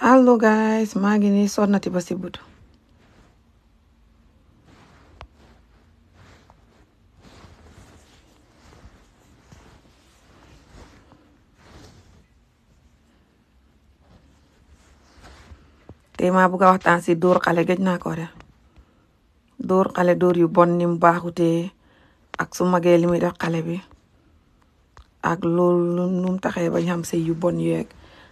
hello guys maa ngi nii sonnati ba si butu te ma bëgg a waxtaan si dóor xale gëj naa ko de dóor xale dóor yu bon ni mu baaxutee ak su magee li muy def xale bi ak loolu nu mu taxee bañ xam sëy yu bon yeeg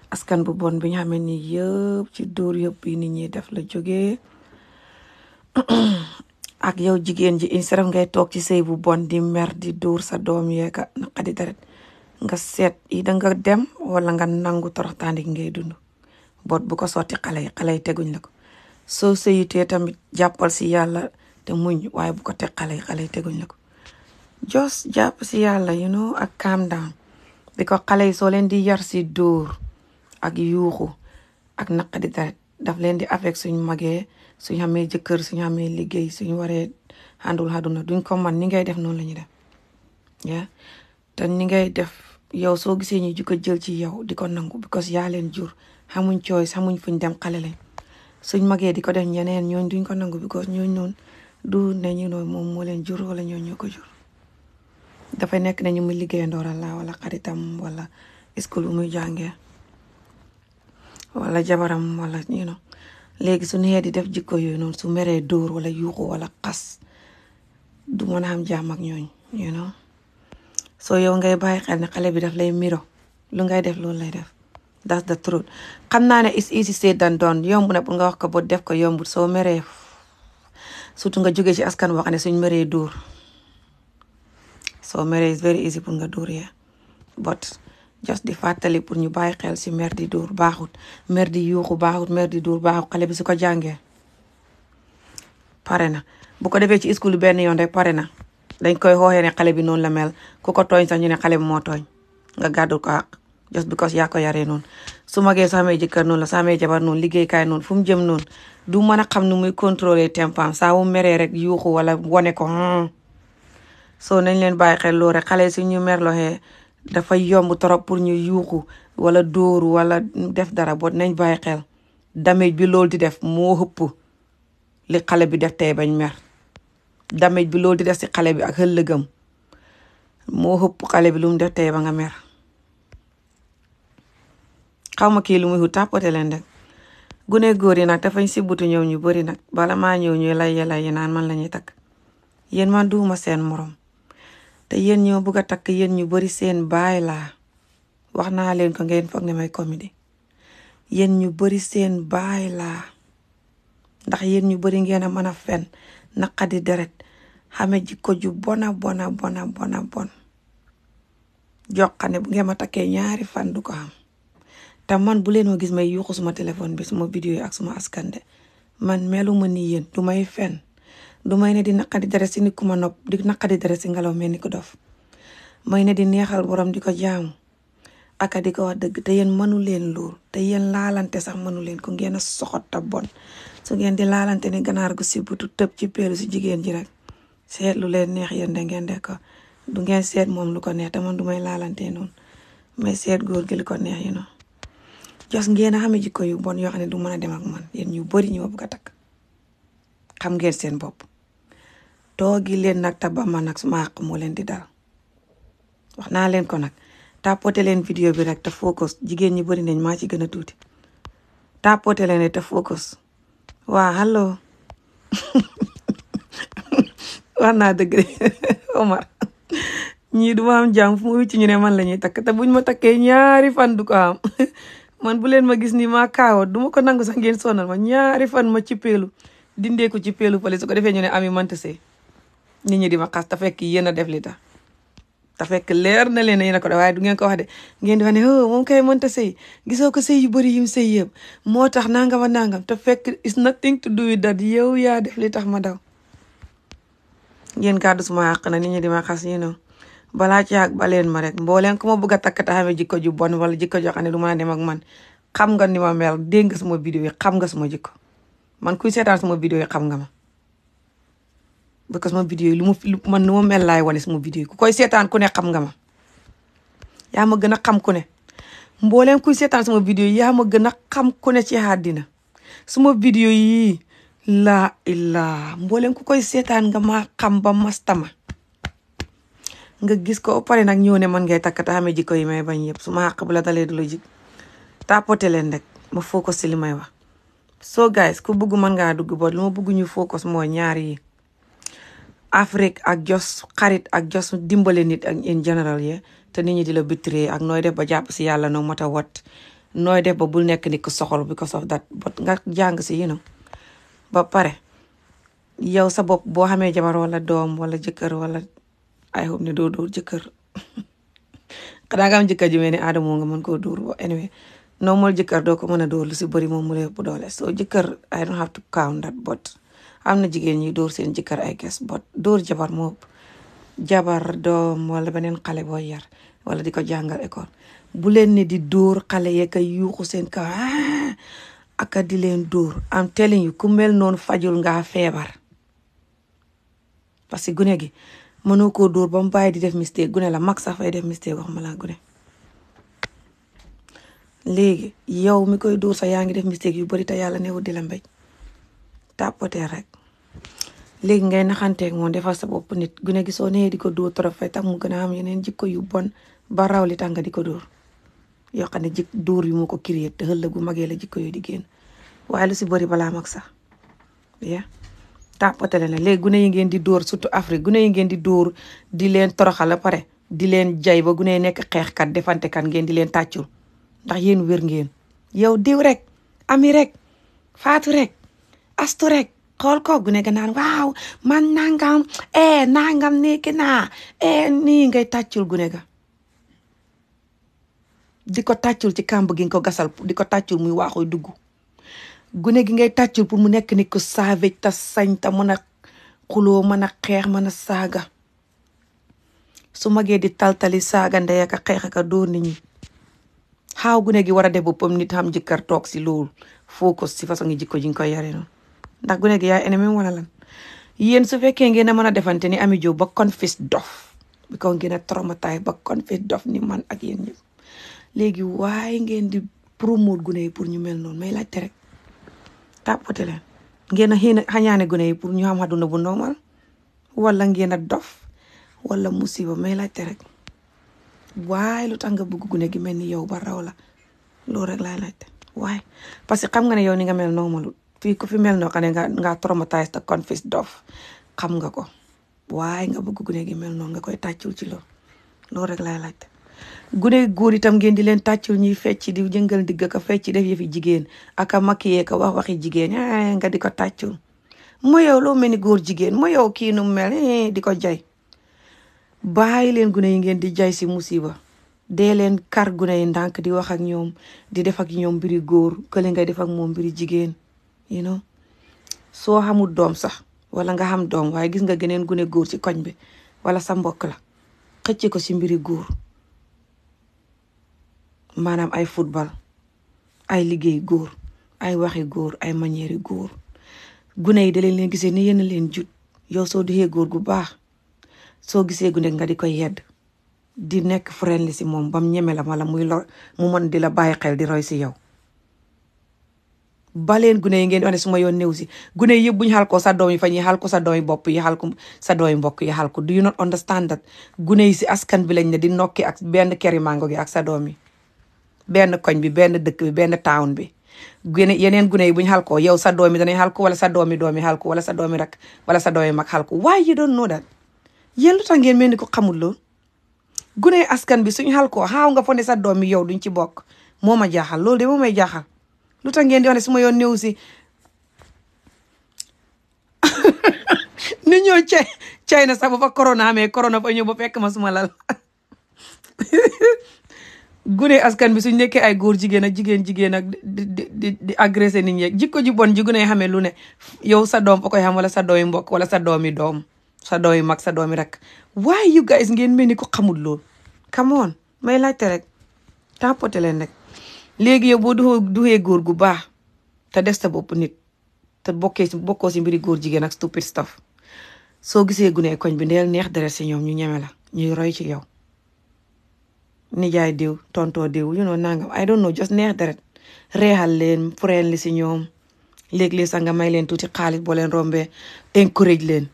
askan bu bon bi nga xam ni yëpp ci dóor yëpp yi ni ñi def la jógee ak yow jigéen ji instead ngay toog ci sëy bu bon di mer di dóor sa doom yeeka naqadi deret nga seet yi danga dem wala nga nangu toroxtaandi ngay dund boot bu ko sotti xale yi xale yi teguñ la ko soo sëyitee tamit jàppal si yàlla te muñ waaye bu ko teg xale yi xale yi teguñ la ko jos jàpp si yàlla you know ak calm down di ko xale soo leen di yar si dóor ak yuuxu ak naqadi deret daf leen di affect suñu magee suñ xamee jëkkër suñu xamee liggéey suñu waree àndul àdduna duñ ko man ni ngay def noonu la def ya te ni ngay def yow soo gisee ñu di jël ci yow di ko nangu because yaa leen jur xamuñ cooy xamuñ fuñ dem xale lañ suñ magee di ko def ñeneen ñooñ duñ ko nangu because ñooñ noonu du ne ñu noonu moom moo leen jur wala ñooñ ñoo ko jur dafay nekk ne ñu muy liggéeyandoo la wala xaritam wala school bu muy jàngee wala jabaram wala you know léegi su neexee di def jikko yooyu noonu su meree dóor wala yuuxu wala xas du mën a am jàmm ak ñooñu you know soo yow ngay bàyyi xel ne xale bi daf lay miro lu ngay def loolu lay def that's the truth xam naa ne it's easy said than done yomb na pour nga wax ko ba def ko yombul soo meree surtout nga jógee ci askan wax ne suñ meree dóor soo meree it's very easy pour nga dóor ya but jos di fàttali pour ñu bàyyi xel ci mer di dóor baaxut mer di yuuxu baaxut mer di dóor baaxut xale bi su ko jàngee pare na bu ko defee ci school benn yoon rek pare na dañ koy xooxee ne xale bi noonu la mel ku ko tooñ sax ñu ne xale bi moo tooñ nga gàddu ko àq just because yaa ko yaree noonu su magee saa may jëkkër noonu la saa may jabar noonu liggéeykaay noonu fu mu jëm noonu du mën a xam nu muy contrôler tempam saa wu meree rek yuuxu wala wone ko hmm. soo nañ leen bàyyi loo xale su ñu merloxee dafay yomb trop pour ñu yuuxu wala dóoru walla def dara boo nañ bàyyi xel damage bi loolu di def moo ëpp li xale bi def tey bañ mer damage bi loolu di def si xale bi ak ëllëgam moo ëpp xale bi lu def tey ba nga mer xaw ma kii lu muy wut leen rek gune góor yi nag dafañ si butu ñëw ñu bëri nag bala ma ñëw ñu lay yelay yi naan man la ñuy takk yéen man duuma seen morom te yéen ñoo bëgg a takk yéen ñu bari seen baay laa wax naa leen ko ngeen foog ne may comédie yéen ñu bari seen baay laa ndax yéen ñu bari ngeen a mën a fen naqadi deret xame jikko ju bona bona bona bona bon joxane bu ngeen ma takkee ñaari fan du ko am te man bu leen ma gis may yuuxu suma téléphone bi suma vidéo yi ak suma askande man melu ma ni yéen du may fen du may ne di naqadi dara si ni ku ma nopp di naqadi dara si ngelaw mel ni ko dof may ne di neexal borom di ko jaamu aka di ko wax dëgg te mënu leen lool te yéen laalante sax mënu leen ko ngeen a soxot bon su ngeen di laalante ni ganaar gu si tëb ci peelu si jigéen ji rek seet leen neex yéen da ngeen de ko du ngeen seet moom lu ko neex te man du may laalante noon mais seet góor gi lu ko neex yi noonu jos ngeen a xame jikko yu bon yoo xam ne du mën a dem ak man yéen yu bari ñëw ma bëgg a takk xam ngeen seen bopp toogi leen nag te ba ma nag suma àq moo leen di dara wax naa leen ko nag tàppoote leen vidéo bi rek te focus jigéen ñi bari nañ maa ci gën a tuuti tàppoote leen rek te focus waa allo wax naa dëgg Omar ñii du ma am jàmm fu mu wicc ñu ne man la ñuy takk te buñ ma takkee ñaari fan du ko am man bu leen ma gis nii maa kaawoot du ko nang sax ngeen sonal ma ñaari fan ma ci peelu dindee ko ci peelu pële su ko defee ñu ne Ami manta sey ni ñi di ma xas te fekk yéen a def li tax te fekk leer na leen yéen a ko def waaye du ngeen ko wax de ngeen di wax ne oh, moom kay mënta sey gisoo ko sëy yu bëri yim sëy yëpp moo tax nangam a nangam te fekk is nothing to do with that yow yaa def li tax ma daw ngeen kàddu suma àq na nit ñi di ma xas yi noonu balaa ci ba leen ma rek mbooleen ku ma bëgg a takk te jikko ju bon wala jikko joo xam ne du mën a dem ak man xam nga ni ma mel nga suma vidéo yi xam nga suma jikko man kuy seetaan sama vidéo yi xam nga ma parce que sama vidéo yi lu ma man mel laay wane sama vidéo yi ku koy seetaan ku ne xam nga ma yaa ma gën a xam ku ne mbooleem kuy seetaan sama vidéo yi yaa ma gën a xam ku ne ci àddina sama vidéo yi laa illaa mbooleem ku koy seetaan nga ma xam ba mastama nga gis ko pare nag ñëw ne man ngay takk te xamee jikko yi may bañ yëpp su ma xaq bu la dalee du la jig tapote leen rek ma foo ko si li may so guys ku bëgg mën ngaa dugg boot lu ma bëgg ñu focus mooy ñaar yi Afrique ak jos xarit ak jos dimbale nit ak in general ye te nit ñi di la bitree ak nooy def ba jàpp si yàlla no mata wat nooy def ba bul nekk ni ku soxor because of that but nga jàng si you know ba pare yow sa bopp boo xamee jabar wala doom wala jëkkër wala ay hope ne doo dóor jëkkër xanaa nga am jëkkër ji ni aadamoo nga mën koo dóor anyway normal jëkkër doo ko mën a dóor si bëri moom mu lay ëpp doole so jëkkër I don't have to count that but am na jigéen ñi dóor seen jëkkër I guess but dóor jabar moo jabar doom wala beneen xale boo yar wala di ko jàngal école bu leen ne di dóor xale yeeg a yuuxu seen ka ah! ak a di leen dóor am telling you ku mel noonu fajul ngaa feebar parce que gune gi mënoo koo door ba mu bàyyi di def mistake gune la mag sax fay def mistake wax malaa la gune léegi yow mi koy dóor sax yaa ngi def séeg yu bari te yàlla newul di la mbéj tàppatee rek léegi ngay naxanteeg moom defal sa bopp nit gune gi soo di ko dóor trop fay tax mu gën a am yeneen jikko yu bon ba raw li tax di ko dóor yoo xam ne dóor yu moo ko créé te ëllëg bu magee la jikko yu di génn waaye lu si bëri balaa mag sax ya tàppatale la léegi gune yi ngeen di dóor surtout Afrique gune yi ngeen di dóor di leen toroxal a pare di leen jay ba gune yi nekk xeexkat defantekat ngeen di leen tàccul ndax yéen wér ngeen yow diw rek ami rek faatu rek astu rek xool ko gu ne nga naan waaw man nangam eh nangam nii ki naa eh, nii ngay tàccul gu ne ga di ko tàccul ci kàmb gi ko gasal di ko tàccul muy waaxoy dugg gune gi ngay tàccul pour mu nekk nit ku saavej ta sañ ta mën a xuloo mën a mën a saaga su magee di taltali saaga ndey ak a xeex ak a xaaw gune gi war a def boppam nit am jëkkër toog si loolu focus si façon jikko ji nga koy yare noonu ndax gune gi yaay ennemi wala lan yéen su fekkee ngeen a mën a defante ni Amie Jobe ba confis dof bi ko ngeen a traumatise ba confis dof ni man ak yéen ñëpp léegi waaye ngeen di promote gune yi pour ñu mel noon may laajte rek tàppote leen ngeen a xañaane gune yi pour ñu am àdduna bu normal walla ngeen a dof walla musiba may laajte rek waaye lu tax nga bëgg gune gi mel ni yow ba raw la loolu rek laay laajte waaye parce que xam nga ne yow ni nga mel normalu fii ku fi mel noo xam ne nga nga traumatise te confis dof xam nga ko waaye nga bëgg gune gi mel noonu nga koy tàccul ci loolu loolu rek laay laajte gune góor itam ngeen di leen tàccul ñuy fecc di jëngal digg ka fecc def yëfi jigéen aka maquillé ka wax waxi jigéen eh, nga di ko tàccul mo yow loo mel ni góor jigéen mo yow kii nu mel eh, di ko jay bàyyi leen gune yi ngeen di jay si musiba dee leen kar gune yi ndànk di wax ak ñoom di def ak ñoom mbiri góor kële ngay def ak moom mbiri jigéen you know soo xamul doom sax wala nga xam doom waaye gis nga geneen gune góor si koñ bi wala sa mbokk la xëcc ko ci mbiri góor maanaam ay football ay liggéey góor ay waxi góor ay manière góor gune yi da leen giseen ni yéen leen jut yow soo dee góor gu baax soo gisee gune nga di koy yedd di nekk friendly si moom bam ñeme la wala muy lor mu mën di la bàyyi xel di roy si yow baleen gune yi ngeen wane suma yoon néew si gune yi yëpp bu ñu xal ko sa doom yi fa ñuy xal ko sa doom bopp yi xal ko sa doom mbokk yi ko do you not understand that gune yi si askan bi lañ ne di nokki ak benn keri mango gi ak sa doom yi benn koñ bi benn dëkk bi benn town bi gune yeneen gune yi bu ñu xal ko yow sa doom yi danañ xal ko wala sa doomi yi doom yi xal ko wala sa doom yi rak wala sa doom yi mag xal ko why you don't know that yéen lu tax ngeen mel ni ko xamul lool gune askan bi suñ xal ko xaaw nga fo ne sa doom yi yow duñ ci bokk moo ma jaaxal loolu de moo may jaaxal lu tax ngeen di wax ne su ma yoon néew si ni ñoo ca China sax ba fa corona amee corona fa ñëw ba fekk ma suma lal gune askan bi suñ nekkee ay góor jigéen jigéen jigéen ak di di di agressé nit ñi jikko ji bon ji gune xamee lu ne yow sa doom fa koy xam wala sa doomi mbokk wala sa doomi doom sa doomi mag sa doomi rek waaye you guys ngeen mel ni ko xamul lool come on may laajte rek tampote leen rek léegi yow boo du duxee góor gu baax te def sa bopp nit te bokkee si bokkoo si mbiri góor jigéen ak stupid stuff soo gisee gune koñ bi ndeel neex deret si ñoom ñu ñeme la ñuy roy ci yow nijaay diw tontoo diw you know nangam I don't know just neex deret reexal leen friendly si ñoom léeg-léeg sax nga may leen tuuti xaalis boo leen rombee encourage leen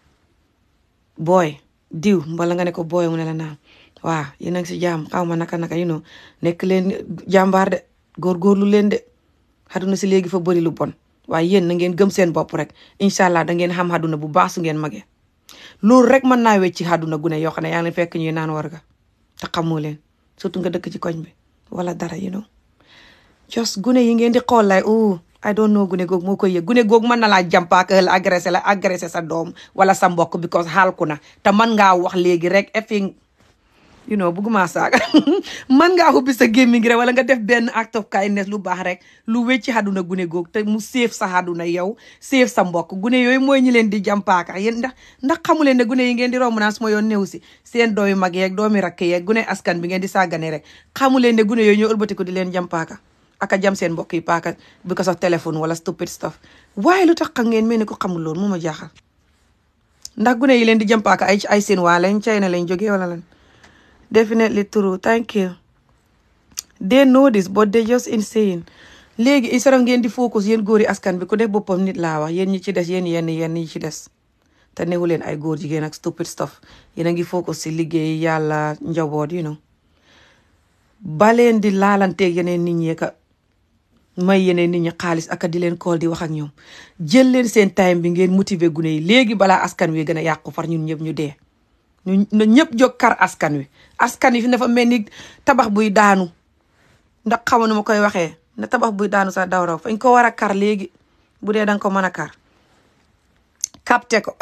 booy diw mbala nga ne ko booy mu ne la naam waaw yéen si jàmm xaw ma naka naka you know nekk leen jàmbaar de góorgóorlu leen de xaduna si léegi fa bëri lu bon waaye yéen na ngeen gëm seen bopp rek incha allah da ngeen xam xaduna bu baax su ngeen magee loolu rek mën naa wecc ci xaduna gune yoo xam ne yaa ngi fekk ñuy naan warga te xamoo leen surtout nga dëkk ci koñ bi wala dara you know just gune yi ngeen di xool oo I don't know gune googu moo koy yëg gune googu mën na laa jàmpaaka la agressé la agressé sa doom wala sa mbokk because xaalku na te mën ngaa wax léegi rek effing you know bugguma saaga mën ngaa xubbi sa gémmiñ gi wala nga def benn act of kindness lu baax rek lu wecci xaduna gune goog te mu séef sa xaduna yow séef sa mbokk gune yooyu mooy ñi leen di jàmpaaka yéen ndax ndax xamu leen ne gune yi ngeen di romb naan su ma yoon néew si seen doomi mag yeeg doomi rakk yeeg gune askan bi ngeen di sàggane rek xamu leen ne gune yooyu ñoo ëlbatiku di leen jàmpaaka ak a jam seen mbokk yi paaka bi ko sax téléphone wala stupid stuff waaye lu tax xam ngeen mel ni ko xamul loolu moo ma jaaxal ndax gune yi leen di jam paaka ay ay seen waa lañ China lañ jógee wala lan definitely true thank you they know this but they just insane léegi isara ngeen di focus yéen góori askan bi ku dee boppam nit laa wax yéen ñi ci des yéen yenn yenn ñi ci des te newu leen ay góor jigéen ak stupid stuff yéen ngi focus si liggéey yàlla njaboot you may yeneen nit ñi xaalis aka di leen kool di wax ak ñoom jël leen seen time bi ngeen motiver gune yi léegi balaa askan wi gën a yàqu far ñun ñëpp ñu dee ñu ñëpp jóg askan wi askan wi fi dafa mel ni tabax buy daanu ndax xamu nu ma koy waxee na tabax buy daanu sax daw raw ko war a kar bu dee danga ko mën a kar capté ko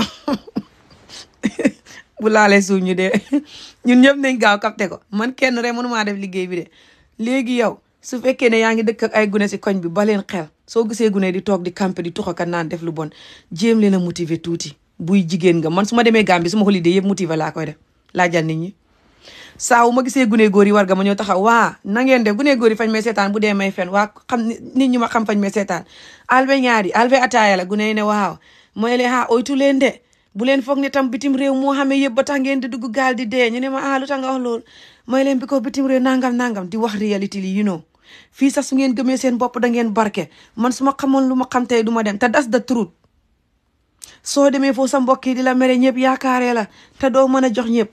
bu laalee suuf ñu dee ñun ñëpp nañ gaaw capté ko man kenn rek mënumaa def liggéey bi de léegi yow su fekkee ne yaa ngi dëkk ak ay gune si koñ bi ba leen xel soo gisee gune di toog di campé di tuxaka naan def lu bon jéem leen a motiver tuuti buy jigéen nga man su ma demee su ma suma holiday yëpp motiver laa koy def laajal nit ñi saa ma gisee gune góor yi war ga ma ñoo taxaw waa na ngeen def gune góor yi fañ may seetaan bu dee may fen waa xam nit ñi ma xam fañ seetaan albe ñaari albe ataaya la gune yi ne waaw mooy leen ha oytu leen de bu leen foog ne tam bitim réew moo xamee yëpp ba tax ngeen di dugg gaal di dee ñu ne ma ah lu tax nga wax leen bi ko bitim réew nangam nangam di wax réalité li you know fii sax su ngeen gëmee seen bopp da ngeen barke man su ma xamoon lu ma xam tey du dem te das da turut soo demee foofu sa mbokk yi di la mere ñëpp yaakaaree la te doo mën a jox ñëpp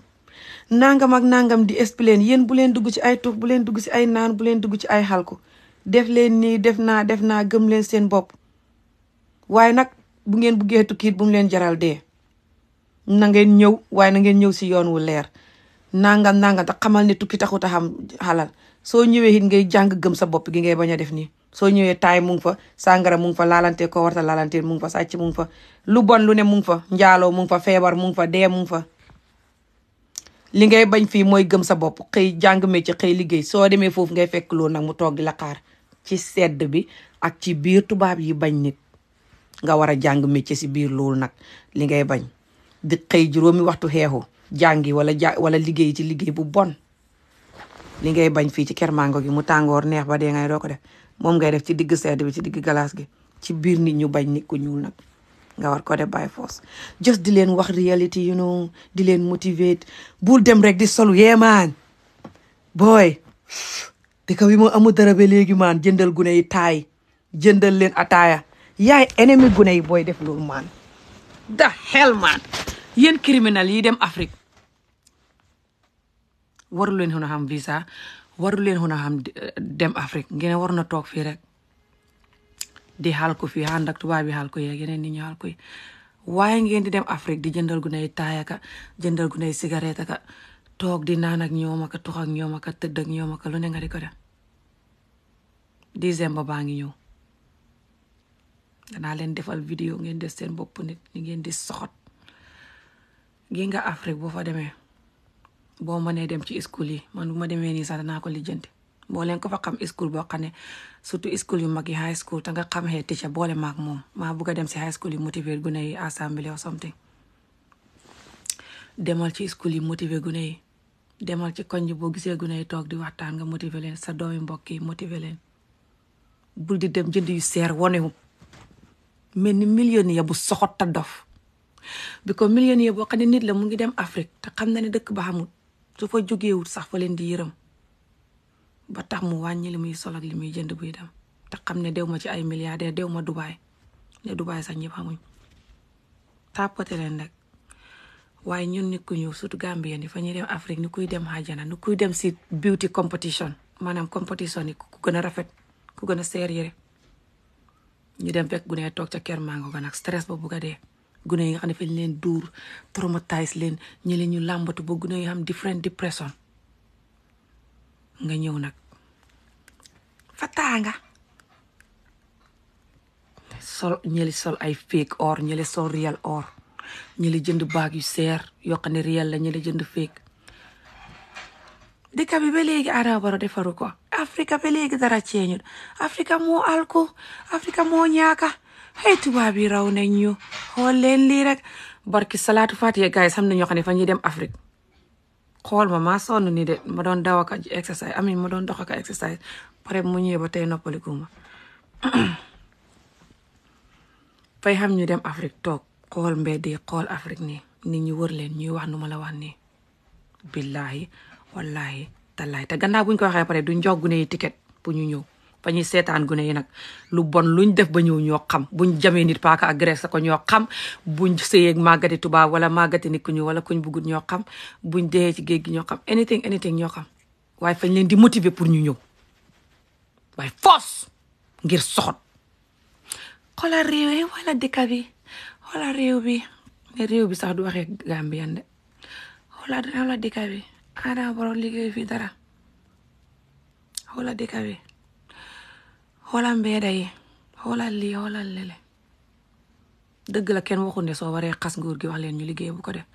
nangam ak nangam di explain yéen bu leen dugg ci ay tux bu leen dugg ci ay naan bu leen dugg ci ay xalku def leen nii def naa def naa gëm leen seen bopp waaye nag bu ngeen buggee tukkiit bum leen jaral dee na ngeen ñëw waaye na ngeen ñëw si yoon wu leer nangam nangam te xamal ne tukki taxut a xam xalal soo ñëwee it ngay jàng gëm sa bopp gi ngay bañ a def nii soo ñëwee taay mu ngi fa sàngara mu fa laalante ko warta laalante mu ngi fa sàcc mu fa lu bon lu ne mu ngi fa njaaloo mu ngi fa feebar mu ngi fa dee mu fa li ngay bañ fii mooy gëm sa bopp xëy jàng métier xëy liggéey soo demee foofu ngay fekk loolu nag mu toog di la xaar ci sedd bi ak ci biir tubaab yi bañ nit nga war a jàng métier si biir loolu nag li ngay bañ di xëy juróomi waxtu xeexu jàngi wala ja wala liggéey ci liggéey bu bon li ngay bañ fii ci ker Mango gi mu tàngoor neex ba dee ngay doo ko def moom ngay def ci digg sedd bi ci digg galaas gi ci biir nit ñu bañ nit ku ñuul nag nga war ko def by force just di leen wax reality you know di leen motivate bul dem rek di solu yee maan booy dëkk bi mu amul dara ba léegi maan jëndal gune yi taay jëndal leen ataaya yaay ennemi gune yi booy def loolu maan the hell maan yéen criminal yi dem Afrique waru leen xon a xam visa waru leen xon xam eh, dem Afrique ngeen war na toog fii rek di xaal ko fii ànd ak tubaab bi xaal ko yeeg yeneen nit ñu xaal ko yi waaye ngeen di dem Afrique di jëndal gu nay taaya ka jëndal gu nay cigarette ka toog di naan ak ñoom ak tux ak ñoom ak tëdd ak ñoom ak lu ne nga di ko def décembre baa ngi ñëw danaa leen defal vidéo ngeen def seen bopp nit ñi ngeen di soxot gi nga Afrique boo fa demee boo mënee dem ci school yi man bu ma demee nii sax danaa ko lijjanti boo leen xam school boo xam ne surtout school yu mag yi high school te nga xam xee teacher boole maag moom maa bugg a dem si high school yi motiver gune yi assemblée or something demal ci school yi motiver gune yi demal ci koñ boo gisee gune yi toog di waxtaan nga motiver leen sa doomi mbokk yi motiver leen bul di dem jënd yu seer wonewu mel ni millionnaire bu soxot ta dof bi ko millionnaire boo xam ne nit la mu ngi dem Afrique te xam na ne dëkk ba xamul su fa jógeewut sax fa leen di yërëm ba tax mu wàññi li muy sol li muy jënd buy dem te xam ne dew ma ci ay milliardaire dew ma Dubaay ne Dubaay sax ñëpp xamuñ tàppate leen rek waaye ñun nit ku ñëw surtout Gambien yi fa ñuy dem Afrique ni kuy dem xaajana ni kuy dem si beauty competition maanaam competition yi ku gën a rafet ku gën a seer yére ñu dem fekk gu ne toog ca kër mango ga nag stress ba bugg dee gune yi nga xam ne fañ leen dóor traumatise leen ñi leen ñu làmbatu ba gune yi xam different depression nga ñëw nag fataa nga sol ñëli sol ay fake or ñëli sol real or ñëli jënd baag yu seer yoo xam ne la ñëli jënd fake dëkk bi ba léegi Adama Barrow defaru ko Afrika ba léegi dara ceeñul Afrika moo alko Afrika moo ñaaka xëy tubaab yi raw nañ ñu xool leen lii rek barki salaatu fatiye gars yi xam nañoo xam ne fa ñuy dem Afrique xool ma ma sonn nii de ma doon daw ak exercice amin ma doon dox ak exercice pare mu ñëwee ba tey noppaliku ma fay xam ñu dem Afrique toog xool mbedd xool Afrique nii nit ñi wër leen ñuy wax nu ma la wax nii billahi wallahi tallahi te gannaaw buñ ko waxee pare du njog ne yi ticket bu ñu ñëw ba ñuy seetaan gune yi nag lu bon luñ def ba ñëw ñoo xam buñ jamee nit paaka agressé ko ñoo xam buñ sëyeeg màggati tubaab wala màggati nit ku ñu wala kuñ bugut ñoo xam buñ dee ci géej gi ñoo xam anything anything ñoo xam waaye fañ leen di motiver pour ñu ñëw waaye force ngir soxot xoolal réew yi wala dëkka bi xoolal réew bi ne réew bi sax du waxee Gambien de xoolal xoolal dëkka bi Adama Barrow liggéey fii dara xoolal dëkka bi xoolal mbeeda yi xoolal lii xoolal lele dëgg la kenn waxul ne soo waree xas nguur gi wax leen ñu liggéey bu ko def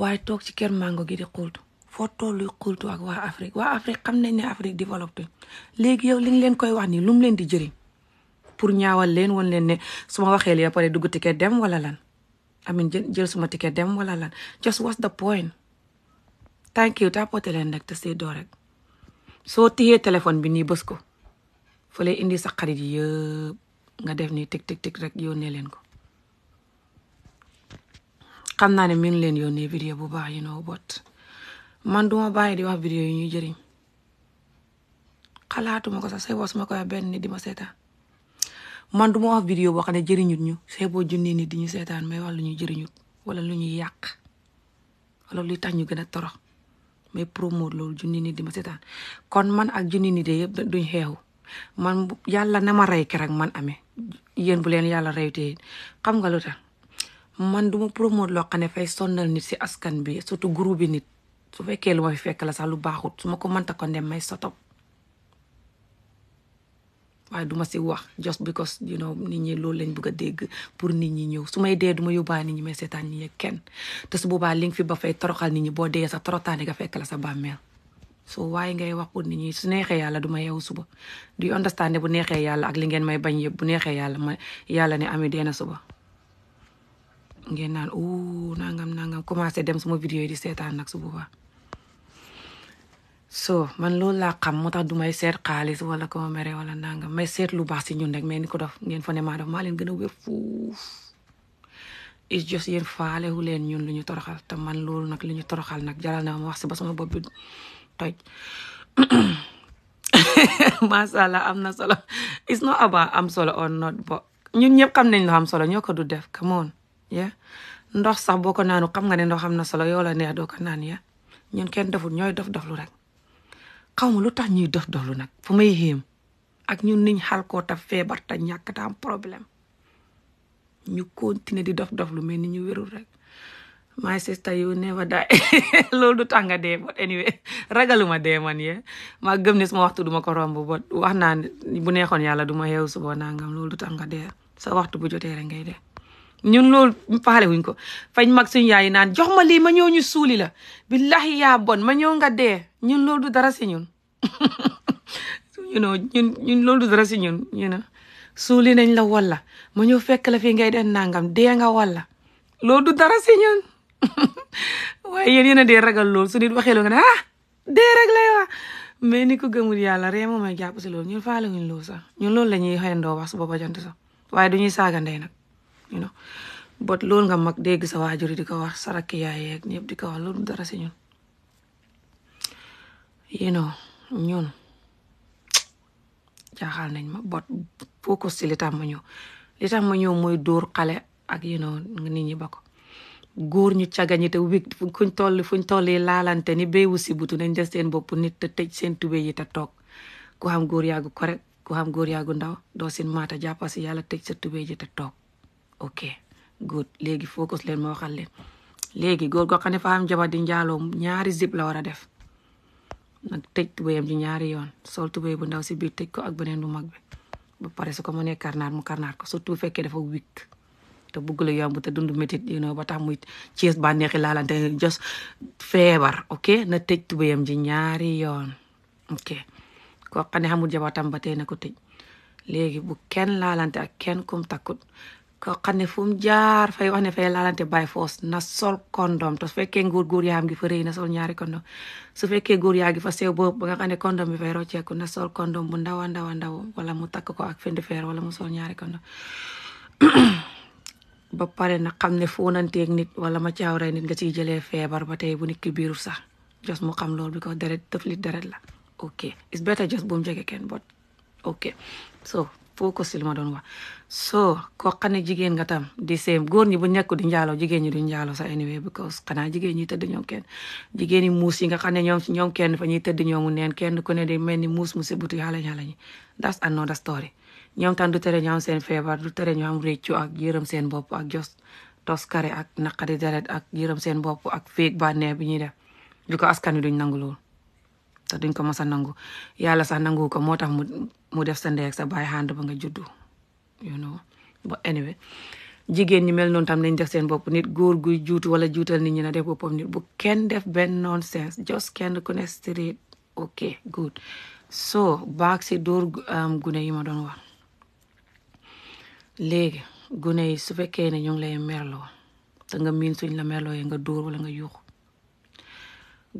waaye toog ci kër mango gi di xultu foo tollu xultu ak waa Afrique waa Afrique xam nañ ne Afrique développé léegi yow li nga leen koy wax ni lu leen di jëriñ pour ñaawal leen woon leen ne suma ma waxee lii pare dugg ticket dem wala lan amin jël suma ticket dem wala lan just what's the point thank you tapote leen rek te see rek soo téyee téléphone bi nii bës ko fa indi sa xarit yëpp nga def ni tig tig tig rek yónnee leen ko xam naa ne mi ngi leen yónnee vidéo bu baax yi noo bot man du duma bàyyi di wax vidéo yu ñuy jariñ xalaatuma ko sax say boo suma koy benn di ma seetaan man duma wax vidéo boo xam ne jëriñut ñu say boo junni nit di ñu seetaan may wax lu ñuy jëriñut wala lu ñuy yàq wala luy tax ñu gën a torox mais promo loolu junni nit di ma seetaan kon man ak junni nit de yëpp duñ xeexu man yàlla na ma rey keroog man amee yéen bu leen yàlla reytee xam nga lu tax man du ma promote loo xam ne fay sonnal nit si askan bi surtout groupe bi nit su fekkee lu ma fi fekk la sax lu baaxut su ma ko mënta ko dem may sotop waaye duma si wax just because you know nit ñi loolu lañ bëgg dégg pour nit ñi ñëw su may dee du ma yóbbaa nit ñi may seetaan nit ñi kenn te su boobaa li nga fi ba fay toroxal nit ñi boo dee sa torotaane nga fekk la sa bàmmeel so waaye ngay wax pour nit ñi su neexee yàlla du ma yeewu suba du understand bu neexee yàlla ak li ngeen may bañ yëpp bu neexee yàlla ma yàlla ne ami deena suba ngeen naan o nangam nangam commencé dem suma vidéo yi di seetaan nag su boobaa so man loolu laa xam moo tax du may seet xaalis wala ko mere wala nangam may seet lu baax si ñun rek mais ni ko dof ngeen fa ne maa def maa leen gën a wér fuuf is jos yéen faalewu leen ñun lu ñu toroxal te man loolu nag lu ñu toroxal nag jaral na ma wax si ba sama bopp bi toj am na solo it's not about am solo or not but ñun ñëpp xam nañ lu am solo ñoo ko du def come on yeah ndox sax boo ko naanu xam nga ne ndox am na solo yoo la neex doo ko naan ya ñun kenn deful ñooy dof doflu rek xaw ma lu tax ñuy dof doflu nag fu may xéem ak ñun niñ xal koo ta feebar ta ñàkk ta am problème ñu continuer di dof doflu mais ni ñu wérul rek my sister you never die loolu du tax nga dee but anyway ragaluma dee man yee ma gëm ne suma waxtu duma ko romb but wax naa bu neexoon yàlla duma yeew suba nangam loolu du tax nga dee sa waxtu bu jotee rek ngay dee ñun loolu faale wuñ ko fañ mag suñ yaay naan jox ma lii ma ñëw ñu suuli la billahi yaa bon ma ñëw nga dee ñun loolu du dara si ñun you loolu du dara si ñun nañ la walla ma ñëw fekk la fi ngay den nangam dee nga walla wa yéen yéen a dee ragal lool su nit waxee loolu ah, mais ni ko gëmul yàlla ree moom may jàpp si loolu ñun faale wuñ loolu sax ñun loolu la ñuy xëyandoo wax su booba jant sax waaye duñuy saaga ndey nag you know bot loolu nga mag dégg sa waajur di ko wax saraki yaay yeeg ñëpp di ko wax loolu dara si ñun you know nañ ma bot focus si li tax ma ñëw li tax ma ñëw mooy dóor xale ak yen know nit ñi ba góor ñu cagañi te wig fuñ toll fuñ tolli laalante ni béewu si butu nañ des seen boppu nit te tëj seen tube yi te toog ku xam góor yaagu correct ku xam góor yaagu ndaw doo seen maata jàppa si yàlla tëj sa tube ji te toog ok good léegi focus leen moo waxal leen léegi góor goo xam ne fa am jabar di njaaloo ñaari zip la war a def nag tëj tubéyam ji ñaari yoon sol tubéy bu ndaw si biir tëj ko ak beneen bu mag bi ba pare su ko mënee karnaar mu karnaar ko surtout bu fekkee dafa wik te bugg la yomb te dund métit you know ba tax muy ciis bànneexi laalante jos feebar ok na tëj tubéyam ji ñaari yoon ok koo xam ne jabatam ba tey na ko tëj léegi bu kenn laalante ak kenn kum takkut ko xam ne fu mu jaar fay wax ne fay laalante by na sol kondom te su fekkee góor góor gi fa rëy na sol ñaari kondom su fekkee góor yaa gi fa sew boobu ba nga xam kondom bi fay rocceeku na sol kondom bu ndaw a ndaw a ndaw wala mu takk ko ak fendi wala mu sol ñaari kondom ba pare nag xam ne fóonanteeg nit wala ma caaw rey nit nga ciy jëlee feebar ba tey bu nit ki biiru sax jos mu xam loolu bi ko deret tëflit deret la ok it's better jos bu mu jege kenn bot ok so focus li ma doon wax so ko xam ne jigéen nga tam di same góor ñi bu nekk di njaalo jigéen ñi du njaaloo sax anyway because xanaa jigéen ñi tëdd ñoom kenn jigéen i muus yi nga xam ne ñoom ñoom kenn fa ñuy tëdd ñoomu neen kenn ku ne di mel ni muus mu si butu yàlla yàlla ñi that's another story ñoom tam du tere ñu am seen feebar du tere ñu am réccu ak yërëm seen bopp ak jos toskari ak naqadi deret ak yërëm seen bopp ak féeg bànneex bi ñuy def du ko askan wi duñ nangu lool ko mos a nangu yàlla sax nangu ko moo tax mu mu def sa sa baay xànd ba nga juddu you know but anyway jigéen ñi mel noonu tam nañ def seen bopp nit góor guy juutu wala juutal nit ñi na def boppam nit bu kenn def benn nonsense just kenn ku ne straight ok good so baag si dóor um, gune yi ma doon wax léegi gune yi su fekkee ne ñu ngi lay merloo te nga miin suñ la merloo yi nga dóor wala nga yuuxu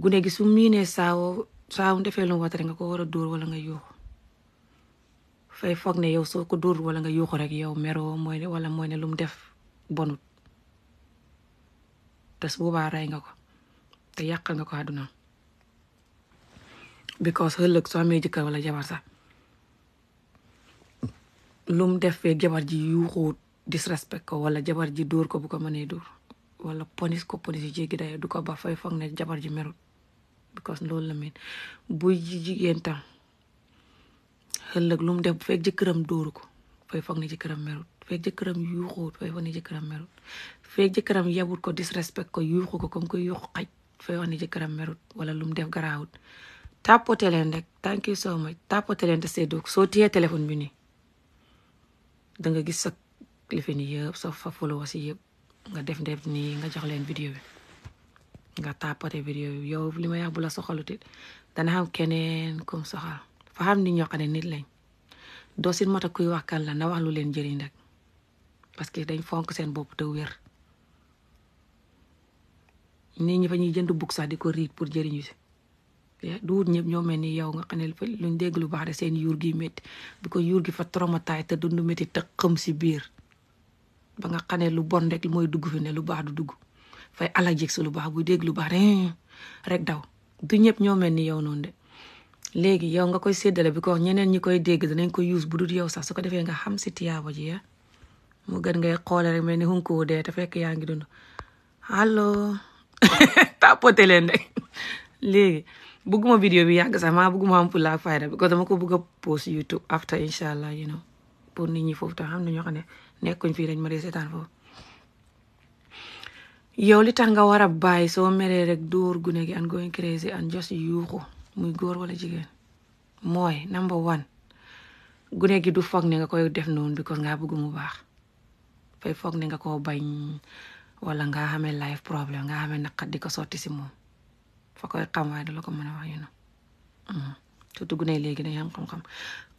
gune gi su miinee saawo saawu defee lu watare nga ko war a dóor wala nga yuuxu fay foog ne yow soo ko dóor wala nga yuuxu rek yow meroo mooy ne wala mooy ne lu mu def bonut te su boobaa rey nga ko te yàqal nga ko àdduna because ëllëg soo amee jëkkër wala jabar sax lum def feeg jabar ji yuuxu disrespect ko wala jabar ji dóor ko bu ko mënee dóor wala ponis ko ponis yu jéggi daye du ko ba fay foog ne jabar ji merut because loolu la mel buy jigéen tam ëllëg lum def feeg jëkkëram dóoru ko fay foog ne jëkkëram merut feeg jëkkëram yuuxuwut fay foog ne jëkkëram merut feeg jëkkëram yabut ko disrespect ko yuuxu ko comme ko yuuxu xaj fay wax ne jëkkëram merut wala lum def garaawut tàppote leen rek thank you so much tàppote leen te seddoo soo téye téléphone bi nii da nga gis sa clifé ni yëpp sa fa followers yi yëpp nga def ndef nii nga jox leen vidéo bi nga tàppate vidéo bi yow li ma yàx bu la soxalutit dana xam keneen comme soxal fa xam ni ñoo xam ne nit lañ doosi sin mata kuy wax kan la na wax lu leen jëriñ rek parce que dañ fonk seen bopp te wér nit ñi fa ñuy jënd bug sax di ko riit pour jëriñ si duut ñëpp ñoo mel ni yow nga xam ne luñ dégg lu baax seen yuur gi met bi ko yuur gi fa traumatay te dund métti ta xëm si biir ba nga xam lu bon rek mooy dugg fi ne lu baax du dugg fay ala jég si lu baax buy dégg lu baax daw du ñëpp ñoo mel ni yow noonu de léegi yow nga koy séddale bi ko ñeneen ñi koy dégg danañ ko use bu dul yow sax su ko defee nga xam si tiyaaba ji ya ah. mu gën nga xoole rek mel ni hunko dee te fekk yaa ngi dund allo tapote leen rek léegi bugguma vidéo bi yàgg sax maa bugguma am pour la fayda bi dama ko bugg a post YouTube after incha allah you know pour nit ñi foofu tax xam na ñoo xam ne nekkuñ fii dañ ma dee seetaan foofu. yow li tax nga war a bàyyi soo meree rek dóor gune gi and going crazy and just yuuxu muy góor wala jigéen mooy number one gune gi du foog ne nga koy def noonu because nga bëgg mu baax fay foog ne nga koo bañ wala nga xamee life problem nga xamee naqat di ko sotti si moom. fa koy xam waaye du la ko mën a wax yu noonu surtout gune léegi dañuy am xam-xam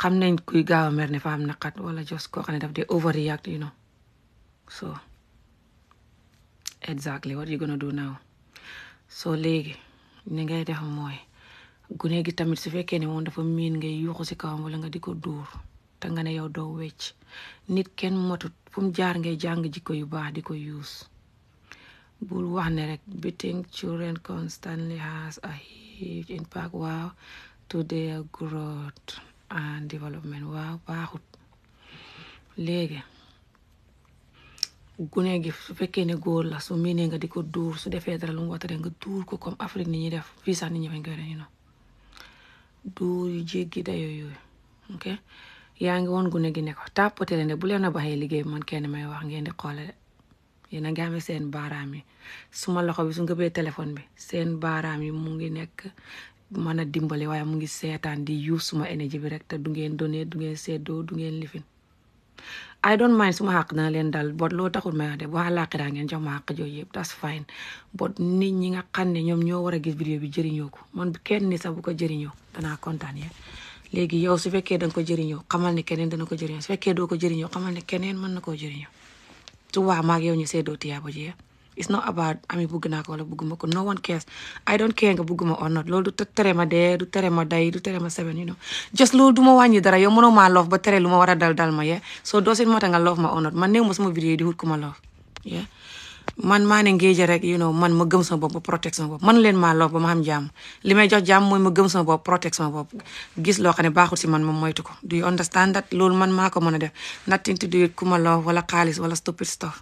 xam nañ kuy gaaw a mer ne fa am naqat wala jos koo xam ne daf dee overreact yu noonu so exactly what you gonna do now léegi ni ngay def mooy gune gi tamit su fekkee ne moom dafa miin ngay yuuxu si kawam wala nga di ko dóor te nga ne yow doo wecc nit kenn motut fu jaar ngay jàng jikko yu baax di ko yuus bul wax ne rek beating children constantly has a huge impact waaw to their growth and development waaw baaxut léegi gune gi su fekkee ne góor la su miinee nga di ko duur su defee dara lu mu watare nga duur ko comme Afrique ni ñuy def fii sax ni ñëpp ngi koy def noonu duur yu jéggi dayoo yooyu ok yaa ngi woon gune gi ne ko tàppate leen de bu leen a baxee liggéey man kenn may wax ngeen di xoolale yéen a ngi amee seen baaraam yi suma loxo bi su nga bee téléphone bi seen baaraam yi mu ngi nekk mën a dimbali waaye mu ngi seetaan di yuuf suma énergie bi rek te du ngeen donné du ngeen seddoo du ngeen lifin I don't mind suma xàq dana leen dal bot loo taxul may wax de boo àllaaxiraa ngeen jox ma xàq jooju yëpp that's fine bot nit ñi nga xam ne ñoom ñoo war a gis vidéo bi jëriñoo ko man kenn ni sax ko jëriñoo danaa kontaan yéen léegi yow su fekkee danga ko jëriñoo xamal ne keneen dana ko jëriñoo fekkee doo ko jëriñoo xamal ne keneen mën na koo jëriñoo to wa maag yow ñu seedoo tiyaaba ji it's not about ami bëgg naa ko wala bëgguma ko no one cares I don't care nga bëgguma or not loolu du tere ma dee tere ma day du tere ma seven you know just loolu duma ma wàññi dara yow mënoo maa loof ba tere lu ma war a dal dal ma yeah so doo seen moo tax nga ma or not man néew ma sama vidéo di wut ku ma loof yeah man maa ne ngéej rek you know man ma gëm sama bopp ba protect sama bopp leen maa lor ba ma am jàmm li may jox jàmm mooy ma gëm sama bopp protect sama gis loo xam ne baaxul si man ma moytu ko do you understand that loolu man maa ko mën a def nothing to do it ku ma wala xaalis wala stupid stuff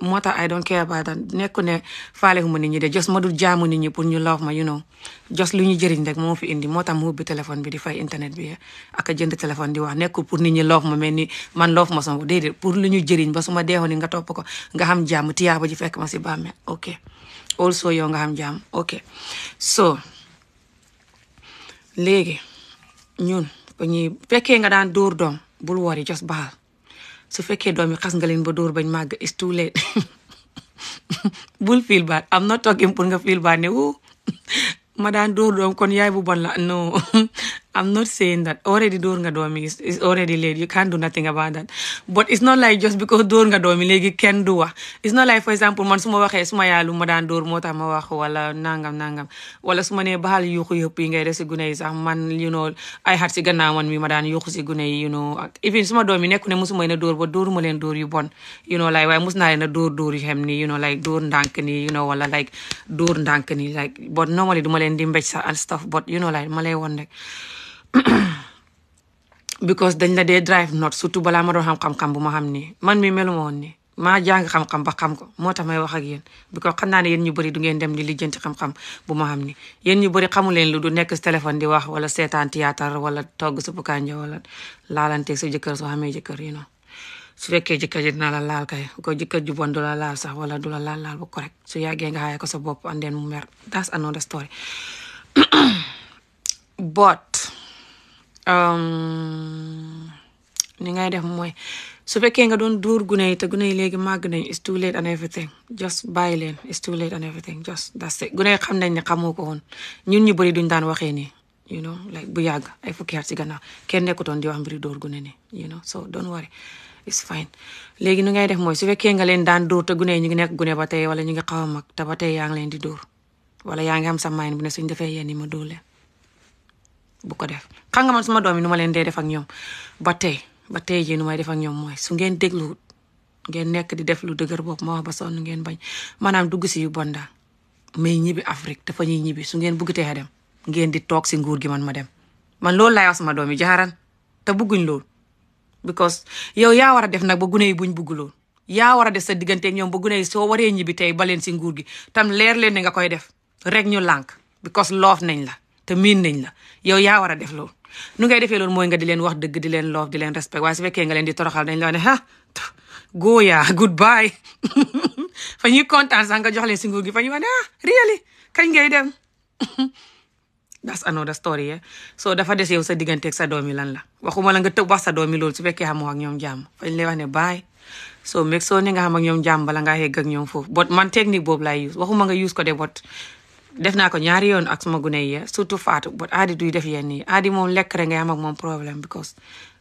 moo tax I don't care about that nekku ne faalewuma nit ñi de jos ma dul jaamu nit ñi pour ñu love ma you know jos lu ñu jëriñ rek moo fi indi moo tax mu bi téléphone bi di fay internet bi ak a jënd téléphone di wax nekkul pour nit ñi love ma mel ni man love ma sama déedéet pour lu ñu jëriñ ba su ma deexoon ni nga topp ko nga xam jàmm tiyaaba ji fekk ma si bàmmeel ok also yow nga xam jàmm ok so léegi ñun ñi fekkee nga daan dóor doom bul wori jos baal su fekkee doom yi xas nga leen ba dóor bañ màgg is too bul feel bad am not talking pour nga feel bad ne wuu ma daan dóor doom kon yaay bu bon la non I'm not saying that already door nga doomi is, is already late you can't do nothing about that but it's not like just because door nga doomi léegi kenn du wax it's not like for example man su ma waxee su ma yaalu ma daan door moo tax ma wax wala nangam nangam wala su ma nee baal yuuxu yëpp yi ngay def si gune yi sax man you know ay xat si gannaaw man mi ma daan yuuxu si gune yi you know even su ma doomi nekku ne ma leen a door ba dooru ma leen door yu bon you know like waaye mus naa lena a door door yu xem nii you know like ndànk nii you wala like door ndànk nii like but normally du ma leen di mbéj sax and stuff but you know woon rek because dañ la dee drive not surtout balaa ma doon xam xam-xam bu ma xam nii man mi melu woon nii maa jàng xam-xam ba xam ko moo tax may wax ak yéen because xam naa ne yéen ñu bëri du ngeen dem di lijjanti xam-xam bu ma xam ni yéen ñu bëri xamu leen lu du nekk si téléphone di wax wala seetaan théâtre wala togg suppu kànja wala laalanteeg sa jëkkër soo xamee jëkkër yi noonu su fekkee jëkkër ji dina la laal kay ko jëkkër ju bon du la laal sax wala du la laal laal bu correct su yàggee nga xaye ko sa bopp andeen mu mer that's another story but ni ngay def mooy su fekkee nga doon duur gune yi te gune yi léegi màgg nañ it's too late and everything just bàyyi leen stule too late and everything just that's it gune yi xam nañ ne xamoo ko woon ñun ñu bëri duñ daan waxee ni you know like bu yàgg ay fukki at si gannaaw kenn nekkutoon di wax mbiri dóor gune ni you know so don't worry it's fine léegi nu ngay def mooy su fekkee nga leen daan dóor te gune yi ñu ngi nekk gune ba tey wala ñu nga xaw a te ba tey yaa ngi leen di dóor wala yaa ngi am sa mayin bu ne suñ defee yéen yi ma dóor bu ko def xam man suma doom yi nu leen dee def ak ñoom ba tey ba tey jii nu def ak ñoom mooy su ngeen déglu ngeen nekk di def lu dëgër bopp ma wax ba nu ngeen bañ maanaam dugg si yu bon daal mais ñibbi Afrique dafa ñuy ñibbi su ngeen bëgg tee dem ngeen di toog si nguur gi man ma dem man loolu laay wax sama doom yi jaaraan te bëgguñ loolu because yow yaa war a def nag ba gune yi buñ bëgg loolu yaa war a def sa digganteeg ñoom ba gune soo waree ñibbi tey ba leen si nguur gi tam leer leen ne nga koy def rek ñu lànk because loof nañ la te miin nañ la yow yaa war a def loolu nu ngay defee loolu mooy nga di leen wax dëgg di leen loof di leen respect waaye su fekkee nga leen di toroxal dañ la ne fa ñuy kontaan sax nga jox leen si nguur gi fa ñuy wax ne ah, kañ ngay dem that's another story eh so dafa des yow sa digganteeg sa doomi lan la waxuma la nga tëb wax sa doomi loolu su fekkee xamoo ak ñoom jàmm fañ lay wax ne bye so meeg soo ne nga xam ak ñoom jàmm bala ngaa yegg ak ñoom foofu but man technique boobu laay use waxuma nga use ko de but def naa ko ñaari yoon ak suma gune yi surtout Fatou but aadi duy def yenn yi aadi moom lekk rek ngay am ak moom problème because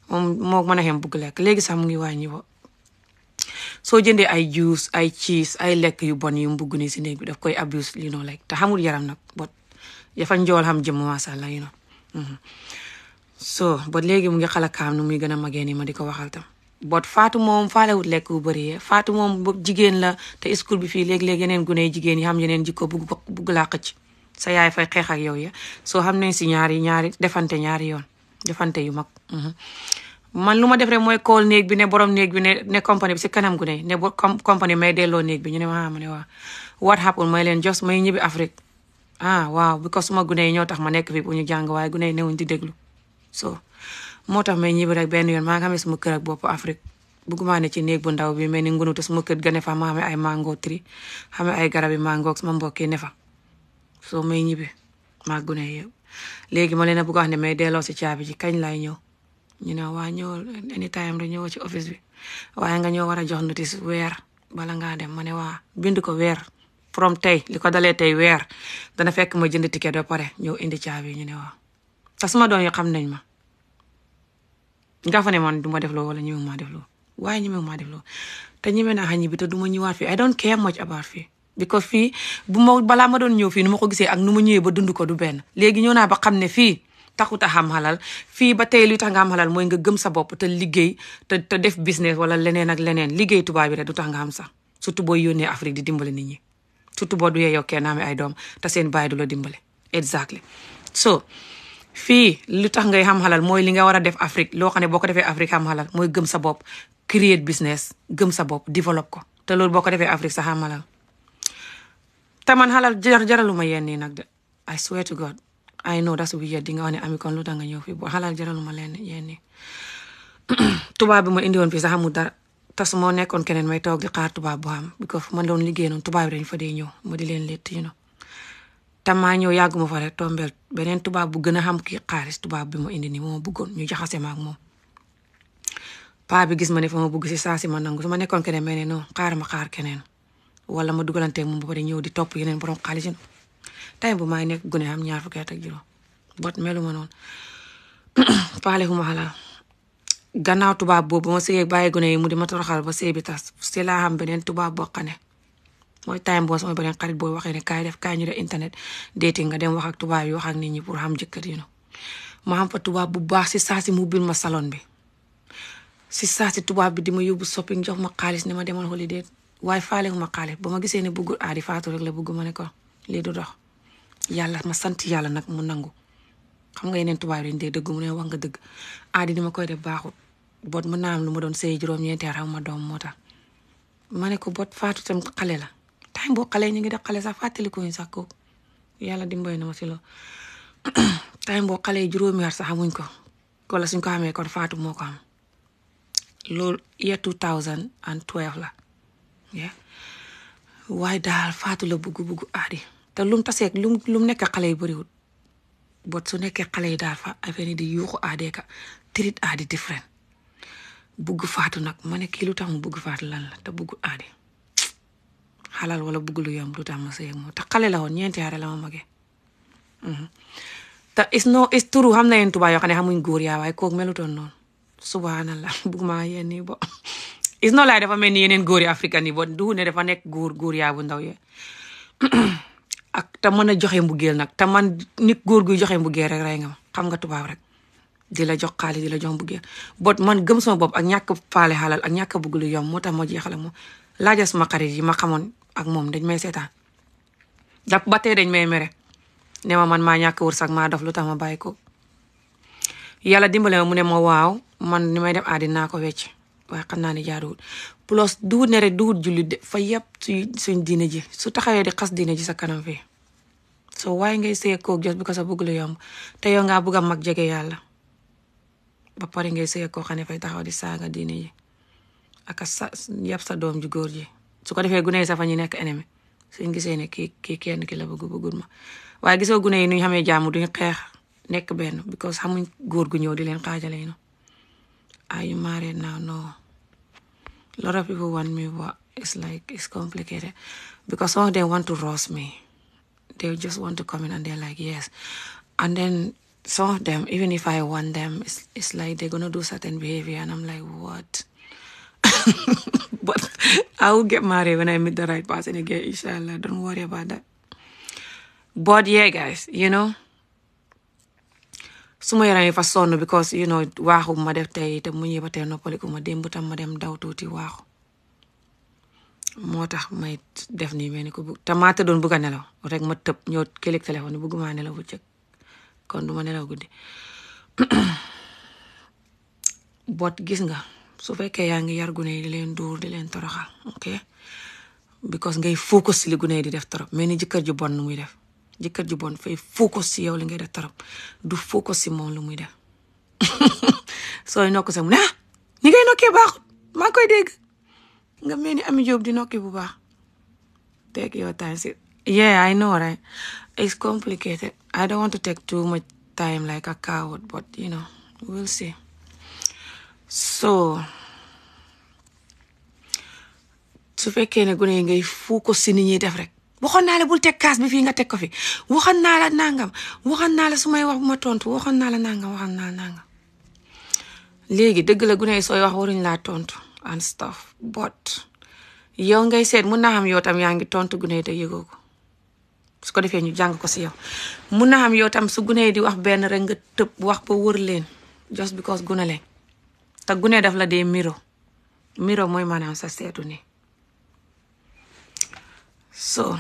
moom moo mën a xem bugg lekk léegi sax mu ngi wàññi wo soo jëndee ay juice ay cheese ay lekk yu bon yu mbugg si néeg bi daf koy abuse you know like te xamul yaram nag but yafa njool xam jëmm masàlla you know mm-hmm. soo but léegi mu ngi xala kaam nu muy gën a magee ni ma di ko waxal tam bot faatu moom faalewut lekk bu bëri yee faatu moom boobu jigéen la te school bi fii léeg-léeg yeneen gune jigéen yi xam yeneen jikko bugg bugg laa xëcc sa yaay fay xeex ak yow ya soo xam ne si ñaari ñaari defante ñaari yoon defante yu mag mhm. man lu ma def rek mooy kool néeg bi ne borom néeg bi ne ne compagnie bi si kanam gune ne compagnie may delloo néeg bi ñu ne ma ah, ma ne waa what happened may leen jos may ñibbi Afrique ah waaw because suma gune yi ñoo tax ma nekk fi bu ñu jàng waaye gune yi newuñ di déglu so moo tax may ñibbi rek benn yoon maa ngi amee suma kër ak bopp Afrique maa ne ci néeg bu ndaw bi mel ni ngunu te suma kër ga ne fa ma amee ay mango tri xamee ay garab yi mango ak sama mbokk yi ne fa soo may ñibbi maa gune yow léegi ma leen a bëgg a wax ne may delloo si caabi ji kañ lay ñëw ñu ne waa ñëwal anytime rek ñëwal ci office bi waaye nga ñoo war a jox notice weer bala ngaa dem ma ne waa bind ko weer from tey li ko dalee tey weer dana fekk ma jënd ticket ba pare ñëw indi caabi ñu ne waa te suma doon yoo xam nañ ma nga fa ne man du ma def loolu wala ñi ma waaye ñi ma def loolu te ñi naa xañi bi te du ma ñëwaat fii I don't care much about fii because fii bu ma balaa ma doon ñëw fii nu ma ko gisee ak nu ma ñëwee ba dund ko du benn léegi ñëw naa ba xam ne fii taxut a xam xalal fii ba tey lu tax nga am xalal mooy nga gëm sa bopp te liggéey te def business wala leneen ak leneen liggéey tubaab bi rek du tax nga am sax surtout booy yónnee Afrique di dimbale ni ñi surtout boo duyee yow kenn amee ay doom te seen baay du la dimbale exactly fii lu tax ngay xam xalal mooy li nga war a def Afrique loo xam ne boo ko defee Afrique xam xalal mooy gëm sa bopp create business gëm sa bopp développe ko te loolu boo ko defee Afrique sa xam xalal te man xalal jaraluma yenn nii nag de I swear to God I know that's weird di nga wax ne ami kon lu tax nga ñëw fii boo xalal jaraluma leen yenn nii tubaab bi ma indi fi fii sax amul dara tas moo nekkoon keneen may toog di xaar tubaab bu xam because man loon liggéey noonu tubaab bi dañ fa dee ñëw ma di leen létt you tamaa ñëw yàgguma fa tom tombeel beneen tubaab bu gën a xam kii xaalis tubaab bi ma indi nii moo bëggoon ñu jaxase ma ak bi gis ma ne fa ma bëgg si saa si ma nangu su ma nekkoon keneen mel ne non xaar ma xaar keneen wala ma dugalante moom ba pare ñëw di topp yeneen borom xaalis yi tey bu may nekk gune am ñaar fukki at ak juróom bot meluma noonu paale xuma xalaat gannaaw tubaab boobu ma sëyee bàyyi gune yi mu di ma toroxal ba sëy bi laa xam beneen tubaab boo xam mooy time boo sama beneen xarit booy waxee ne kaay def kaay ñu def internet déeti nga dem wax ak tubaab yi wax ak nit ñi pour xam jëkkër yi no ma xam fa tubaab bu baax si saa si mu bil ma salon bi si saa si tubaab bi di ma yóbbu shopping jox ma xaalis ne ma demal holiday waaye faale ma xaalis ba ma gisee ne bëggul aadi faatu rek la bëgg ma ne ko lii du dox yàlla ma sant yàlla nag mu nangu xam nga yeneen tubaab yi dañ dee dëgg mu ne wax nga dëgg aadi ni ma koy def baaxut bot mën naa lu ma doon sëy juróom-ñeenti at ma doom moo tax ma ne ko bot faatu tam xale la time boo xale ñu ngi def xale sax fàttalikuñu sax ko yàlla dimbali na ma si loolu time boo xale yi juróomi at sax amuñ ko wala suñ ko amee kon faatu moo ko am loolu year 2012 la waaye daal faatu la bugg bugg aadi te lum taseeg lum lum nekk xale yi bëriwul bot su nekkee xale yi daal fa affaire yi di yuuxu aadee ka tirit aadi different bugg faatu nag ma ne kii lu tax mu bugg faatu lan la te bugg aadi xalal wala bug lu yomb du tax ma sëy ak xale la woon ñeenti xare la ma magee mhm. te is no is turu xam na yeen tubaab yoo xam ne xamuñ góor yaa waaye kooku melutoon noonu subhanallah bugg maa yéen nii bo is no laay dafa mel ni yeneen góor yi africain yi bo dafa nekk góor góor bu ndaw yee ak te mën a joxe mbugeel nag te man nit góor guy joxe mbugeel rek rey nga ma xam nga tubaab rek di la jox xaalis di la jox mbugeel bot man gëm sama bopp ak ñàkk faale xalal ak ñàkk bugg lu yomb moo tax ma jeexale moom laajal sama xarit yi ma xamoon ak moom dañ may seetaan jàpp ba tey dañ may mere ne ma man maa ñàkk wërsëg maa dof lu tax ma bàyyi ko yàlla dimbale ma mu ne ma waaw man ni may dem àddina naa ko wecc waaye xam naa ne jaaduwul plus duut ne rek duut jullit de fa yàpp suñ diine ji su taxawee di xas diine ji sa kanam fii so waaye ngay sëy koo jos bi ko sa bëgg lu yomb te yow ngaa bëgg a mag jege yàlla ba pare ngay sëy koo xam ne fay taxaw di saaga diine ji ak sa yàpp sa doom ju góor ji su ko defee gune yi safa ñu nekk ennemi suñ gisee ne kii kii kenn ki la bëgg bëggul ma waaye gisoo gune yi nu ñu xamee jaamu duñu xeex nekk benn because xamuñ góor gu ñëw di leen xaajale you know are you married now no a lot of people want me but it's like it's complicated because some of them want to roast me they just want to come in and they're like yes and then some of them even if I want them it's, like they're gonna do certain behavior and like what but I will get married when I meet the right person again, inshallah. Don't worry about that. But yeah, guys, you know. suma yaram yi fa sonn because you know waaxu ma def tey te mu ñëw ba tey noppaliku ma démb tam dem daw tuuti waaxu moo tax may def nii mel ni ko bugg te maa tëddoon a nelaw rek ma tëb ñëw kilik téléphone bugg maa nelaw bu cëg kon du nelaw guddi bot gis nga su fekkee yaa ngi yar gune yi di leen dóor di leen toroxal ok because ngay focus si li gune yi di def torop mais ni jëkkër ju bon lu muy def jëkkër ju bon fay focus si yow li ngay def torop du focus si moom lu muy def sooy nokk sa mu ah, ni ngay nokkee baaxut maa koy dégg nga mel ni Ami Jóob di nokki bu baax take your time si yeah I know right it's complicated I don't want to take too much time like a coward but you know we'll see so su fekkee ne gune yi ngay fuu si ni ñuy def rek waxoon naa la bul teg kaas bi fii nga teg ko fi waxoon naa la nangam waxoon naa la su may wax bu ma tontu waxoon naa la nangam waxoon naa la léegi dëgg sooy wax waruñ laa tontu and stuff but yow ngay seet mu naa xam yow tam yaa ngi tontu gune te yëgoo ko su ko defee ñu jàng ko si yow mun naa xam yow tam su gune di wax benn rek nga tëb wax ba wër leen just because gune leen te gune daf la de miro miro mooy maanaam sa seetu nii so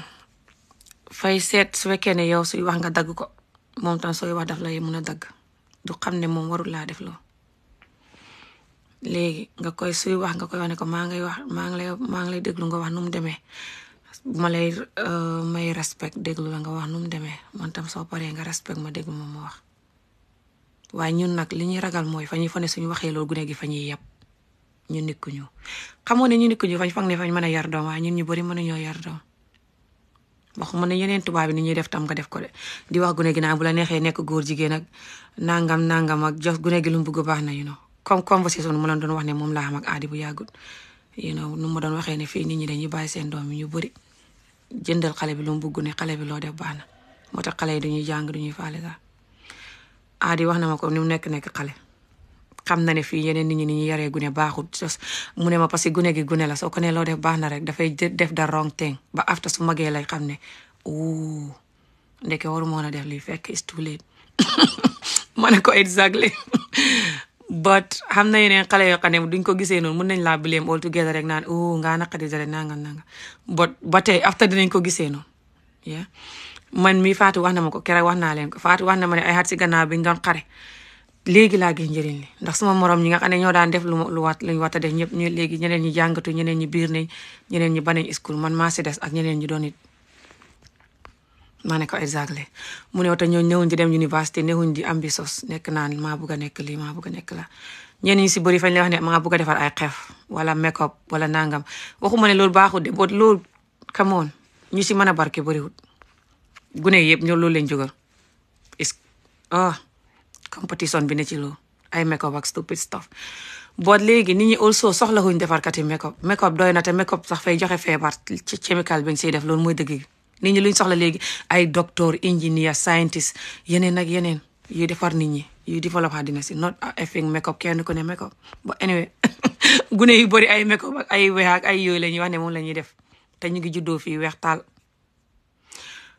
fay seet su fekkee ne yow suy wax nga dagg ko moom tam sooy wax daf lay mun a dagg du xam ne moom warul laa def loo léegi nga koy suy wax nga koy wax ne ko maa ngay wax maa ngi lay maa ngi lay déglu nga wax nu mu demee bu ma lay euh, may respect déglu la nga wax nu mu demee man tam soo paree nga respect ma déglu ma ma wax waaye ñun nag li ñuy ragal mooy fa ñuy fane suñu waxee loolu gune gi fa ñuy yàpp ñu nikkuñu xamoo ne ñu nikkuñu fañ fang ne fañ man a yar doom waaye ñun ñu bari mën nañoo yar doom waxuma ne yeneen tubaab yi ni ñuy def tam nga def ko de di wax gune gi naa bu la neexee nekk góor jigéen ak nangam nangam ak jox gune gi lu mu baax na you know comme conversation mu leen doon wax ne moom laa xam ak aadi bu yàggut nu ma doon waxee ne fii nit ñi dañuy bàyyi seen doom yi ñu bëri jëndal xale bi lu mu bëgg ne xale bi loo def baax na moo tax xale yi duñuy jàng duñuy faale sax aadi wax na ma ko ni mu nekk nekk xale xam na ne fii yeneen nit ñi ni ñu yaree gune baaxut mu ne ma parce que gune gi gune la soo ko ne loo def baax na rek dafay def da wrong thing ba after su magee lay xam ne o ndeke waru moon a def lii fekk it's too late ma ne ko exactly but xam na yeneen xale yoo xam ne duñ ko gisee noonu mun nañ laa bileem all together rek naan o ngaa naqadi dara nanga nanga but ba tey di dinañ ko gisee noonu yeah man mii Fatou wax na ma ko keroog wax naa ko Fatou wax na ma ne ay xat si gannaaw bi ñu doon léegi laa gis njëriñ li ndax suma morom ñi nga xam ne ñoo daan def lu lu wat luñ wat a def ñëpp ñu léegi ñeneen ñi jàngatu ñeneen ñi biir nañ ñeneen ñi baneñ school man maa si des ak ñeneen ñi doon it ne ko exactly mu ne wata ñoo newuñ di dem université newuñ di ambitious nekk naan maa bugg a nekk lii maa bugg a nekk la ñenn ñi si bëri fañ la wax ne maa bugg defar ay xef wala make up wala nangam waxuma ne loolu baaxul de boo lool kamoon on ñu si mën a barke bëriwul gune yëpp ñoo loolu leen jógal is ah competition bi ne ci loolu ay make up ak stupid stuff but léegi nit ñi also soxla wuñ defarkati make up make up dooy na te make up sax fee joxe feebar ci chemical bi nga siy def loolu mooy dëgg nit ñi luñ soxla léegi ay docteur ingénieur scientist yeneen ak yeneen yuy defar nit ñi yuy develop àddina si not effing make up kenn ku ne make up but anyway gune yu bëri ay make up ak ay weex ay yooyu la ñuy wax ne moom def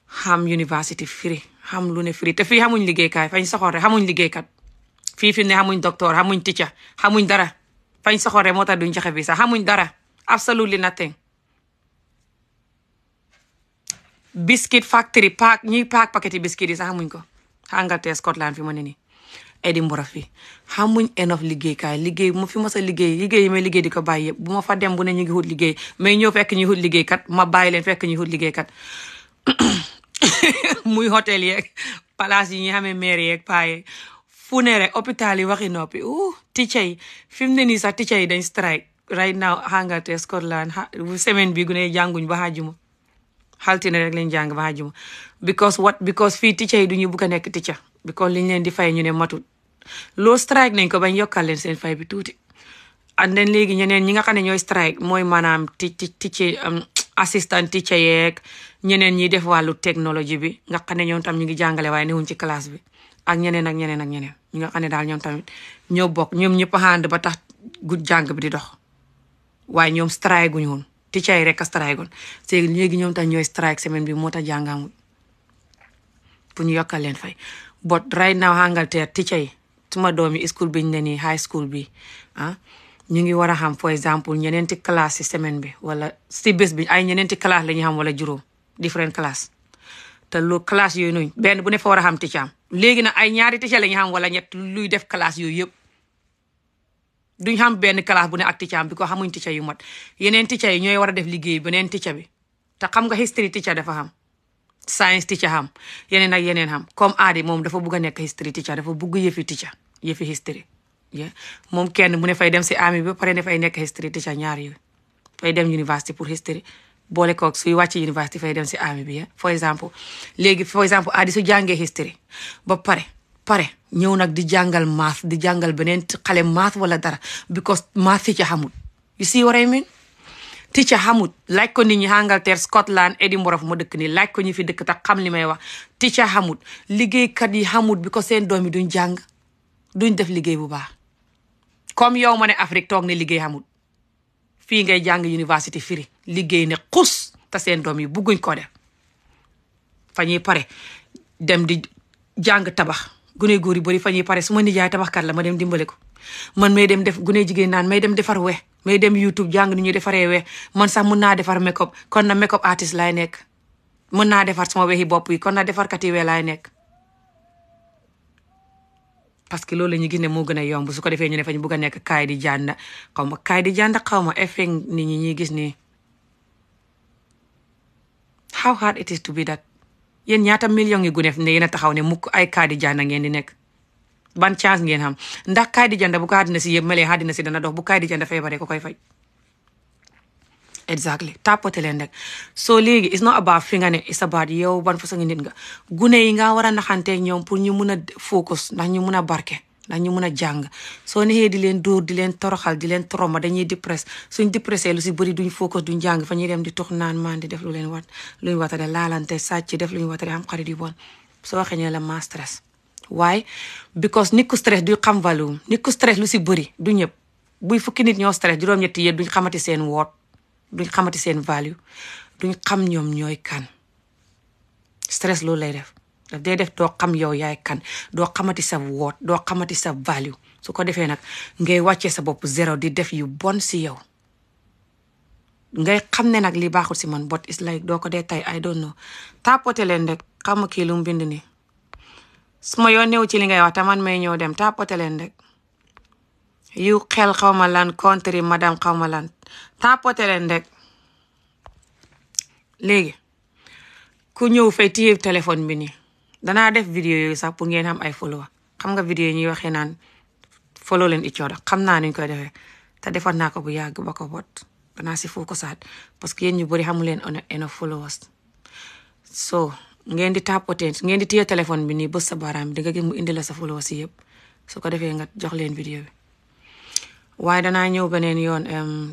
xam university free xam lu ne free te fii xamuñ liggéeykaay fañ soxore xamuñ liggéeykat fii fi ne xamuñ docteur xamuñ teacher xamuñ dara fañ soxore moo tax duñ joxe visa xamuñ dara absolutely nothing biscuit factory paak ñuy paak paketi biscuit yi sax xamuñ ko Angleterre Scotland fi mu ne nii Edinburgh fi xamuñ enough liggéeykaay liggéey mu fi mos a liggéey liggéey yi may liggéey di ko bàyyi bu ma fa dem bu ne ñu ngi wut liggéey mais ñëw fekk ñuy wut liggéeykat ma bàyyi leen fekk ñuy wut liggéeykat muy hôtel yeeg palace yi nga xam ne maire yeeg paa fu ne rek hôpital yi waxi noppi uh teacher yi fi mu ne nii sax teacher yi dañ strike right now Angleterre Scotland semaine bi gune jànguñ ba xaajuma xaltine rek lañ jàng ba xaajuma because what because fii teacher yi du ñu bugg a nekk teacher because liñ leen di fay ñu ne matul loolu strike nañ ko bañ yokkal leen seen fay bi tuuti and then léegi ñeneen ñi nga xam ne ñooy strike mooy maanaam ti ti teacher assistant teacher yeeg ñeneen ñi def wàllu technologie bi nga xam ne ñoom tam ñu ngi jàngale waaye newuñ ci classe bi ak ñeneen ak ñeneen ak ñeneen ñi nga xam daal ñoom tamit ñoo bokk ñoom ñëpp ànd ba tax gud jàng bi di dox waaye ñoom strike woon teacher yi rek a léegi léegi ñoom tam ñooy strike semaine bi moo tax jàngaamul pour ñu yokkal leen fay but right now Angleterre teacher yi suma doomi school biñ ne nii high school bi ah, ñu ngi war a xam for exemple ñeneenti classe si semaine bi wala si bés bi ay ñeneenti classe la ñu xam wala juróom different classe te lu classe yooyu noonu benn bu ne fa war a xam ticca am léegi nag ay ñaari ticca la ñu xam wala ñett luy def classe yooyu yëpp duñ xam benn classe bu ne ak ticca am bi ko xamuñ ticca yu mat yeneen ticca yi ñooy war a def liggéey beneen ticca bi te xam nga history ticca dafa xam science ticca xam yeneen ak yeneen xam comme aadi moom dafa bugg a nekk history ticca dafa bugg yëfi ticca yëfi moom kenn mu ne fay dem si ami bi pare ne fay nekk history teacher ñaar yooyu fay dem université pour history boole koog suy wàcc université fay dem si ami bi for exemple léegi for exemple adi su jàngee history ba pare pare ñëw nag di jàngal math di jàngal beneen xale math wala dara because math teacher xamut you see what I mean teacher xamut laaj ko nit ñi Angleterre Scotland Edinburgh ma dëkk nii laaj ko ñu fi dëkk tax xam li may wax teacher xamut liggéeykat yi xamut because seen doom yi duñ jàng duñ def liggéey bu baax comme yow ma ne Afrique toog ne liggéey amul fii ngay jàng université firi liggéey ne xus te seen doom yi bugguñ ko def fa ñuy pare dem di jàng tabax gune góor yi bëri fa pare su ma nijaay tabaxkat la ma dem dimbale ko man may dem def gune jigéen naan may dem defar we may dem YouTube jàng ni ñuy defaree we man sax mun naa defar make up kon na make up artist laay nekk mun naa defar suma weexi bopp yi kon na defarkat yi we laay nekk parce que loolu la ñu gis ne moo gën a yomb su ko defee ñu ne fa ñu bugg a nekk kaay di jànda xaw ma kay di jànda xaw ma effet ni ñi ñuy gis nii how hard it is to be that yéen ñaata millions yi guneef ne yéen a taxaw ne mukk ay kaay di jànda ngeen di nekk ban chance ngeen xam ndax kaay di jànda bu ko àddina si yëpp melee àddina si dana dox bu kaay di jànda feebaree ko koy faj exactly tàppate leen rek soo léegi it's not about fi nga ne it's about yow ban façon nit nga gune yi nga war a naxanteeg ñoom pour ñu mun a focus ndax ñu mun a barke ndax ñu mun a jàng soo nexee di leen dóor di leen toroxal di leen toroma dañuy dépresse suñ dépressé lu si bëri duñ focus duñ jàng fa ñuy dem di tux naan maan def lu leen wat lu ñu watare laalante def lu ñu watare am xarit yu bon soo xeñee la ma waaye because nit ku stress du xam value nit ku stress lu si bëri du ñëpp buy fukki nit ñoo stress juróom-ñetti yéen duñ xamati seen woot duñ xamati seen value duñ xam ñoom ñooy kan stress loolu lay def daf day def doo xam yow yaay kan doo xamati sa woot doo xamati sa value su ko defee nag ngay wàccee sa bopp zéro di def yu bon si yow nga xam ne nag li baaxul si man but it's like doo ko dee tay I don't know tapote leen rek xamu kii lu mu bind nii su ma yoo néew ci li ngay wax taman may ñëw dem tapote leen rek yu xel xawma lan contre madame xawma lan tapoté leen rek léegi ku ñëw fay téye téléphone bi nii danaa def vidéo yooyu sax ngeen am ay follower xam nga vidéo yi ñuy waxee naan follow leen icooda xam naa nuñ koy defee te defoon naa ko bu yàgg ba ko bot danaa si foo ko saat parce que yéen ñu bëri xamu leen enough followers so ngeen di tapoté ngeen di téye téléphone bi nii bës sa baaraam bi di nga gis mu indi la sa followers yëpp su ko defee nga jox leen vidéo waaye danaa ñëw beneen yoon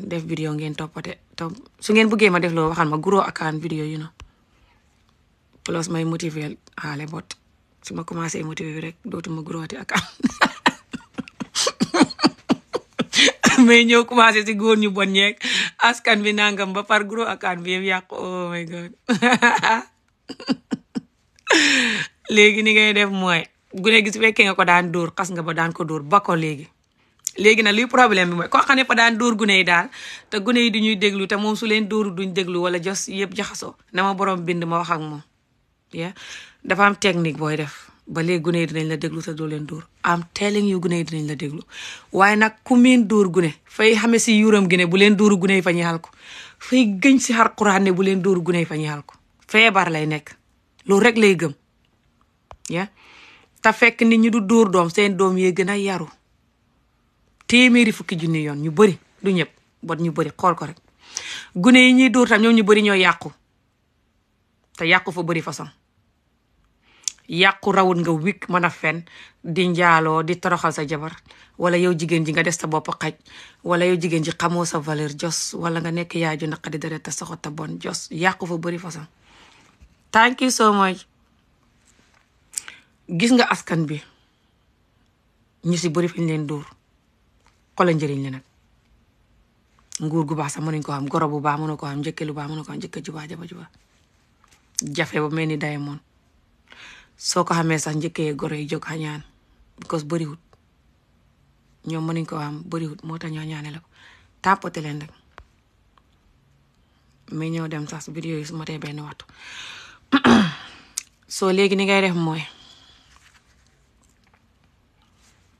def vidéo ngeen toppate topp su ngeen bëggee ma def loo waxal ma gros akaan vidéo yu na plus may motiver xaale bot su ma commencé motiver rek dootuma grooti akaan mais ñëw commencé si góor ñu bon ñeeg askan bi nangam ba par gros akaan bi yëpp yàqu oh my god léegi ni ngay def mooy gune gi su fekkee nga ko daan dóor xas nga ba daan ko dóor ba ko léegi léegi nag luy problème bi mooy ko xam ne fa daan dóor gune yi daal te gune yi di ñuy déglu te moom su leen dóoru duñ déglu wala jos yëpp jaxasoo na ma borom bind ma wax ak moom ya dafa am technique booy def ba léegi gune yi dinañ la déglu te doo leen dóor am telling yu gune yi dinañ la déglu waaye nag ku miin dóor gune fay xame si yuuram gune bu leen dóoru gune yi fa ñaal ko fay gëñ si xar quraan ne bu leen dóoru gune yi fa feebar lay nekk loolu rek lay gëm te fekk nit ñi du dóor doom seen doom yee gën a yaru téeméeri fukki junni yoon ñu bëri du ñëpp bot ñu bëri xool ko rek gune yi ñuy dóor tam ñoom ñu bëri ñoo yàqu te yàqu fa bëri façon yàqu rawut nga wik mën a fen di njaaloo di toroxal sa jabar wala yow jigéen ji nga des sa bopp xaj wala yow jigéen ji xamoo sa valeur jos wala nga nekk yaay ju naqadi di te soxot te bon jos yàqu fa bëri façon thank you so gis nga askan bi ñu si bëri fañ leen dóor kolo njëriñ li nag nguur gu baax sax mënuñ ko xam goro bu baax mënu ko xam njëkke lu baax mënu ko xam njëkke ju baax jaba ju baax jafe ba mel ni day moon soo ko xamee sax njëkkee goro yi jog xañaan because bariwut ñoom mënuñ ko xam bëriwut moo ta ñoo ñaane la ko tàppate leen rek mais ñëw dem sax vidéo yi su ma tee benn waxtu soo léegi ni ngay def mooy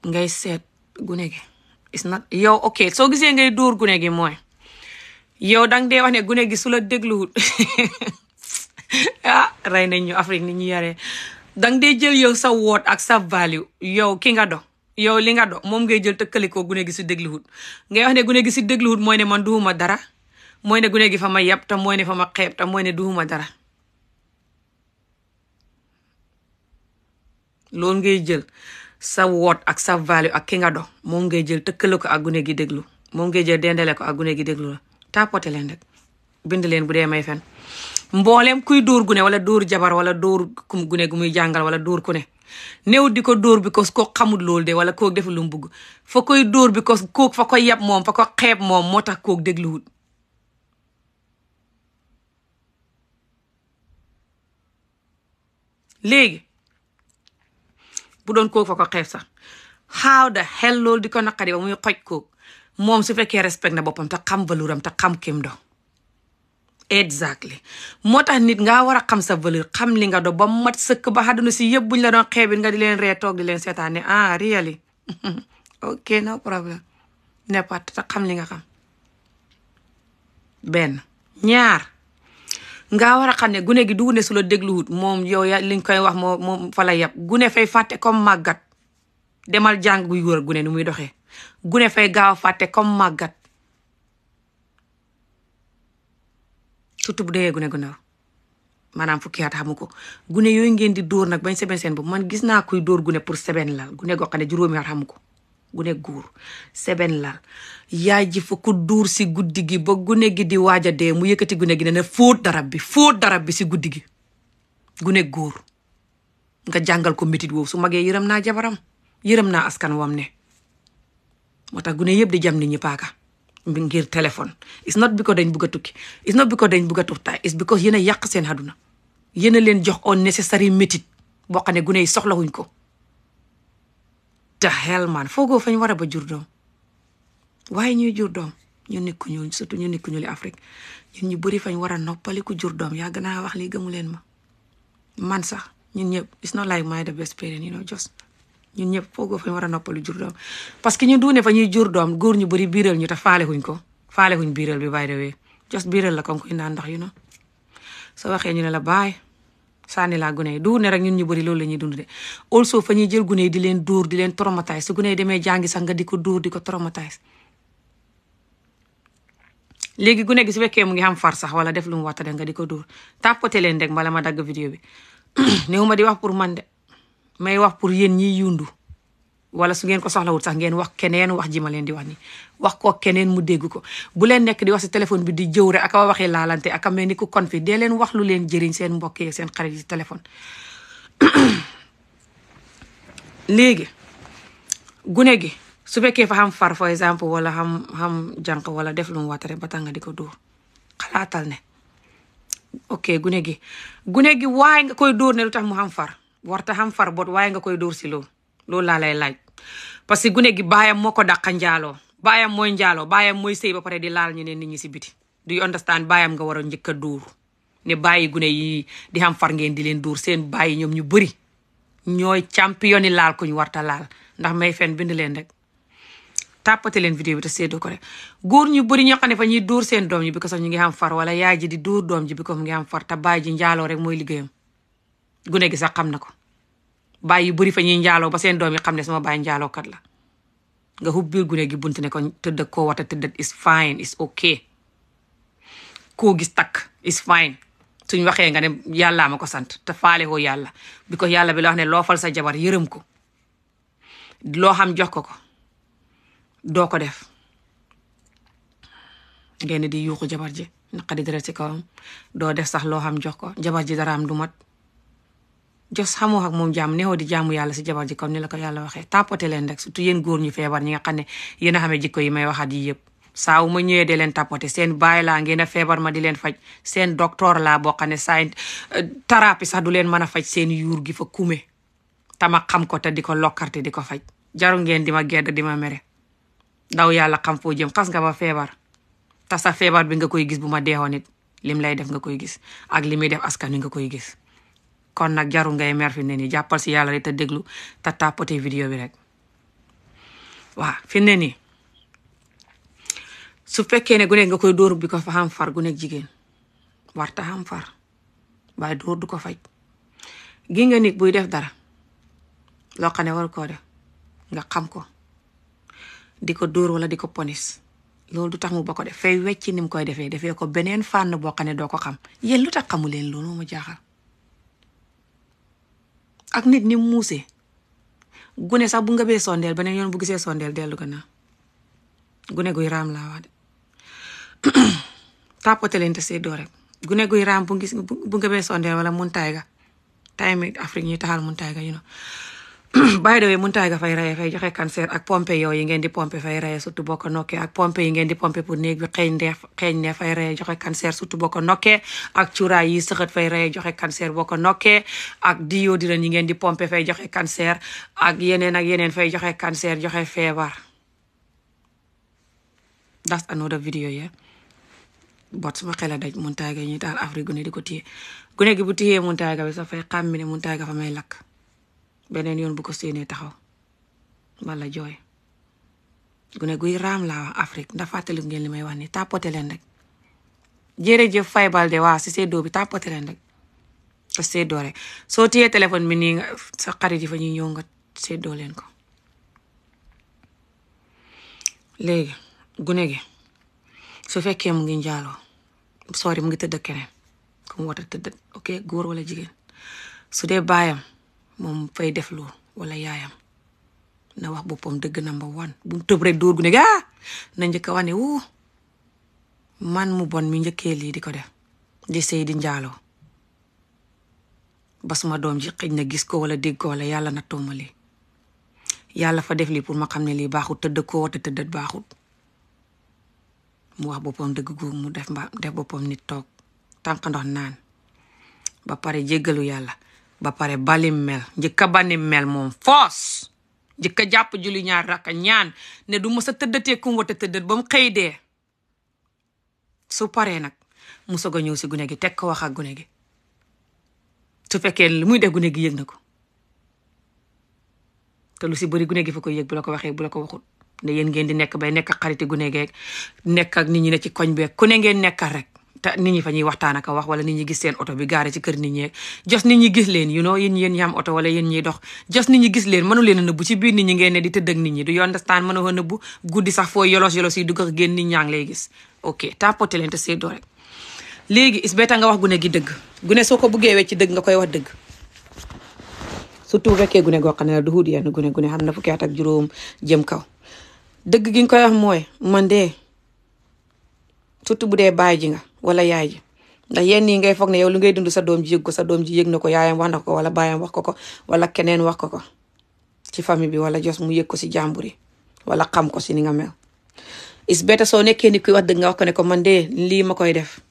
ngay seet gune gi is not yow ok soo gisee ngay dóor gune gi mooy yow dang dee wax ne gune gi sula la dégluwut ah rey nañ ñu Afrique ni ñuy yaree dang dee jël yow sa woot ak sa value yow ki nga do yow li nga do moom ngay jël tëkkale ko gune gi si dégluwut ngay wax ne gune gi si dégluwut mooy ne man duuma dara mooy ne gune gi fa ma yab ta mooy ne fa ma xeeb mooy ne duuma dara loolu ngay jël sa woot ak sa value ak ki nga do moom ngay jël tëkkale ko ak gune gi déglu moom ngay jël dendale ko a gune gi déglu la tapoté leen rek bind leen bu dee may fen mbooleem kuy dóor gune wala dóor jabar wala dóor gune gu muy jàngal wala dóor ku ne néew di ko dóor bi ko koo xamul loolu de wala kook deful lu bugg fokoy koy dóor bi ko kook fa yab moom foko ko xeeb moom moo tax kook dégluwul léegi bu doon kooku fa ko xeeb sax how the hell loolu di ko naqari ba muy xoj kooku moom su fekkee respect na boppam te xam valeur am te xam kem do exactly moo tax nit nga war a xam sa valeur xam li nga do ba mat sëkk ba àdduna si yëpp buñ la doon xeebit nga di leen ree toog di leen seetaane ah really ok no problème ne pat te xam li nga xam benn ñaar ngaa war a xam ne gune gi du ne su dégluwut moom yow ya liñ koy wax moo moom fa la gune fay fàtte comme màggat demal jàng buy wër gune nu muy doxee gune fay gaaw a fàtte comme màggat surtout bu dee gune gu ndaw maanaam fukki at ko gune yooyu ngeen di dóor nag bañ seben seen boobu man gis naa kuy dóor gune pour seben la gune goo xam ne juróomi at ko gune guur seben la yaay ji fa ku duur si guddi gi ba gune gi di waaja dee mu yëkkati gune gi ne ne dara bi fóot darab bi si guddi gi gune góor nga jàngal ko métit woow su magee yërëm naa jabaram yërëm naa askan wam ne moo tax gune yëpp di jam nit ñi paaka ngir téléphone it's not because dañ bugg a tukki it's not because dañ bugg a tuxtaay it's because yéen a yàq seen àdduna yéen leen jox unnecessary métit boo xam gune yi soxlawuñ ko the hell man foogoo fañ war a ba jur doom waaye ñuy jur doom ñu nekku ñuul surtout ñu nekku ñuul Afrique ñun ñu bëri fañ war a noppali ku jur doom yaa gën a wax lii gëmu leen ma man sax ñun ñëpp it's not like my the best parent you know just ñun ñëpp foogoo fañ war a noppalu jur doom parce que ñu duune fa ñuy jur doom góor ñu bëri biiral ñu te faale huñ ko faale huñ biiral bi by the way just biiral la comme kuy naan ndax you know soo waxee ñu ne sànni laa gune yi du ne rek ñun ñu bëri loolu la ñuy dund de also fa ñuy jël gune yi di leen dóor di leen traumatise su gune yi demee jàngi sax nga di ko dóor di ko traumatise léegi gune gi su fekkee mu ngi am far sax wala def lu mu de nga di ko dóor tàppate leen rek mbala ma dagg vidéo bi néew ma di wax pour man de may wax pour yéen ñiy yundu wala su ngeen ko soxlawul sax ngeen wax keneen wax ji ma leen di wax ni wax ko keneen mu dégg ko bu leen nekk di wax si téléphone bi di jëw rek ak waxee laalante ak a mel ni ku kon fi dee leen wax lu leen jëriñ seen mbokk yeeg seen xarit yi téléphone. léegi gune gi su fekkee fa xam far for exemple wala xam xam jànq wala def lu mu watare ba tànga di ko dóor xalaatal ne ok gune gi gune gi waaye nga koy dóor ne lu tax mu xam far warta xam far bot waaye nga koy dóor si loolu loolu laaj parce que gune gi baayam moo ko dàqa njaaloo baayam mooy njaaloo baayam mooy sëy ba pare di laal ñu ne nit ñi si biti du understand baayam nga war a njëkk a duur ne bàyyi gune yi di xam far ngeen leen duur seen bàyyi ñoom ñu bëri ñooy champion yi laal ku ñu warta laal ndax may fen bind leen rek tàppate leen vidéo bi te séddoo ko rek góor ñu bëri ñoo xam ne ñuy dóor seen doom ñi bi ko sax ñu ngi am far wala yaay ji di dóor doom ji bi ko mu ngi am far te baay ji njaaloo rek mooy liggéeyam gune gi sax xam na ko bàyyi bëri fa ñuy njaaloo ba seen doom yi xam ne sama bàyyi njaalookat la nga ubbil gune gi bunt ne ko tëdd koo wata tëdd is fine is okay koo gis takk is fine suñ waxee nga ne yàllaa ma ko sant te faale woo yàlla bi ko yàlla bi la wax ne loo fal sa jabar yërëm ko loo xam jox ko ko doo ko def ngeen di yuuxu jabar ji naqadi dara ci kawam doo def sax loo xam jox ko jabar ji dara am du mat jox xamoo ak moom jàmm neexoo di jàmm yàlla si jabar ji comme ni la ko yàlla waxee tàppate leen rek surtout yéen góor ñu feebar ñi nga ne yéen a xamee jikko yi may waxaat yi yëpp saa ma ñëwee de leen tapote seen baay laa ngeen a feebar ma leen faj seen docteur laa boo xam ne saa euh, thérapie sax du leen mën a faj seen yuur gi fa kume tama xam ko di ko lokkarte di ko faj jaru ngeen di ma gedd di ma mere daw yàlla xam foo jëm xas nga ba feebar te sa feebar bi nga koy gis bu ma deexoon lim lay def nga koy gis ak li muy def askan wi nga koy gis kon nag jaru ngay mer fi mu ne nii jàppal si yàlla rek te déglu te tapoter vidéo bi rek waaw fi mu ne nii su fekkee ne gune nga koy dóor bi ko fa far gune jigéen warta waaye dóor du ko faj gi nga nit buy def dara loo xam ne war ko def nga xam ko di ko dóor wala di ko ponis loolu du tax mu ba ko def fay wecc ni mu koy defee defee ko beneen fànn boo xam ne doo ko xam yéen lu tax xamu leen loolu moo ma jaaxal ak nit ni muusee gune sax bu nga sondel sondeel beneen yoon bu gisee sondeel dellu gannaaw gune guy raam laa wax de tàppate leen te seddoo rek gune guy raam bu gis bu nga bee sondeel wala mun tayga time Afrique ñuy taxal mun tayga you know by the way Muntayga fay reye fay joxe cancer ak pompe yooyu ngeen di pompe fay reye surtout boo ko nokkee ak pompe yi ngeen di pompe pour néeg bi xëy ndee xëy ne fay reye joxe cancer surtout boo ko nokkee ak cuuraay yi sëxët fay reye joxe cancer boo ko nokkee ak diodine yi ngeen di pompe fay joxe cancer ak yeneen ak yeneen fay joxe cancer joxe feebar that's another video yeah bot suma xel a daj Muntayga ñuy taal Afrique gune di ko téye gune gi bu téyee Muntayga bi sax fay xam ne fa may lakk beneen yoon bu ko séenee taxaw wala jooy gune guy raam laa wax Afrique ndax fàttali ngeen li may wax ni tàppote leen rek jërëjëf Faye de waa si seddoo bi tàppote leen rek te seddoo rek soo téyee téléphone bi nii nga sa xarit yi fa ñuy ñëw ngat seddoo leen ko léegi gune gi su fekkee mu ngi njaaloo sori mu ngi tëdd keneen ku mu a tëdd ok góor wala jigéen su dee baayam moom fay def loo wala yaayam na wax boppam dëgg number one bu mu tëb rek dóor gu ne ah na njëkk a wane wuu man mu bon mi njëkkee lii di ko def di sëy di njaaloo ba suma doom ji xëj na gis ko wala dégg ko wala yàlla na toomali yàlla fa def lii pour ma xam ne lii baaxut tëdd ko wata tëddat baaxut mu wax boppam dëgg googu mu def ba def boppam nit toog tànk ndox naan ba pare jéggalu yàlla ba pare bali mel njëkka bani mel moom foos njëkka jàpp julli ñaar rakka ñaan ne du mës a tëddatee kum wata tëddat ba mu xëy dee su paree nag mu soog a ñëw si gune gi teg ko wax ak gune gi su fekkee lu muy def gune gi yëg na ko te lu si bëri gune gi fa ko yëg bu la ko waxee bu la ko waxul ne yéen ngeen di nekk bay nekk xariti gune geeg nekk ak nit ñi ne ci koñ beeg ku ne ngeen rek nit ñi fa ñuy waxtaan ak wax wala nit ñi gis seen oto bi gaare ci kër nit ñeeg jos nit ñi gis leen you know yéen yéen ñi am oto wala yéen ñiy dox jos nit ñi gis leen mënu leen a nëbbu ci biir nit ñi ngeen ne di tëdd ak nit ñi du you understand mënu ko nëbbu guddi sax foo yolos yolos yi du ko génn nit ñaa ngi lay gis ok tapoté leen te seddoo rek léegi is beeta nga wax gune gi dëgg gune soo ko buggee wecc dëgg nga koy wax dëgg surtout bu fekkee gune goo xam ne la du xuut yenn gune gune xam na fukki at ak juróom jëm kaw dëgg gi koy wax mooy man de surtout bu dee baay ji nga wala yaay ji ndax yenn yi ngay foog ne yow lu ngay dund sa doom ji yëg ko sa doom ji yëg na ko yaayam wax na ko wala baayam wax ko ko wala keneen wax ko ko ci famille bi wala jos mu yëg ko si jàmbur yi wala xam ko si ni nga mel. is better soo nekkee ni kuy wax nga wax ko ne ko man de lii ma koy def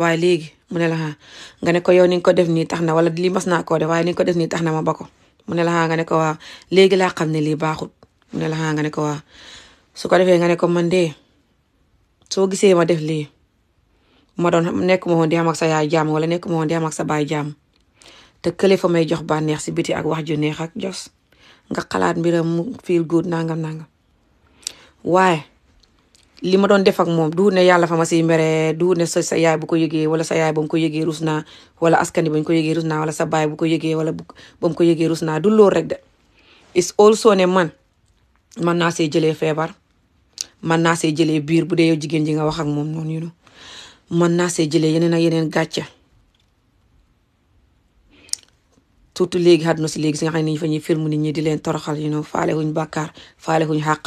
waaye léegi mu ne la ha nga ne yow ni nga ko def nii tax na wala lii mas naa koo def waaye ni nga ko def nii tax na ma ba ko mu ne la ha nga ne ko waa léegi laa xam ne lii baaxut mu ne la nga ne ko waa su ko defee nga ne ko man de soo gisee ma def lii ma doon nekk ma woon di ak sa yaay jàmm wala nekk ma woon sa baay jàmm te kële fa may jox bànneex si biti ak wax ju neex ak jos nga xalaat mbiram mu feel good nangam nangam waaye li ma doon def moom du ne yàlla fa ma si mere du ne sa sa yaay bu ko yëgee wala sa yaay ba ko yëgee rus naa wala askani ba ñu ko yëgee rus naa wala sa baay bu ko yëgee wala ba mu ko yëgee rus naa du loolu rek de it's also ne man man naa see jëlee feebar man naa see jëlee biir bu dee yow jigéen ji nga wax ak moom noonu you know man naa see jëlee yeneen ak yeneen gàcce surtout léegi àdduna si léegi si nga xam ne ñu fa ñuy film nit ñi di leen toroxal you know faale wuñ bàkkaar faale wuñ xàq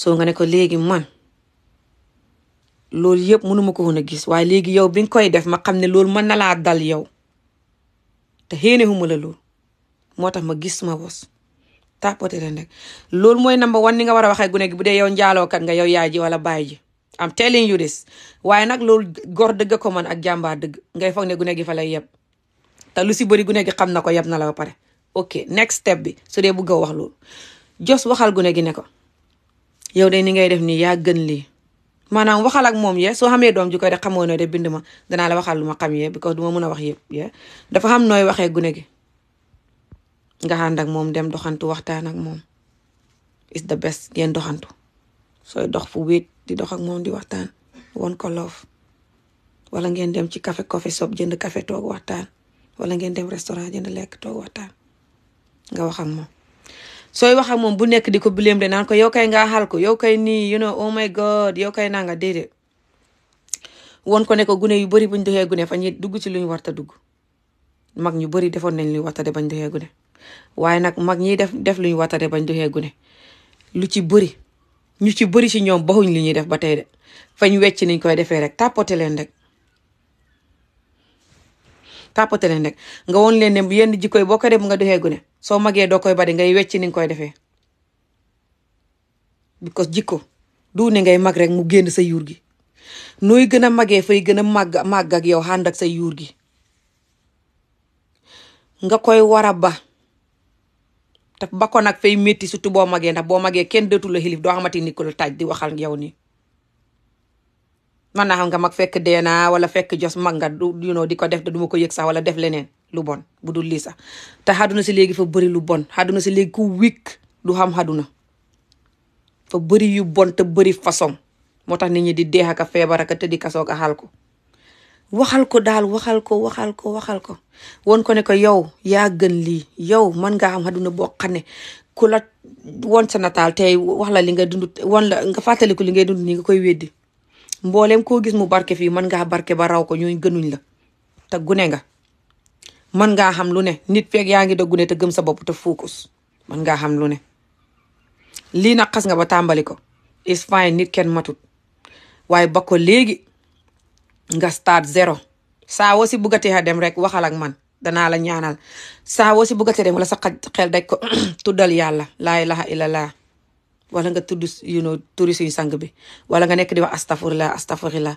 soo nga ne ko léegi man loolu yëpp mënuma ko woon a gis waaye léegi yow bi nga koy def ma xam ne loolu mën na laa dal yow te xéene huma la loolu moo tax ma gis ma bos tapoté leen rek lool mooy number one ni nga war a waxee gune gi bu dee yow njaalookat nga yow yaay ji wala baay ji am telling you this waaye nag loolu góor dëgg ko man ak jàmbaar dëgg ngay foog ne gune gi fa lay yeb te lu si bari gune gi xam na ko yeb na la ba pare ok next step bi su dee bëgg a wax loolu jos waxal gune gi ne ko yow de ni ngay def nii yaa gën lii waxal ak moom yee soo xamee doom ji koy xamoo ne de bind ma danaa la waxal lu ma xam yee because du ma mën a wax yëpp yee dafa xam nooy waxee gune gi nga ànd ak moom dem doxantu waxtaan ak moom is the best ngeen doxantu sooy dox fu wéet di dox ak moom di waxtaan won ko loof wala ngeen dem ci café coffee shop jënd café toog waxtaan wala ngeen dem restaurant jënd lekk toog waxtaan nga wax ak moom sooy wax ak moom bu nekk di ko bileem de naan ko yow kay nga xal ko yow kay nii you know oh my god yow kay naa nga déedéet won ko ne ko gune yu bëri buñ doxee gune fa ñuy dugg ci luñ warta dugg mag ñu bëri defoon nañ luñ warta de bañ doxee gune waaye nag mag ñiy def def lu ñu watare bañ doxee gune lu ci bëri ñu ci bëri si ñoom baxuñ li ñuy def ba tey de fañ wecc niñ koy defee rek tàppote leen rek tàppote leen rek nga won leen ne yenn jikkoy boo ko def nga doxee gune soo magee doo koy bari ngay wecc niñ koy defee because jikko du ne ngay mag rek mu génn sa yuur gi nooy gën a magee fay gën a màgg màgg ak yow ak sa yuur gi nga koy war a ba te bakkoon ak fay métti surtout boo magee ndax boo magee kenn dëtu la xilif doo xamante ni ko la taaj di waxal yow nii man na xam nga mag fekk deena wala fekk jos mag nga du you know di ko def da duma ko yëg sax wala def leneen lu bon bu dul lii sax te xaduna si léegi fa bari lu bon xaduna si léegi ku wik du xam xaduna fa bëri yu bon te bëri façon moo tax nit ñi di deex ak a feebar ak a tëddi ko waxal ko daal waxal ko waxal ko waxal ko woon ko ne ko yow yaa gën lii yow man ngaa am àdduna boo xam ne ku sa nataal te wax la li nga dund woon la nga li ngay dund nii nga koy weddi mbooleem koo gis mu barke fii mën ngaa barke ba raw ko ñooñu gënuñ la te gune nga mën ngaa xam lu ne nit feeg yaa ngi doon gune te gëm sa bopp te focus mën ngaa xam lu ne lii nag xas nga ba tàmbali ko it's fine nit kenn matut waaye ba ko nga start zéro saa woo si buggatee a dem rek waxal ak man danaa la ñaanal saawo si si buggatee dem wala sa xel daj ko tuddal yàlla laa ilaha illallah wala nga tudd you know turi suñu sang bi wala nga nekk di wax astafurlah la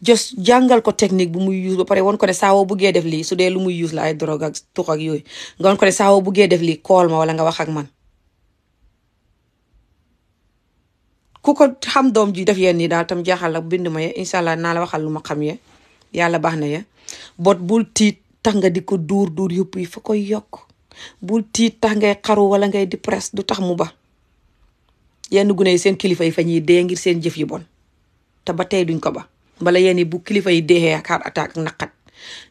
just jàngal ko technique bu muy use ba pare won ko ne saa buggee def lii su dee lu muy use la ay drogue ak tux ak yooyu nga won ko ne saawo buggee def lii kool ma wala nga wax ak man ku ko xam doom ji def yen nii daal tam jaxal la bind ma ye incha allah naa la waxal lu ma xam ye yàlla baax na ye bot bul tiit tax nga di ko duur duur yëpp yi fa koy yokk bul tiit tax ngay xaru wala ngay di presse du tax mu ba yenn gune yi seen kilifa yi fa ñuy dee ngir seen jëf yi bon te ba tey duñ ko ba bala yenn yi bu kilifa yi deexee ak xaar attaque ak naqat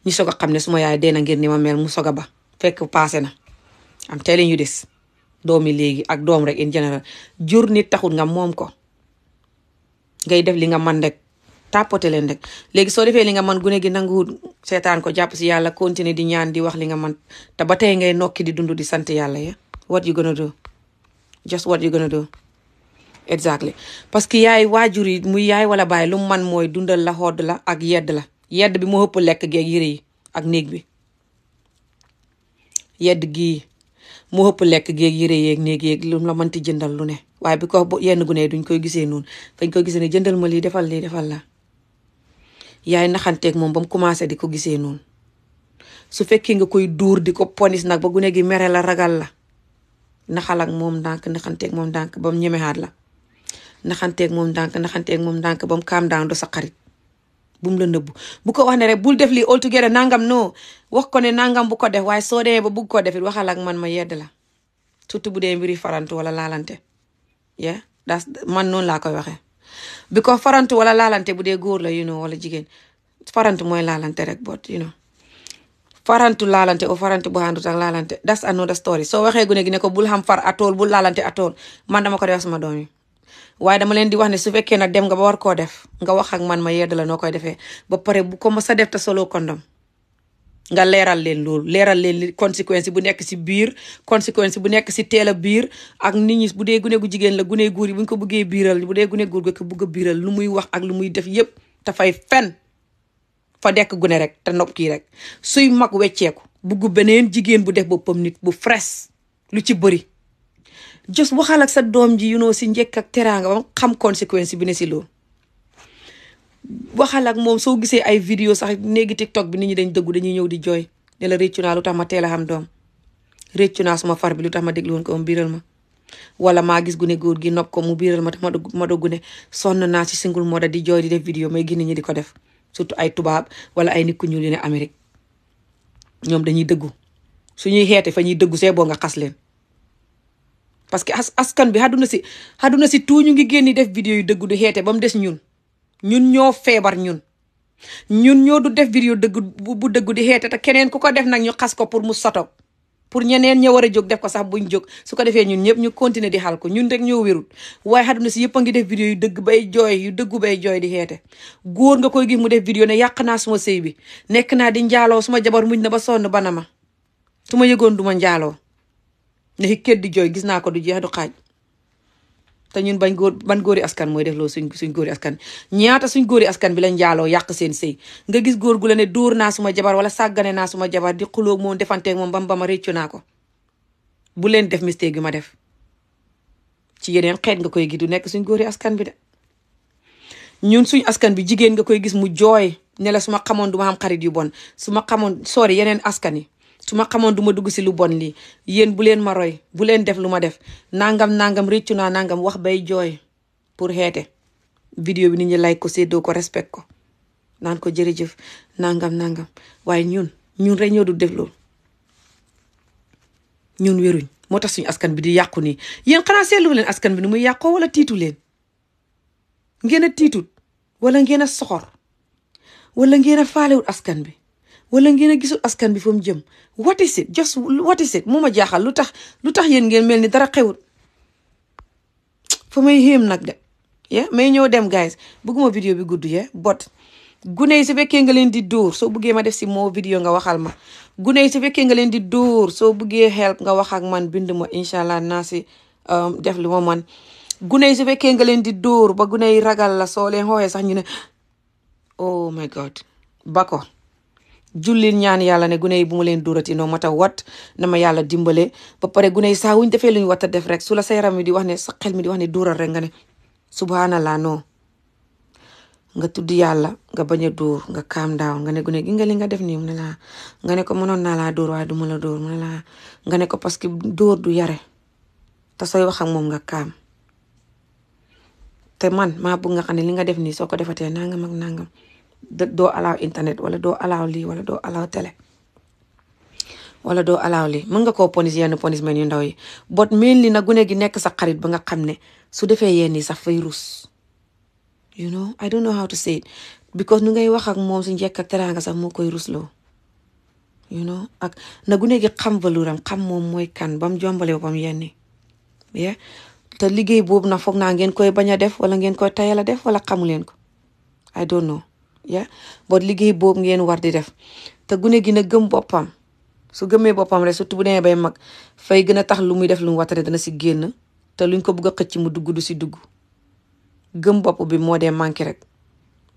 ñu soog xam ne suma ma yaay dee na ngir ni ma mel mu soog a ba fekk passé na am telling you this doomi léegi ak doom rek in jur nit taxul nga moom ko ngay def li nga man rek tàppate leen rek léegi soo defee li nga man gune gi nanguwut seetaan ko jàpp si yàlla continuer di ñaan di wax li nga man te ba tey ngay nokki di dund di sant yàlla ya what you gonna do just what you gonna do exactly parce que yaay waajur yi muy yaay wala baay lu man mooy dundal la xodd la ak yedd la yedd bi moo ëpp lekk geeg yére yi ak néeg bi yedd gii mu ëpp lekk géeg yére yeeg néeg yeeg lu la mënti jëndal lu ne waaye bi ko yenn gunee duñ koy gisee noonu fañ koy gisee ne jëndal ma lii defal lii defal la yaay naxanteeg moom ba commencé di ko gisee noonu su fekkee nga koy duur di ko ponis nag ba gune gi mere la ragal la naxal ak moom ndànk naxanteeg moom ndànk ba mu ñemehaat la naxanteeg moom ndànk naxanteeg moom ndànk ba mu kaam daan du sa bu mu la nëbbu bu ko wax ne rek bul def lii altogether nangam no wax ko ne nangam bu ko def waaye soo demee ba bugg ko def waxal ak man ma yedd la surtout bu dee mbiri farantu wala laalante yeah das man noonu laa koy waxee bi ko farantu wala laalante bu dee góor la you know wala jigéen farantu mooy laalante rek bot you know farantu laalante o farantu bu àndut ak laalante that's another story soo waxee gune gi ne ko bul xam far atool bul laalante atool man ma ko dee wax sama doom yi waaye dama leen di wax ne su fekkee nag dem nga ba war koo def nga wax ak man ma yedd la noo koy defee ba pare bu ko mës a def te solo kondom nga leeral leen loolu leeral leen li conséquence bu nekk si biir conséquence bu nekk si teel a biir ak ni ñi bu dee gune gu jigéen la gune góor yi bu ñu ko bëggee biiral bu dee gune góor gi ko bëgg biiral lu muy wax ak lu muy def yépp te fay fen fa dekk gune rek te nopp kii rek suy mag wecceeku bugg beneen jigéen bu def boppam nit bu fres lu ci bëri just waxal ak sa doom ji you know si njëkk ak teraanga ba xam conséquence bi ne si loolu waxal ak moom soo gisee ay vidéo sax néegi tiktok bi ni ñi dañ dëggu dañuy ñëw di jooy ne la réccu naa teel a xam doom réccu naa suma far ma déglu woon ko ma wala maa gune góor gi nopp ko mu biiral ma ma ma doggu ne sonn naa si single mode di jooy di def vidéo may gis nit ñi di ko def surtout ay tubaab wala ay nit ñuul yu ne ñoom dañuy dëggu suñuy xeete fa ñuy dëggu see boo nga xas leen parce que askan bi àdduna si àdduna si tout ñu ngi génn def vidéo yu dëgg du xeete ba mu des ñun ñun ñoo feebar ñun ñun ñoo du def vidéo dëgg bu dëgg di xeete te keneen ku ko def nag ñu xas ko pour mu soto pour ñeneen ña war a jóg def ko sax buñ jóg su ko defee ñun ñëpp ñu continuer di xal ko ñun rek ñoo wérul waaye àdduna si yëpp a ngi def vidéo yu dëgg bay jooy dëggu bay jooy di xeete góor nga koy gi mu def vidéo ne yàq naa suma sëy bi nekk naa di njaaloo suma jabar muñ na ba sonn bana ma su ma yëgoon du ma njaaloo ndax kéet di jooy gis naa ko du jeex du xaaj te ñun bañ góor ban góori askan mooy def loolu suñ suñ góori askan ñaata suñ góori askan bi lañ njaaloo yàq seen sëy nga gis góor gu la ne dóor naa suma jabar wala sàggane naa suma jabar di xuloo moom defanteeg moom bam ba ma réccu naa ko bu leen def mistake bi ma def ci yeneen xeet nga koy gis du nekk suñ góori askan bi de ñun suñ askan bi jigéen nga koy gis mu jooy ne la su ma xamoon du ma xarit yu bon su ma xamoon sori yeneen askan yi su ma xamoon du ma dugg si lu bon lii yéen bu leen ma roy bu leen def lu ma def nangam nangam réccu naa nangam wax bay jooy pour xeete vidéo bi nit ñi like ko séddoo ko respect ko naan ko jërëjëf nangam nangam waaye ñun ñun rek ñoo du def loolu ñun wéruñ moo tax suñu askan bi di yàqu nii yéen xanaa seetlu leen askan bi nu muy yàqoo wala tiitu leen ngeen a tiitut wala ngeen a soxor wala ngeen a faalewut askan bi wala ngeen a gisul askan bi fa mu jëm what is it just what is it moo ma jaaxal lu tax lu tax yéen ngeen mel ni dara xewul fa may xéem nag de ye may ñëw dem guys bëgguma vidéo bi gudd ye bot gune yi su fekkee nga leen di dóor soo bëggee ma def si moo vidéo nga waxal ma gune yi su fekkee nga leen di dóor soo buggee help nga wax ak man bind ma incha allah naa si um, def li ma man gune yi su fekkee nga leen di dóor ba gune yi ragal la soo leen xooxee sax ñu ne oh my god bako jullit ñaan yàlla ne gune yi bu ma leen duurati noo mat a wat na ma yàlla dimbale ba pare gune yi saa wuñ defee lu ñu wat a def rek su la sa yaram mi di wax ne sa xel mi di wax ne duural rek nga ne subhanallah non nga tudd yàlla nga bañ a dóor nga kaam down nga ne gune gi nga li nga def nii mu ne laa nga ne ko mënoon naa laa dóor waaye du ma la dóor mu ne laa nga ne ko parce que dóor du yare te sooy waxam moom nga kaam te man maa bëgg nga xam ne li nga def nii soo ko defatee nangam ak nangam doo alaaw internet wala doo alaaw lii wala doo alaaw wala doo alaaw lii mën nga koo ponis yenn ponis yu ndaw yi bot mel li na gune gi nekk sax xarit ba nga xam ne su defee yenn yi sax fay rus you know I don't know how to say because nu ngay wax ak moom si njëkk ak teraanga sax moo koy rusloo you know ak na gune gi xam valeur xam moom mooy kan bam jombale boppam yenn yi te liggéey boobu na foog naa ngeen koy bañ a def wala ngeen koy tayal a def wala xamu leen ko I don't ya bon liggéey boobu ngeen war di def te gune gi na gëm boppam su gëmee boppam rek surtout bu demee bay mag fay gën a tax lu muy def lu mu watare dana si génn te luñ ko bëgg a xëcc mu dugg du si dugg gëm bopp bi moo dee manqué rek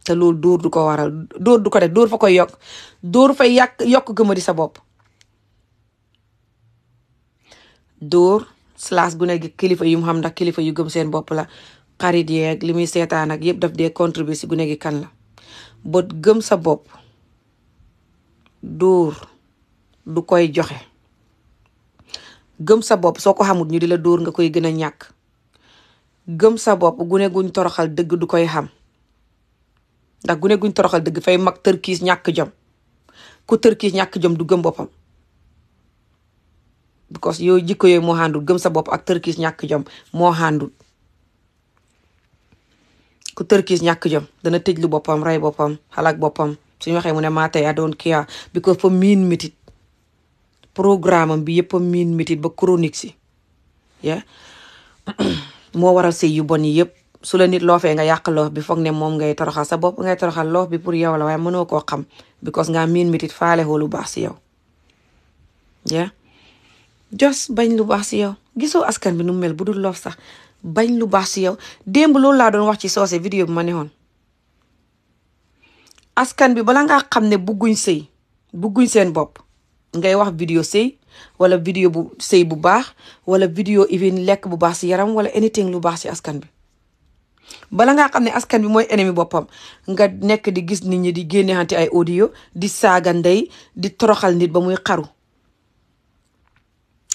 te loolu dóor du ko waral dóor du ko def dóor fa koy yokk dóor fay yàq yokk gëma di sa bopp dóor slaas gune gi kilifa yu mu xam ndax kilifa yu gëm seen bopp la xarit yeeg li muy seetaan ak yëpp daf dee contribuer si gune gi kan la bët gëm sa bopp dóor du koy joxe gëm sa bopp soo ko xamut ñu di la dóor nga koy gën a ñàkk gëm sa bopp gune guñ toroxal dëgg du koy xam ndax gune guñ toroxal dëgg fay mag tërkiis ñàkk jom ku tërkiis ñàkk jom du gëm boppam because yooyu jikko yooyu moo xàndul gëm sa bopp ak tërkiis ñàkk jom moo xàndul ku tërkiis ñàkk jom dana tëjlu boppam rey boppam xalaat boppam suñu waxee mu ne maa tey I don't care because fa miin mitit programme bi yëpp a miin mitit ba chronique si yeah moo waral sëy yu bon yi yëpp su la nit loofee nga yàq loof bi foog ne moom ngay toroxal sa bopp ngay toroxal loof bi pour yow la waaye mënoo koo xam because nga miin mitit faale xool lu baax si yow yeah jos bañ lu baax si yow gisoo askan bi nu mel bu dul loof sax bañ lu baax si yow démb loolu laa doon wax ci soose vidéo bi ma ne woon askan bi bala nga xam ne bugguñ sëy bugguñ seen bopp ngay wax vidéo sëy wala vidéo bu sëy bu baax wala vidéo even lekk bu baax si yaram wala anything lu baax si askan bi bala nga xam ne askan bi mooy ennemi boppam nga nekk di gis nit ñi di génne xante ay audio di saaga ndey di toroxal nit ba muy xaru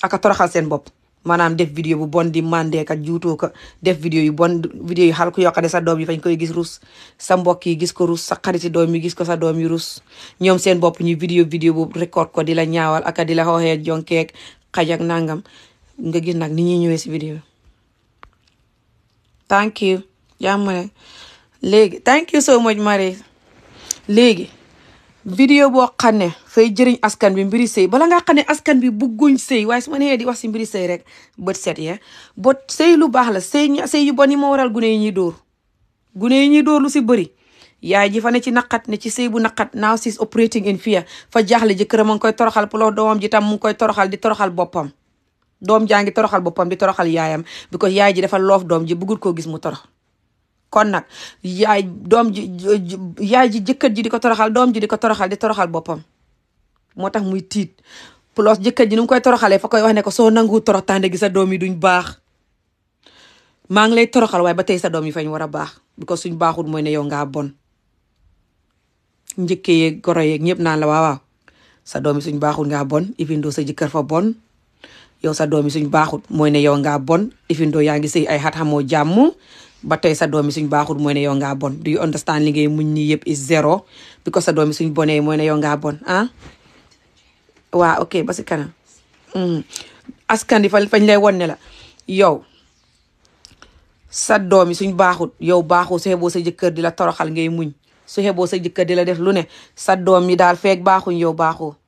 aka toroxal seen bopp maanaam def vidéo bu bon di mandeeka juutoo ko def vidéo yi bon vidéo yu xal ku yokkade sa doom yi fañ koy gis rus sa mbokk yi gis ko rus sa si doom yi gis ko sa doom yi rus ñoom seen bopp ñu vidéo vidéo bu record ko di la ñaawal aka di la xooxee jonkeeg xaj ak nangam nga gis nag ni ñuy ñëwee si vidéo thank you jàmm léegi thank you so much Marie léegi vidéo boo xam ne fay jëriñ askan bi mbiri sëy bala nga xam ne askan bi bugguñ sëy waaye su ma nee di wax si mbiri sëy rek bët set yee bët sëy lu baax la sëy sëy yu bon yi moo waral gune yi ñuy dóor gune yi ñuy dóor lu si bëri yaay ji fa ne ci naqat ne ci sëy bu naqat now si operating in fear fa jaaxle jëkkëram mu ngi koy toroxal pour doom ji tam mu ngi koy toroxal di toroxal boppam doom jaa toroxal boppam di toroxal yaayam because yaay ji dafa loof doom ji bëggul koo gis mu torox kon nag yaay doom ji yaay ji jëkkër ji di ko toroxal doom ji di ko toroxal di toroxal boppam moo tax muy tiit plus jëkkër ji nu koy toroxalee fa koy wax ne ko soo nangu toroxtaande gi sa doom yi duñ baax maa ngi lay toroxal waaye ba tey sa doom yi fañ war a baax because suñ baaxul mooy ne yow ngaa bon njëkkee yeeg goro yeeg ñëpp naan la waaw sa doom yi baaxul ngaa bon ifindoo sa jëkkër yow sa doom yi baaxul mooy ne yow ngaa bon ifindoo yaa ngi sëy ay xat xamoo jàmm ba tey sa doom yi suñ baaxul mooy ne yow ngaa bon du you understand li ngay muñ nii yëpp is zero because sa doom yi suñ bonee mooy ne yow bon ah waaw ok ba si kanam hmm. askan di fa fañ lay won la yow sa doom yi suñ baaxul yow baaxul su xeboo sa jëkkër di la toroxal ngay muñ su xeboo sa jëkkër di la def lu ne sa doom yi daal feeg baaxuñ yow baaxoo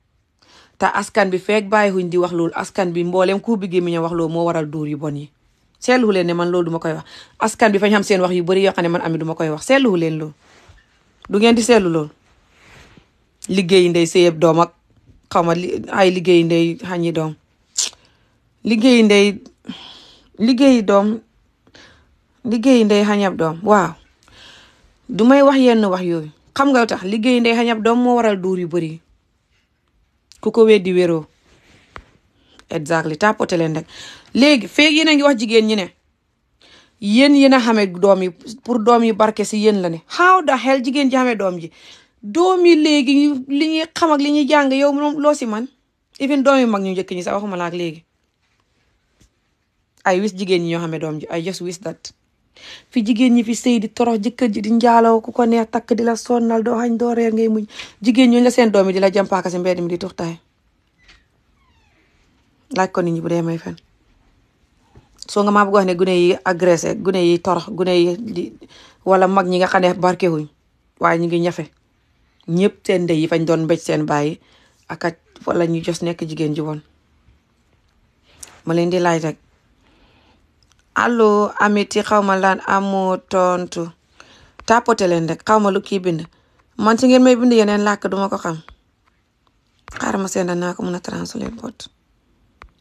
te askan bi feeg bàyyi di wax loolu askan bi mboolem ku bi gémmiñ wax loolu moo waral duur yu bon yi seetlu leen man loolu duma koy wax askan bi fañ xam seen wax yu bari yoo xam ne ami du koy wax seetlu leen loolu du ngeen di seetlu loolu liggéeyi ndey sëyeb doom ak xaw ma ay liggéeyi ndey xañi doom liggéeyi ndey liggéeyi doom liggéeyi ndey xañab doom waaw du may wax yenn wax yooyu xam nga tax liggéeyi ndey xañab doom moo waral duur yu bari ku ko weddi wéroo exactly tàppote leen rek léegi feeg yéen a ngi wax jigéen ñi ne yéen yéen a xamee doom yi pour doom yi barke si yéen la ne how the hell jigéen ji xamee doom ji doom yi léegi li ñuy xam li ñuy jàng yow moom loo si man even doom yi mag ñu njëkk ñi sax waxuma la léegi ay wis jigéen ñi ñoo xamee doom ji ay just wis that fi jigéen ñi fi sëy di torox jëkkër ji di njaaloo ku ko neex takk di la sonnal doo xañ doo reer ngay muñ jigéen ñooñu la seen doom yi di la jàmpaaka si mbedd mi di tux taay laaj ko ni ñi bu dee may fen soo nga ma bëgg wax ne gune yi agressé gune yi torox gune yi wala mag ñi nga xam ne wuñ waaye ñu ngi ñafe ñépp seen ndey yi fañ doon mbéj seen baay ak at wala jos nekk jigéen ji woon ma leen di laaj rek allo amiti xaw ma laan amoo tontu tapote leen rek xaw ma lu kii bind man si ngeen may bind yeneen làkk duma ko xam xaaral ma seen naa ko mun a translate bot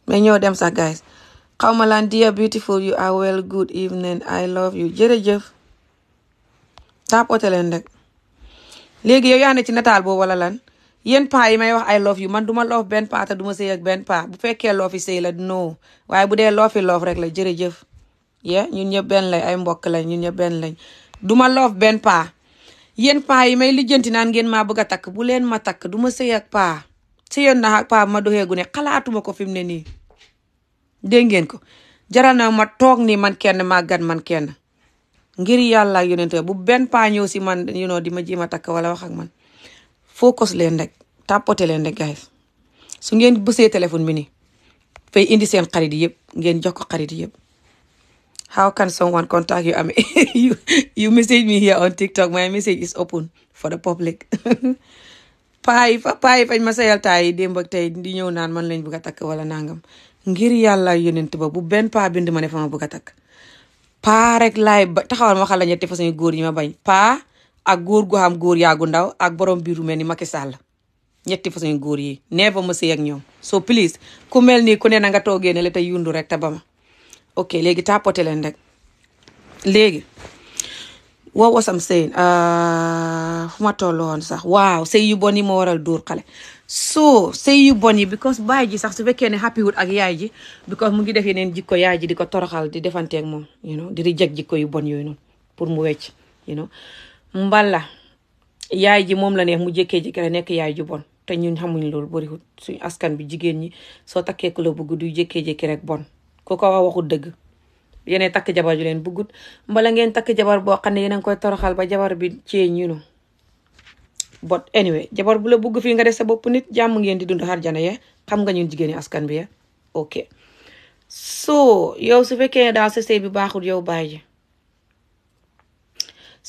mais ñoo dem sax guys xawma lan dear beautiful you are well good evening I love you jërëjëf tap ote rek léegi yow yaa ne ci nataal boobu wala lan yéen paa yi may wax I love you man duma loof benn paa te duma sëy ak benn paa bu fekkee loofi sëy la no waaye bu dee loofi loof rek la jërëjëf ye ñun ñëpp benn mbokk lañ ñun ñëpp benn duma loof benn paa yéen paa yi may lijjanti naan ngeen maa bëgg a takk bu leen ma takk duma sëy ak paa sëyoon na ak paa ma ne xalaatuma ko fi mu ne nii dégg ngeen ko jaral na ma toog ni man kenn màggat man kenn ngir yàlla yonent bu benn paa ñëw si man you di ma jéem a takk wala wax ak man focus leen rek tapote leen rek guys su ngeen bësee téléphone bi ni fay indi seen xarit yëpp ngeen jox ko xarit yëpp how can someone contact you am you you message me here on TikTok my message is open for the public paa fa paa yi ma sayal taay yi démb ak tey di ñëw naan man lañ bëgg a takk wala nangam ngir yàlla yonent ba bu benn paa bind ma ne fa ma bëgg a takk paa rek laay ba taxawal ma waxal la ñetti façon góor ñi ma bañ paa ak góor gu xam góor yaa gu ndaw ak borom biiru mel ni Macky Sall ñetti façon góor yi nee ba ma sëy ak ñoom so please ku mel ni ku ne na nga toogee ne la te yundu rek te ba ok léegi tapoté leen rek léegi what was I'm saying ah, fu ma tolloon sax waaw sëy yu bon yi moo waral dóor xale soo sëy yu bon yi because baay ji sax su fekkee ne happy wut ak yaay ji because mu ngi def yeneen jikko yaay ji di ko toroxal di defanteek moom you know di reject jikko yu bon yooyu noonu pour mu wecc you know mbala yaay ji moom la neex mu jékkee-jékki rek nekk yaay ju bon te ñun xamuñ loolu bariwut suñu askan bi jigéen ñi soo takkee ku la bëgg du jékkee-jékki rek bon ku ko wax waxut dëgg yeneen takk jabar ju leen bëggut mbala ngeen takk jabar boo xam ne yeneen koy toroxal ba jabar bi ceeñ you but anyway jabar bu la bugg fii nga def sa bopp nit jàmm ngeen di dund xarjana ye xam nga ñun jigéeni askan bi ye ok so yow su fekkee ne daal sa sëy bi baaxul yow bàyyi ji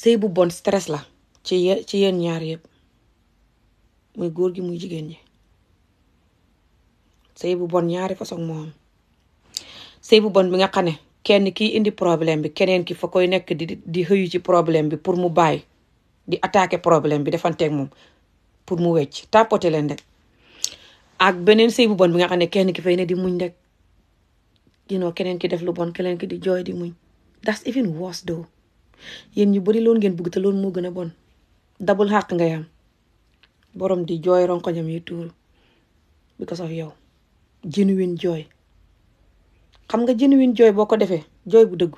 sëy bu bon stress la ci ci yéen ñaar yëpp muy góor gi muy jigéen ñi sëy bu bon ñaari façon moo am sëy bu bon bi nga xam ne kenn kii indi problème bi keneen ki fa koy nekk di di xëyu ci problème bi pour mu bàyyi di attaquer problème bi defanteeg moom pour mu wecc tapoter leen rek ak beneen sëy bu bon bi nga xam ne kenn ki fay ne di muñ rek you know keneen ki def lu bon keneen ki di jooy di muñ that's even worse though yéen ñu bari loolu ngeen bugg te loon moo gën a bon dabul xàq nga yam boroom di jooy ronkoñam yi tuuru because of yow genuine jooy xam nga genuine jooy boo ko defee jooy bu dëgg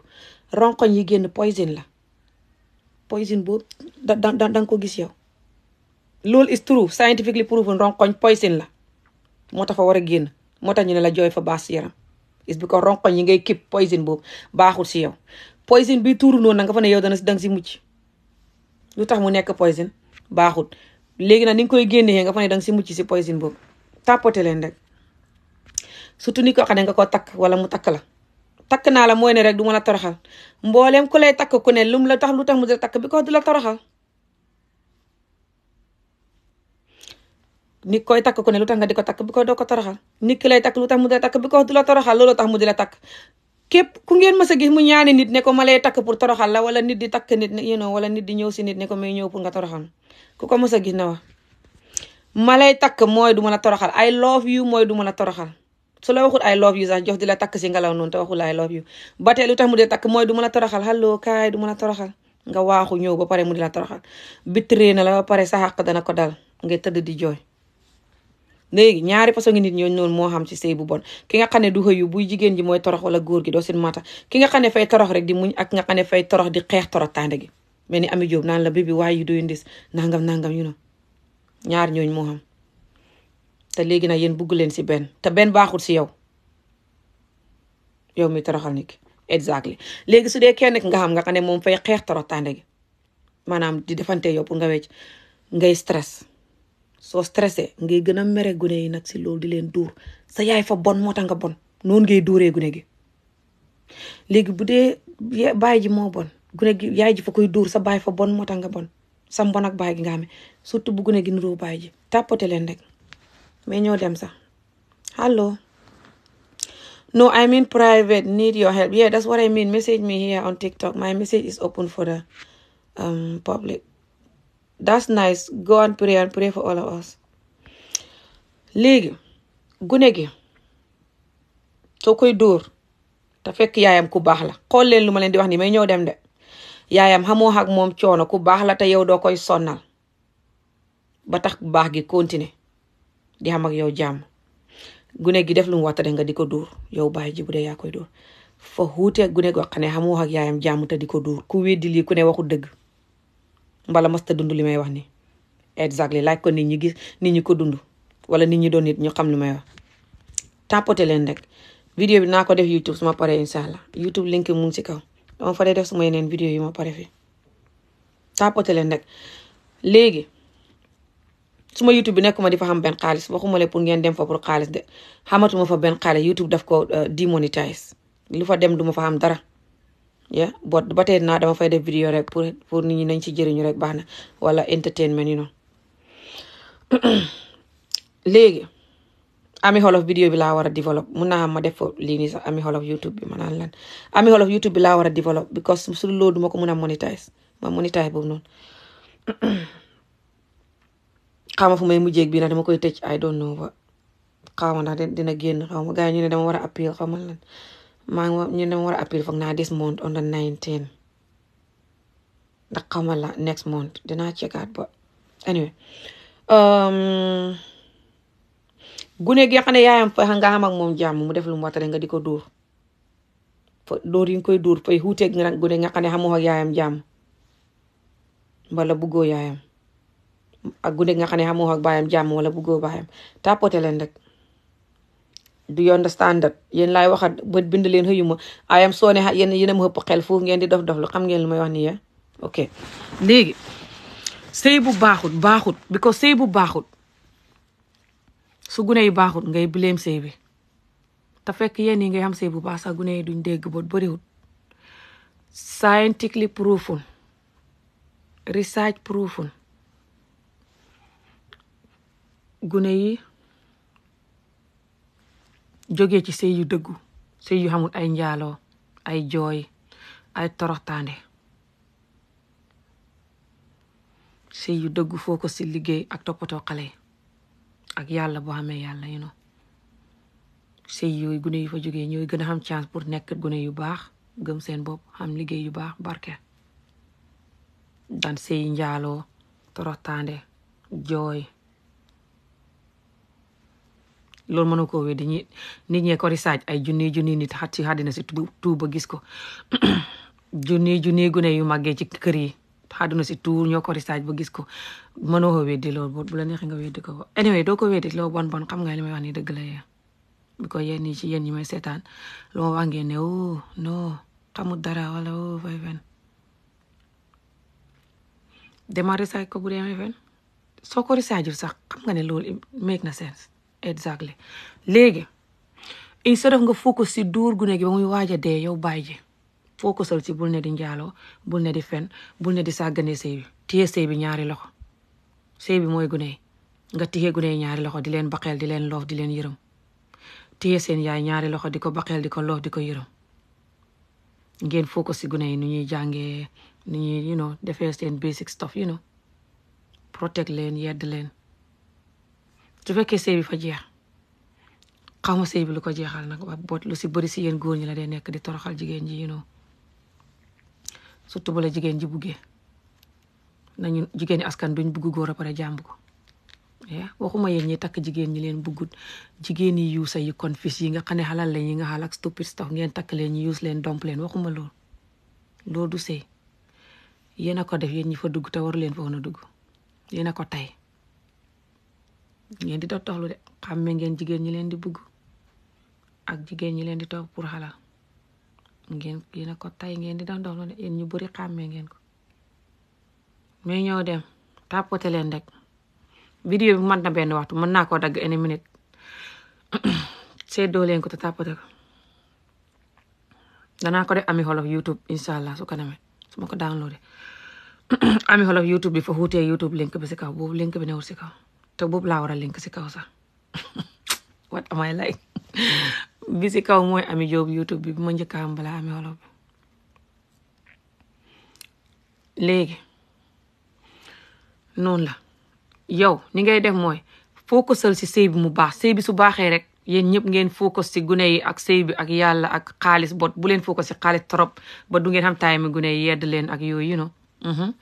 ronkoñ yi génn poison la poison boobu da da da nga ko gis yow. loolu is true scientifically proven ronkoñ poison la moo tax fa war a génn moo tax ñu ne la jooy fa baax si yaram is bi ko ronkoñ yi ngay képp poison boobu baaxul si yow. poison bi tuuru noonu na nga fa ne yow dana si danga si mucc lu tax mu nekk poison baaxul léegi nag ni nga koy génnee nga fa ne danga si mucc si poison boobu tàppate leen rek surtout ni ko xam ne nga koo takk wala mu takk la. takk naa la mooy ne rek du ma la toroxal mbooleem ku lay takk ku ne lum la tax lu tax mu di la takk bi ko di la toroxal nit koy takk ne lu tax di ko takk bi ko doo ko toroxal nit lay takk lu tax mu di la takk bi ko di la toroxal loolu tax mu di la takk képp ku ngeen mës a gis mu ñaani nit ne ko ma lay takk pour toroxal la wala nit di takk nit you know wala nit di ñëw si nit ne ko may ñëw pour nga toroxal ku ko mës a gis na wax ma lay takk mooy du ma la toroxal I love du ma la toroxal su la waxul I love you sax jox di la takk si ngelaw noonu te waxul I love you ba tey lu tax mu dee takk mooy du ma la toroxal allo kaay du ma la toroxal nga waaxu ñëw ba pare mu di la toroxal bitiree na la ba pare sa xàq dana ko dal ngay tëdd di jooy. léegi ñaari façon ngi nit ñooñu noonu moo xam ci sëy bu bon ki nga xam ne du xëyu buy jigéen ji mooy torox wala góor gi doo seen mata ki nga xam ne fay torox rek di muñ ak nga xam fay torox di xeex torotaande gi mel ni Ami Jóob naan la bébi waaye yu doyandis nangam nangam yu noonu ñaar ñooñu moo xam te léegi nag yéen bugg leen si benn te benn baaxul si yow yow mi toroxal nit ki exactly léegi su dee kenn nga xam nga xam ne moom fay xeex toroxtaande gi maanaam di defante yow pour nga wecc ngay stress soo stressé ngay gën a mere gune yi nag si loolu di leen duur sa yaay fa bon moo tax nga bon noon ngay duuree gune gi léegi bu dee baay ji moo bon gune gi yaay ji fa koy duur sa baay fa bon moo tax nga bon sa mbon ak baay gi nga xam ne surtout bu gune gi nuroo baay ji leen rek mais ñëw dem sax hello no i mean private need your help yeah that's what i mean message me here on tiktok my message is open for the um, public that's nice go and pray and for all of us léegi gune gi soo koy dóor te fekk yaayam ku baax la xool leen lu ma leen di wax nii may ñëw dem de yaayam xamoo ak moom coono ku baax la te yow doo koy sonnal ba tax baax gi continue di xam ak yow jàmm gune gi def lu mu waxta de nga di ko duur yow bàyyi ji bu de yaa koy dóor fa xuutee gune goo xam ne xamu wax ak yaayam jàmm te di ko dóor ku weddi lii ku ne waxu dëgg mbala mas ta dund li may wax ni exactly laaj ko ni ñi gis nit ñi ko dund wala nit ñi doon nit ñu xam li may wax tàppate leen rek vidéo yi naa ko def youtube suma pare incha allah youtube link mu ngi si kaw dama fa dee def suma yeneen vidéo yi ma pare fi tàppate leen rek léegi suma YouTube bi nekkuma di fa xam benn xaalis waxuma le pour ngeen dem fa pour xaalis de xamatuma fa benn xaalis YouTube daf ko euh, demonetize lu fa dem duma fa xam dara ya bot ba tey naa dama fay def vidéo rek pour pour nit ñi nañ ci jëriñu rek baax na wala entertainment you know léegi Ami Olof vidéo bi laa war a develop mun naa xam ma def fo lii nii sax Ami Olof YouTube bi ma naan lan Ami Olof YouTube bi laa war a develop because su loolu duma ko mun a monetize ma monetize boobu noonu xawma fu may mujjee bi nag dama koy tëj I don't know ba xawma ndax dina génn xawma gars yi ñu ne dama war a appeal xawma maa ngi a appeal foog naa this month on the 19 ndax xawma la next month dinaa checkaat ba anyway um, gune gi xam ne yaayam nga xam moom jàmm mu def lu mu nga di ko dóor fa dóor koy duur fay xuuteeg nag gune nga xam ne xamoo ak yaayam jàmm mbala buggoo yaayam ak gune nga xam ne xamoo ak baayam jàmm wala buggoo baayam tapote leen rek du you understand that yéen laay waxat ba bind leen xëyuma ayam soone yéen yéen a ma ëpp xel foofu ngeen di dof dof lu xam ngeen lu may wax nii ya eh? ok léegi sëy bu baaxut baaxut because sëy bu baaxut su gune yi baaxut ngay bileem sëy bi te fekk yéen yi ngay xam sëy bu baax sa gune yi duñ dégg boot bëriwut scientifically proven research proven gune yi jóge ci sëy yu dëggu sëy yu xamul ay njaaloo ay jooy ay toroxtaande sëy yu dëggu foo ko si liggéey ak toppatoo xale ak yàlla boo xamee yàlla you know sëy yooyu gune yi fa jógee ñooy gën a xam chance pour nekk gune yu baax gëm seen bopp xam liggéey yu baax barke dan sëy njaaloo toroxtaande jooy loolu mënu ko wéddi ñi nit ñee ko risaaj ay junni junni nit xat ci àddina si tuub ba gis ko junni junni gune yu màggee ci kër yi àdduna si tuur ñoo ko risaaj ba gis ko mënoo ko weddi loolu bu la neexee nga weddi ko doo ko weddi loolu bon bon xam nga li may wax ni dëgg la yee ko yéen ci yéen ñi may seetaan lu ma wax oh, dara wala oh risaaj ko bu demee fen soo ko risaajul sax xam nga ne loolu make na sense exactly léegi instead of nga focus si duur gune gi ba muy waaj a dee yow bàyyi ji focusal si bul ne di njaaloo bul ne di fen bul ne di sàggane sëy bi téye sëy bi ñaari loxo sëy bi mooy gune nga téye gune yi ñaari loxo di leen baqeel di leen loof di leen yërëm téye seen yaay ñaari loxo di ko baqeel di ko loof di ko yërëm ngeen focus si gune yi nu ñuy jàngee nu ñuy you know defee seen basic stuff you know protect leen yedd leen su fekkee sëy bi fa jeex xaw ma sëy lu ko jeexal nag ba boot lu si bari si yéen góor ñi la dee nekk di toroxal jigéen ji yéenoo surtout bu la jigéen ji buggee nañu jigéen ñi askan duñ bugg góor a pare jàmb ko waxuma yéen ñi takk jigéen ñi leen buggut jigéen yi yuusa yi confis yi nga xam ne xalal leen yi nga xalak stupid stuff ngeen takk leen ñu yuus leen domp leen waxuma loolu loolu du sëy yéen a ko def yéen ñi fa dugg te waru leen fa woon a dugg yéen a ko tey ngeen di dox toxlu de xàmme ngeen jigéen ñi leen di bugg ak jigéen ñi leen di toog pour xalaat ngeen yéen na ko tay ngeen di dox doxlu de yéen ñu bëri xàmmee ngeen ko mais ñëw dem tapote leen rek vidéo bi mat na benn waxtu mën naa koo dagg une minute seddoo leen ko te tapote ko ko def ami xolof youtube incha allah su kaname su ma ko downloadé ami xolof youtube bi fa xuutee youtube link bi si kaw boobu link bi newul si kaw te boobu laa war a link si kaw sax what am I like bi si kaw mooy Ami Jóob YouTube bi bu ma njëkk a am Ami Wolof bi léegi noonu la yow ni ngay def mooy focusal si sëy bi mu baax sëy su baaxee rek yéen ñëpp ngeen focus si gune yi ak sëy bi ak yàlla ak xaalis bot bu leen focus si xaalis trop ba du ngeen time gune yi yedd leen ak yooy you know mm-hmm.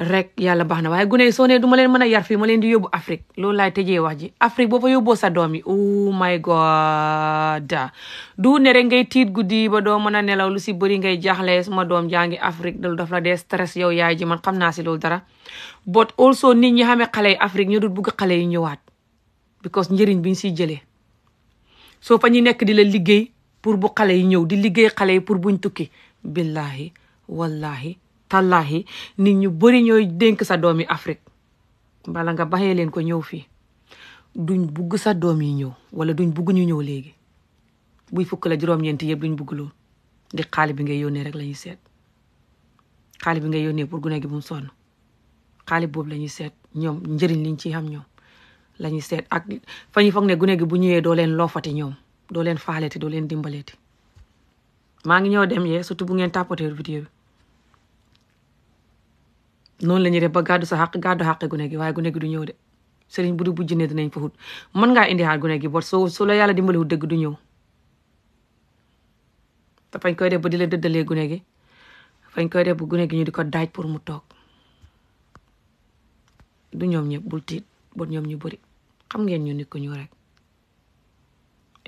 rek yàlla baax na waaye gune soonee soo du ma leen mën a yar fii ma leen di yóbbu Afrique loolu te tëjee wax ji Afrique boo fa yóbboo sa doom yi oh my god du ne ngay tiit guddi ba doo mën a nelaw lu si bëri ngay jaaxle suma doom jaa ngi Afrique loolu daf la dee stress yow yaay ji man xam naa si loolu dara but also nit ñi xamee xale yi Afrique ñu du bugg xale yi ñëwaat because njëriñ bi ñu siy jëlee soo fa ñu nekk di la liggéey pour bu xale yi ñëw di liggéey xale yi pour buñ tukki billahi wallahi tallaahi nit ñu bëri ñooy dénk sa doom yi Afrique bala nga baxee leen ko ñëw fii duñ bugg sa doom yi ñëw wala duñ bugg ñu ñëw léegi buy fukk la juróom-ñeenti yëpp duñ bugg lool di xaalis bi ngay yónnee rek la ñuy seet xaalis bi ngay yónnee pour gune gi bu mu sonn xaalis boobu la ñuy seet ñoom njëriñ liñ ci xam ñoom la seet ak fa ñu foog ne gune gi bu ñëwee doo leen loofati ñoom doo leen faaleeti doo leen dimbaleeti maa ngi ñëw dem yee surtout bu ngeen tàppatee vidéo bi noonu la ñuy def ba gàddu sa xàq gàddu xàq gune gi waaye gune du ñëw de sëriñ bu du bu jinne dinañ fa xut mën ngaa indi xaat gune gi bot soo soo la yàlla dimbaliwul dëgg du ñëw te fañ koy def ba di la dëddalee gune gi fañ koy def ba gune gi ñu di ko daaj pour mu toog du ñoom ñëpp bul tiit bot ñoom ñu bëri xam ngeen ñu nit ko ñu rek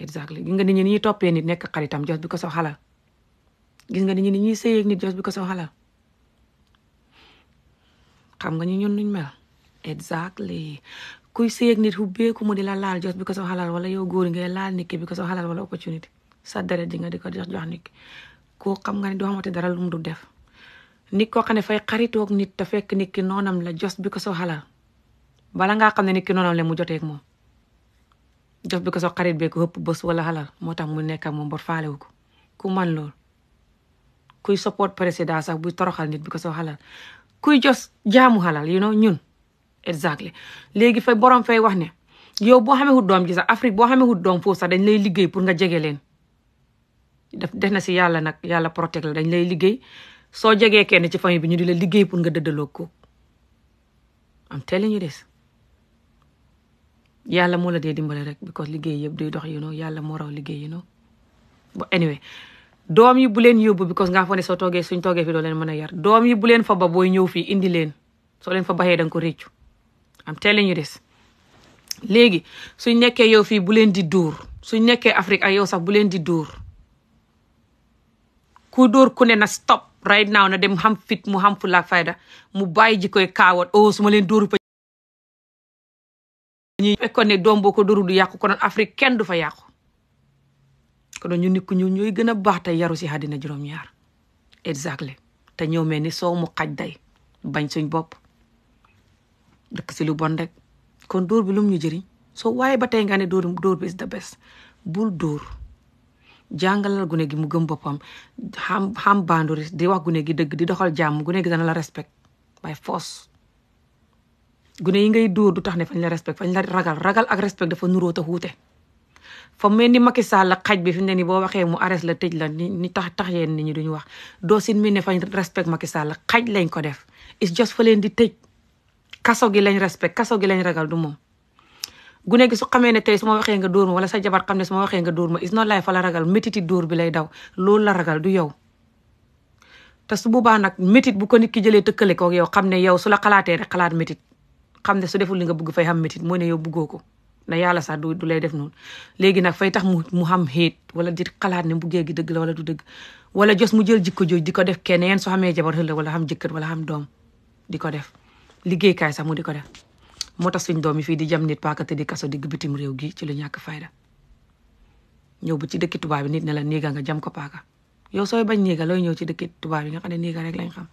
exactly gis nga nit ñi ni ñuy toppee nit nekk xaritam jos bi ko so xalal nga nit ñi ni ñuy sëyeeg nit bi ko so xam nga ñu ñun nuñ mel exactly kuy séyeg nit xubbeeku mu di la laal just because of halal wala yow góor nga laal nit ki because of halal wala opportunity sa dere ji nga di ko jox jox ni ki koo xam nga ne doo dara lu mu du def nit koo xam ne fay xaritoog nit te fekk nit ki noonam la just because of halal bala nga xam ne nit ki noonam la mu joteek moom just because of xarit bee ko xëpp bës wala halal moo tax mu nekk ak moom bor faalewu ko ku man lool ku support président sax buy toroxal nit because of halal kuy jos jaamu halal you know ñun exactly léegi fa borom fay wax ne yow boo xamee wut doom ji sax Afrique boo xamee wut doom foofu sax dañ lay liggéey pour nga jege leen def def na si yàlla nag yàlla protect la dañ lay liggéey soo jegee kenn ci famille bi ñu di la liggéey pour nga dëddaloo ko am telling you this yàlla moo la dee dimbale rek because liggéey yëpp day dox you know yàlla moo raw liggéey you know but anyway doom yi bu leen yóbbu because nga foog ne soo toogee suñ toogee fi doo leen a yar doom yi bu leen fa ba booy ñëw fii indi leen soo leen fa baxee da ko réccu am telling you des léegi suñ nekkee yow fii bu leen di dóor suñ nekkee Afrique ak yow sax bu leen di dóor ku dóor ku ne na stop right now na dem xam fit mu xam fulla ak fayda mu bàyyi ji koy kaawat oh su ma leen dóoru ne doom boo ko dóoru du yàqu konoon Afrique kenn du fa yàqu kono ñu nit ku ñuul gën a baax tey yaru si àddina juróom-ñaar exactly te ñëw mel ni soow mu xaj day bañ suñ bopp dëkk si bon rek kon dóor bi lum ñu jëriñ soo waaye ba tey nga ne dóor dóor bi is the best bul dóor jàngalal gune gi mu gëm boppam xam xam banduri di wax gune gi dëgg di doxal jàmm gune gi dana la respect by force gune yi ngay dóor du tax ne fañ la respect fañ la ragal ragal ak respect dafa nuróo ta xuute fa mel ni Macky Sall la xaj bi fi mu ne nii boo waxee mu arrêté la tëj la ni ni tax tax yéen nit ñi duñu wax doosin mi ne fañ respect Macky Sall la xaj leen ko def it's just fa leen di tëj kaso gi lañ respect kaso gi lañ ragal du moom gune gi su xamee ne tey su ma waxee nga dóor ma wala sa jabar xam ne su ma waxee nga dóor ma is not life fa la ragal métiti dóor bi lay daw loolu la ragal du yow te su boobaa nag métit bu ko nit ki jëlee tëkkale ko yow xam ne yow su la xalaatee rek xalaat métit xam ne su deful li nga bëgg fay xam métit mooy ne yow ko na yàlla sax du du lay def noonu léegi nag fay tax mu mu xam xeet wala di xalaat ne buggee gi dëgg la wala du dëgg wala jos mu jël jikko jooj di ko def keneen soo xamee jabar ëllëg wala xam jëkkër wala xam doom di ko def liggéeykaay sax mu di ko def moo ta suñ doom yi fii di jam nit paaka te di kaso digg bitim réew gi ci lu ñàkk fayda ñëw bu ci dëkki tubaab bi nit ne la néega nga jam ko paaka yow sooy bañ néega looy ñëw ci dëkki tubaab yi nga xam ne néega rek lañ xam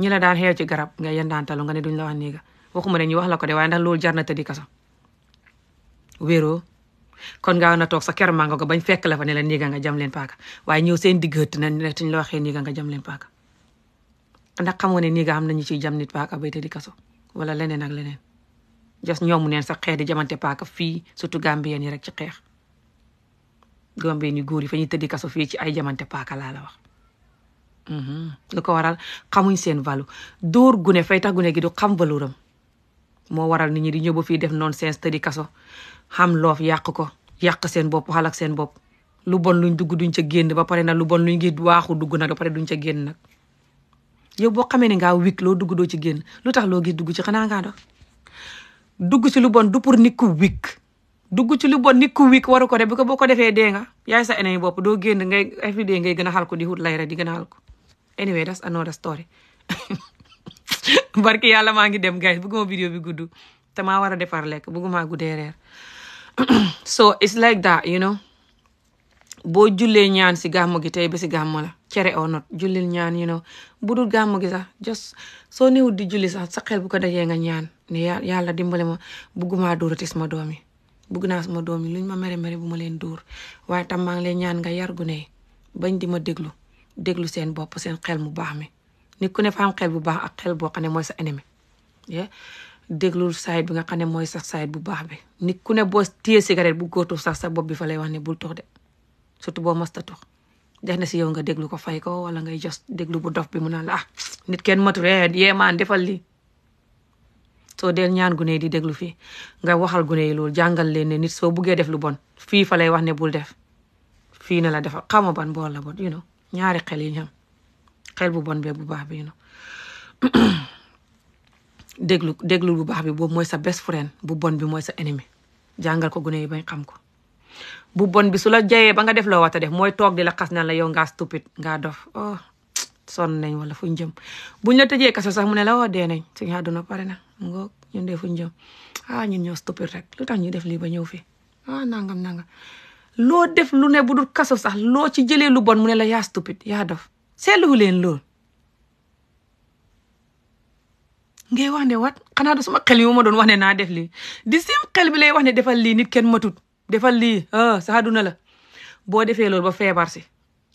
ñi la daan xeew ci garab nga yendaantalu nga ne duñ la wax néega waxuma ne ñu wax la ko de waaye ndax loolu jar na tëddi kaso wéroo kon gaaw na toog sa ker mango ga bañ fekk la fa ne a néega nga jam leen paaka waaye ñëw seen digg hëtt na ne tuñ la waxee néega nga jam leen paaka ndax xamoo ne néega am nañu ciy jam nit paaka bay te di kaso wala leneen ak leneen jos ñoomu neen sa xeet di jamante paaka fii surtout gambien yi rek ci xeex gambien yi góor yi fa ñuy tëddi kaso fii ci ay jamante paaka laa la wax mhm. lu ko waral xamuñ seen valeur dóor gune fay tax gune gi du xam valeuram moo waral nit ñi di ñëw ba fii def non sens tëddi kaso xam loof yàq ko yàq seen bopp xalak seen bopp lu bon luñ dugg duñ ca génn ba pare nag lu bon luñ ngi waaxu dugg nag ba pare duñ ca génn nag yow boo xamee ne ngaa wik loo dugg doo ci génn lu tax loo gis dugg ci xanaa dugg ci lu bon du pour nit ku wik dugg ci lu bon nit ku wik waru ko def bi ko boo ko defee dee nga yaay sa ennemi bopp doo génn ngay every day ngay xal ko di wut lay rek di gën a xal ko anyway that's another story barki yàlla maa ngi dem guys bëgguma vidéo bi gudd te war a defar lekk bëgguma guddee reer so it's like that you know boo jullee ñaan si gàmmu gi tey ba si gàmmu la cere or not jullil ñaan you know budul gàmmu gi sax just soo néewut di julli sax sa xel bu ko dajee nga ñaan ne yàlla dimbale ma bugguma dóorati sama doom yi bugg naa sama doom yi luñ ma mere mere bu ma leen dóor waaye tam maa ngi leen ñaan nga yar gune bañ di ma déglu déglu seen bopp seen xel mu baax mi ni ku ne fa am bu baax ak xel boo xam ne mooy sa ennemi déglul saayit bi nga xam ne mooy sax saayit bu baax bi nit ku ne boo téye cigarette bu góotu sax sa bopp bi fa lay wax ne bul tox de surtout boo masta tox def na si yow nga déglu ko fay ko wala ngay jos déglu bu dof bi mu naan la ah nit kenn yee yeemaan defal li soo del ñaan gune yi di déglu fii nga waxal gune yi loolu jàngal leen ne nit soo buggee def lu bon fii fa lay wax ne bul def fii na la defal xama ban bool la bon you know ñaari xel yi ñam xel bu bon bee bu baax bi you know déglu déglu bu baax bi boobu mooy sa best friend bu bon bi mooy sa ennemi jàngal ko gune yi bañ xam ko bu bon bi su la jayee ba nga def loo wata def mooy toog di la xas naan la yow ngaa stupide ngaa dof oh sonn nañ wala fuñ jëm buñ la tëjee kaso sax mu ne la woo oh, dee nañ suñu àdduna pare na ngoog ñun dee fuñ jëm ah ñun ñoo rek lu tax ñu def lii ba ñëw fi ah nangam nangam loo def lu ne bu dul kaso sax loo ci jëlee lu bon mu ne la yaa stupide yaa dof seetlu leen lool ngay wax ne wat xanaa sa suma xel ma doon wax ne naa def lii di sim xel bi lay wax ne defal lii nit kenn matut defal lii ah sa la boo defee loolu ba feebar si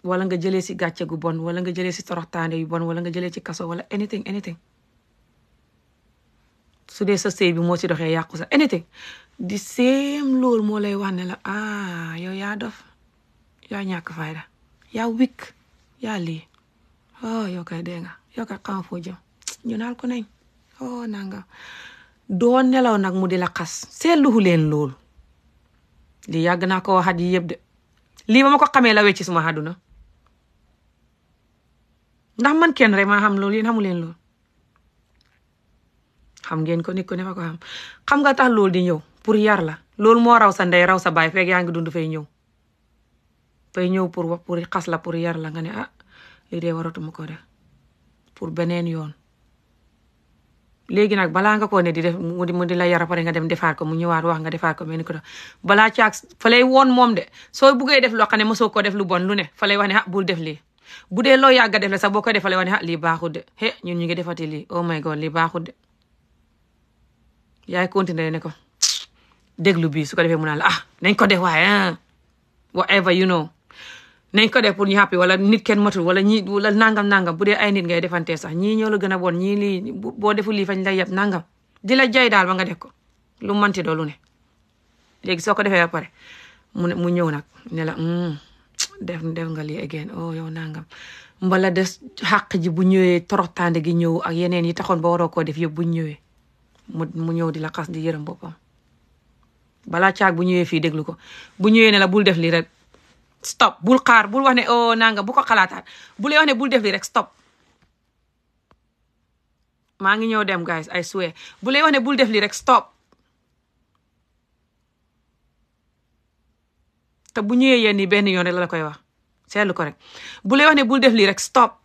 wala nga jëlee si gàcce gu bon wala nga jëlee si toroxtaande yu bon wala nga jëlee ci kaso wala anything anything su dee sa sëy bi moo si doxee yàqu sa anything di seem loolu moo lay wax ne la ah yow yaa dof yaa ñàkk fayda yaa wik yaa lii oh yow kay dee nga yow kay xam foo jëm ñu naal oh nanga doo nelaw nag mu di la xas seetluhu leen loolu lii yàgg naa ko waxat yi yëpp de lii ma ko xamee la wecci suma àdduna ndax man kenn rek maa xam loolu yéen xamu leen loolu xam ngeen ko nit ko ne fa ko xam xam nga tax lool di ñëw pour yar la loolu moo raw sa ndey raw sa baay fekk yaa ngi dund fay ñëw fay ñëw pour wax pour xas la pour yar la nga ne ah lii dee waratuma ko def pour beneen yoon léegi nag balaa nga ko ne di def mu di la yara pare nga dem defaat ko mu ñëwaat wax nga defaat ko mel ni ko balaa caag fa lay woon moom de soo buggee def loo xam ne mosoo ko def lu bon lu ne fa lay wax ne ah bul def lii bu dee loo yàgg a def la sax boo ko def fa ne ah lii baaxu de he ñun ñu ngi defati lii oh my god lii baaxul de yaay continuer ne ko déglu bi su ko defee mu naan la ah nañ ko def waaye whatever you know nañ ko def pour ñu happy wala nit kenn matul wala ñi wala nangam nangam bu dee ay nit ngay defantee sax ñii ñoo la gën a bon ñii lii boo deful lii fañ la yeb nangam di la jay daal ba nga def ko lu manti doo lu ne léegi soo ko defee ba pare mu ne mu ñëw nag ne la hmm, def def nga lii again oh yow nangam mbala des xàq ji bu ñëwee toroxtaande gi ñëw ak yeneen yi taxoon ba waroo koo def yëpp bu ñëwee mu ñëw di la xas di yërëm boppam balaa caag bu ñëwee fii déglu ko bu ñëwee ne bul def lii rek stop bul xaar bul wax ne oh, bu ko xalaataat bu lay wax ne bul def li rek stop maa ngi ñëw dem guys I swear bu lay wax ne bul def li rek stop te bu ñëwee yéen ni benn yoon rek la koy wax seetlu ko rek bu lay wax ne bul def lii rek stop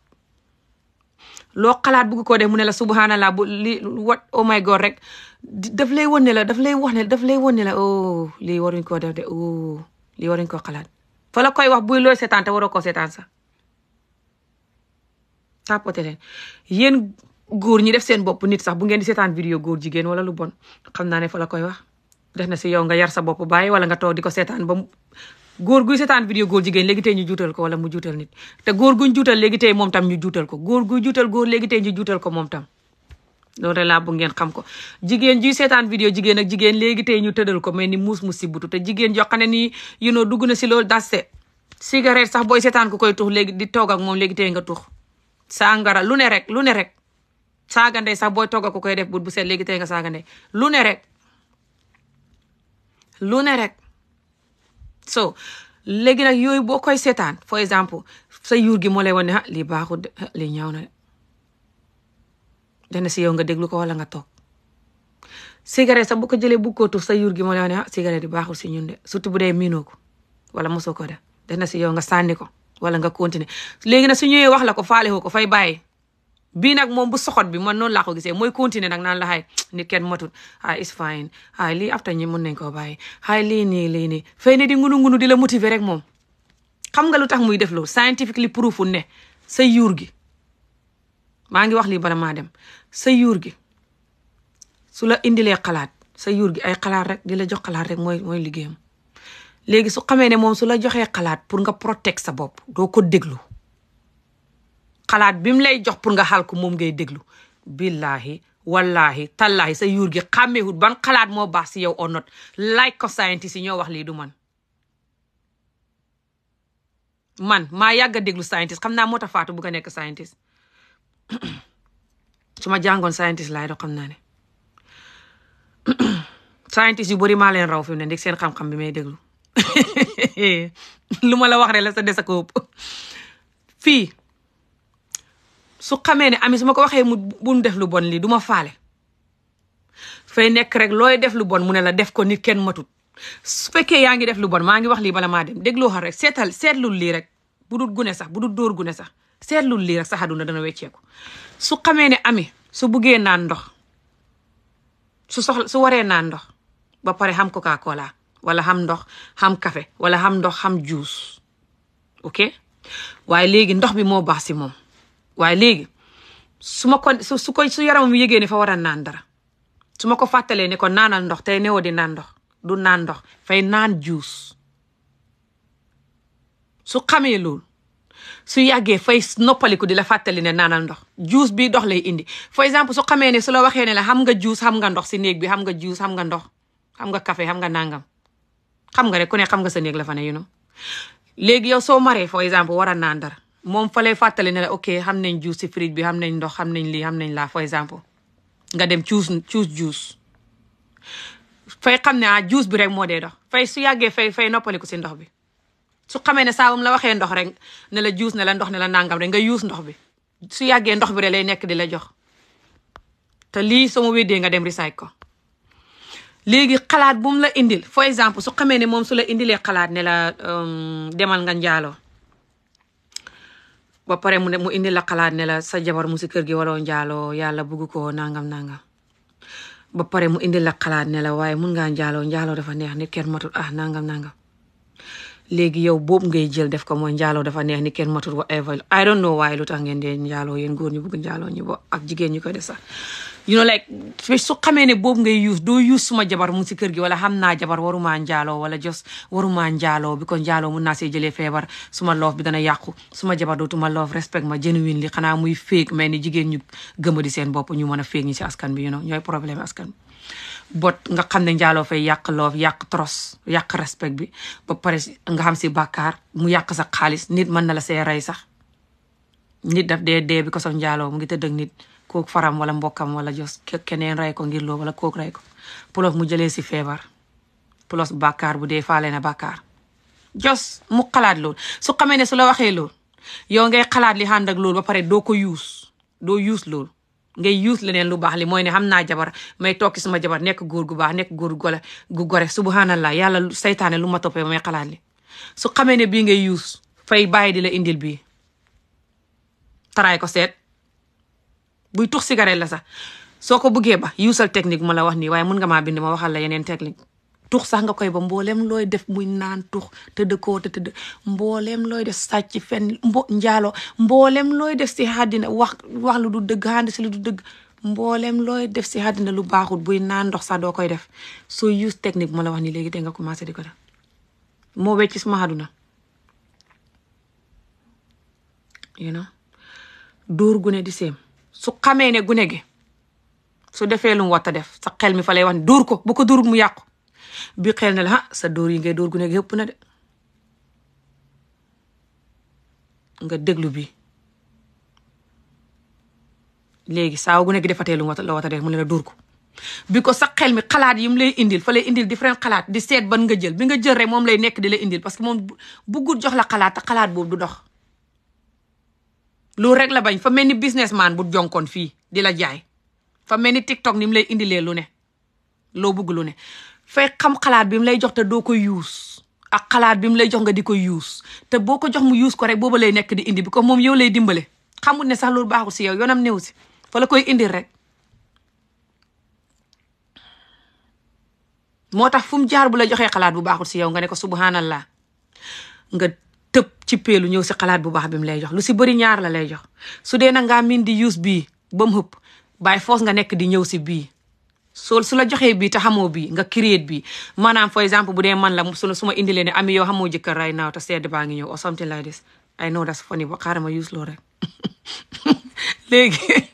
loo xalaat bugg ko def mu ne la subhanallah bu li what oh my god rek daf lay won ne la daf lay wax ne daf lay won la oh lii waruñ koo def de oh lii waruñ koo xalaat fa la koy wax buy looy seetaan te waroo ko seetaan sax tapoté leen yéen góor ñi def seen bopp nit sax bu ngeen di seetaan vidéo góor jigéen wala lu bon xam naa ne fa la koy wax def na si yow nga yar sa bopp baay wala nga toog di ko seetaan ba góor guy seetaan vidéo góor jigéen léegi tey ñu juutal ko wala mu juutal nit te góor guñ juutal léegi tey moom tam ñu juutal ko góor guy juutal góor léegi tey ñu juutal ko moom tam loolu laa bu ngeen xam ko jigéen ji seetaan vidéo jigéen ak jigéen léegi tey ñu tëddal ko mais ni muus mu si butu te jigéen yoo xam ne nii you dugg na si loolu daste cigarette sax booy seetaan ku koy tux léegi di toog ak moom léegi tey nga tux sangara lu ne rek lu ne rek saaga sax booy toog ak ku koy def but bu set léegi tey nga saaga lu ne rek lu ne rek so léegi nag yooyu boo koy seetaan for exemple sa yuur gi moo lay wane ha lii baaxul de lii ñaaw na de dana si yow nga déglu ko wala nga toog cigarette sa bu ko jëlee bu ko sa yur gi moo la ne bi baaxul si ñun de bu dee miinoo ko wala mosoo ko de dana si yow nga sànni ko wala nga continuer léegi nag su ñëwee wax la ko faale ko fay bàyyi bii nag moom bu soxot bi man noonu laa ko gisee mooy continuer nag naan la xay nit kenn matut xay is fine xay lii afta ñi mën nañ koo bàyyi xay lii nii lii nii fay ne di ngunu ngunu di la motiver rek moom xam nga lu tax muy def loolu scientifically proof ne sa yuur gi maa ngi wax lii bala maa dem sa yuur gi su la indilee xalaat sa yuur gi ay xalaat rek di la jox xalaat rek mooy mooy liggéeyam léegi su xamee ne moom su la joxee xalaat pour nga protect sa bopp doo ko déglu xalaat bi mu lay jox pour nga xal ko moom ngay déglu billahi wallahi tallahi sa yuur gi xàmmeewut ban xalaat moo baax si yow or not like ko scientist yi ñoo wax lii du man man maa yàgg a déglu scientist xam naa moo tax faatu bu nga nekk scientist su ma jàngoon scientist laay doo xam naa ne scientist yu bëri maa leen raw fi mu ne ndik seen xam-xam bi may déglu lu ma la wax rek la sa des ko fii su xamee ne ami su ma ko waxee mu buñ def lu bon lii du ma faale fa nekk rek looy def lu bon mu ne la def ko nit kenn matut su fekkee yaa ngi def lu bon maa ngi wax lii bala maa dem dégloo xar rek seetal seetlul lii rek bu dul gune sax bu dul dóor gune sax seetlul lii rek sax aduna dana wecceeku su xamee ne ami su buggee naan ndox su soxla su waree naan ndox ba pare xam coca cola wala xam ndox xam café wala xam ndox xam juice ok waaye léegi ndox bi moo baax si moom waaye léegi su ma ko su ko su yaramam yëgee ne fa war a naan dara su ma ko fàttalee ne ko naanal ndox tey newoo di naan ndox du naan ndox fay naan juice su xamee lool su yàggee fay noppaliku di la fàttali ne naanal ndox juus bi dox lay indi for exemple su xamee ne su la waxee ne la xam nga juus xam nga ndox si néeg bi xam nga juus xam nga ndox xam nga café xam nga nangam xam nga rek ku ne xam nga sa néeg la fa ne you know léegi yow soo maree for exemple war a naan dara moom fa lay fàttali ne la ok xam nañ juus si fridge bi xam nañ ndox xam nañ lii xam nañ laa for exemple nga dem choose choose juus fay xam ne ah bi rek moo dee dox fay su yàggee fay fay noppaliku si ndox bi su xamee ne saawam la waxee ndox rek ne la juus ne la ndox ne la nangam rek nga yuus ndox bi su yàggee ndox bi rek lay nekk di la jox te lii soo ma weddee nga dem risaay ko léegi xalaat bu la indil for exemple su xamee ne moom su la indilee kalaat ne la euh, demal nga njaaloo ba pare mu ne mu indil la xalaat ne la sa jabar si kër gi waroo njaaloo yàlla bugg ko nangam nangam ba pare mu indil la ne la waaye mun ngaa njaaloo njaalo dafa neex ni kenn matul ah nangam nangam léegi yow boobu ngay jël def ko mooy njaaloo dafa neex ni kenn matul wa ever I don't know why lu tax ngeen dee njaaloo yéen góor ñu bëgg njaaloo ñu ba ak jigéen ñu koy sax you know su xamee ne boobu ngay use doo use suma jabar mu si kër gi wala xam naa jabar waruma njaaloo wala jos waruma njaaloo bi ko njaaloo mun naa see jëlee feebar suma loof bi dana yàqu suma jabar dootuma loof respect ma genuine li xanaa muy féeg mais ni jigéen ñu gëma di seen bopp ñu mën a féeg ñi si askan bi you ñooy problème askan bot nga xam ne njaaloo fay yàq loof yàq tros yàq respect bi ba pare nga xam si bàkkaar mu yàq sa xaalis nit mën na la see rey sax nit daf dee dee bi ko sof njaaloo mu ngi tëdd ak nit kook faram wala mbokkam wala jos keneen rey ko ngir loo wala kook rey ko pulos mu jëlee si feebar pulos bàkkaar bu dee faale na bàkkaar jos mu xalaat lool su xamee ne su la waxee lool yow ngay xalaat li ànd ak lool ba pare doo ko yuus doo yuus lool ngay yuus leneen lu baax li mooy ne xam naa jabar may tokki sama jabar nekk góor gu baax nekk góor gu gore gu gore subhanallah yàlla saytaane lu ma toppee may xalaat li su xamee ne bii ngay yuus fay bàyyi di la indil bii taraay ko seet buy tux cigarette la sax soo ko bëggee ba yuusal technique mu la wax nii waaye mun nga maa bind ma waxal la yeneen technique tux sax nga koy ba mbooleem looy def muy naan tux tëdd koo tëdd mbooleem looy def sàcc fenn njaalo mbooleem looy def si àddina wax lu du dëgg ànd si lu du dëgg mboolem looy def si àddina lu baaxul buy naan ndox sax doo koy def soo use technique ma la wax ni léegi danga commencé di ko def moo wecc suma àdduna you know dóor gune di seem su xamee ne gune gi su defee lu mu war def sa xel mi fa lay wax ne dóor ko bu ko duur mu yàqu bi xel na la ah sa door yi ngay door gu nekk yëpp na de nga déglu bi léegi saa gu nekk defatee lu la wata dee mu leen a ko bi ko sa xel mi xalaat yi mu lay indil fa lay indil différent xalaat di seet ban nga jël bi nga jël moom lay nekk di la indil parce que moom bëggul jox la xalaat xalaat boobu du dox loolu rek la bañ fa mel ni businessman bu jonkoon fii di la jaay fa mel ni tiktok ni mu indilee lu ne loo bëgg lu ne fay xam xalaat bi lay jox te doo ko yuus ak xalaat bi mu lay jox nga di ko yuus te boo ko jox mu yuus ko rek booba lay nekk di indi bi ko moom yow lay dimbale xamul ne sax loolu baaxul si yow yoonam néew si fa la koy indil rek moo tax fu mu jaar bu la joxee xalaat bu baaxul si yow nga ne ko subhanallah nga tëb ci peelu ñëw si xalaat bu baax bi lay jox lu si bëri ñaar la lay jox su dee na ngaa di yuus bii ba mu xëpp bàyyi foos nga nekk di ñëw si bii soo su la joxee bii te xamoo bi nga créer bi maanaam for exemple bu dee man la su suma indilee ne ami yow xamoo jëkkër right now te sedd baa ngi ñëw or something like this I know that's funny ba xaaral ma use loo rek léegi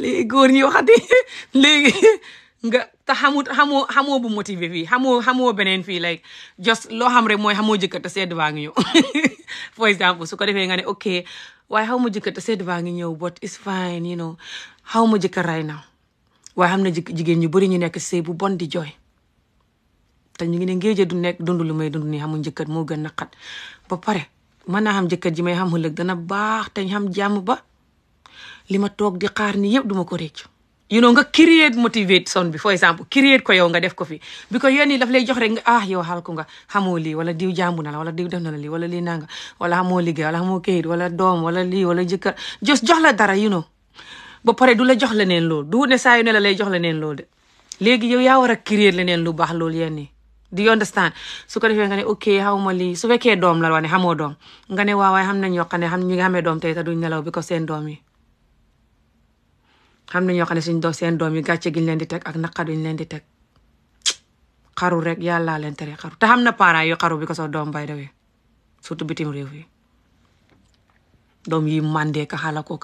léegi góor waxati léegi nga te xamut xamoo xamoo bu motivé fii xamoo xamoo beneen fii like just loo xam rek mooy xamoo jëkkër te sedd baa ngi ñëw for exemple su ko defee nga ne ok waaye xaw ma jëkkër te sedd baa ngi ñëw but it's fine you know xaw ma jëkkër right now waaye xam na jigéen ñu bari ñu nekk sëy bu bon di jooy te ñu ngi ne ngéeje du nekk dund lu may dund nii xamul njëkkat moo gën naqat ba pare mën naa xam njëkkat ji may xam ëllëg dana baax te ñu xam jàmm ba li ma toog di xaar ni yëpp duma ko réccu you know nga create motivate son bi for exemple create ko yow nga def ko fi bi ko yéen yi daf lay jox rek nga ah yow xaal ko nga xamoo lii wala diw jàmbu na la wala diw def na la lii wala lii nanga wala xamoo liggéey wala xamoo kayit wala doom wala lii wala jëkkër jos jox la dara you ba pare du la jox leneen loolu du ne saa yu ne la lay jox leneen loolu de léegi yow yaa war a créer leneen lool baax loolu yenn yi di understand su ko defee nga ne ok ma lii su fekkee doom la wane xamoo doom nga ne waawaay xam nañ ñoo xam ne xam ñu ngi xamee doom te duñ nelaw bi ko seen doom yi xam na ñoo xam ne suñ doom seen doom yi gàcce giñ leen di teg ak naqa duñ leen di teg xaru rek yàllaa leen tere xaru te xam na parents yu xaru bi ko soo doom bay dawee surtout bitim réew yi doom yi màndee ka xala ko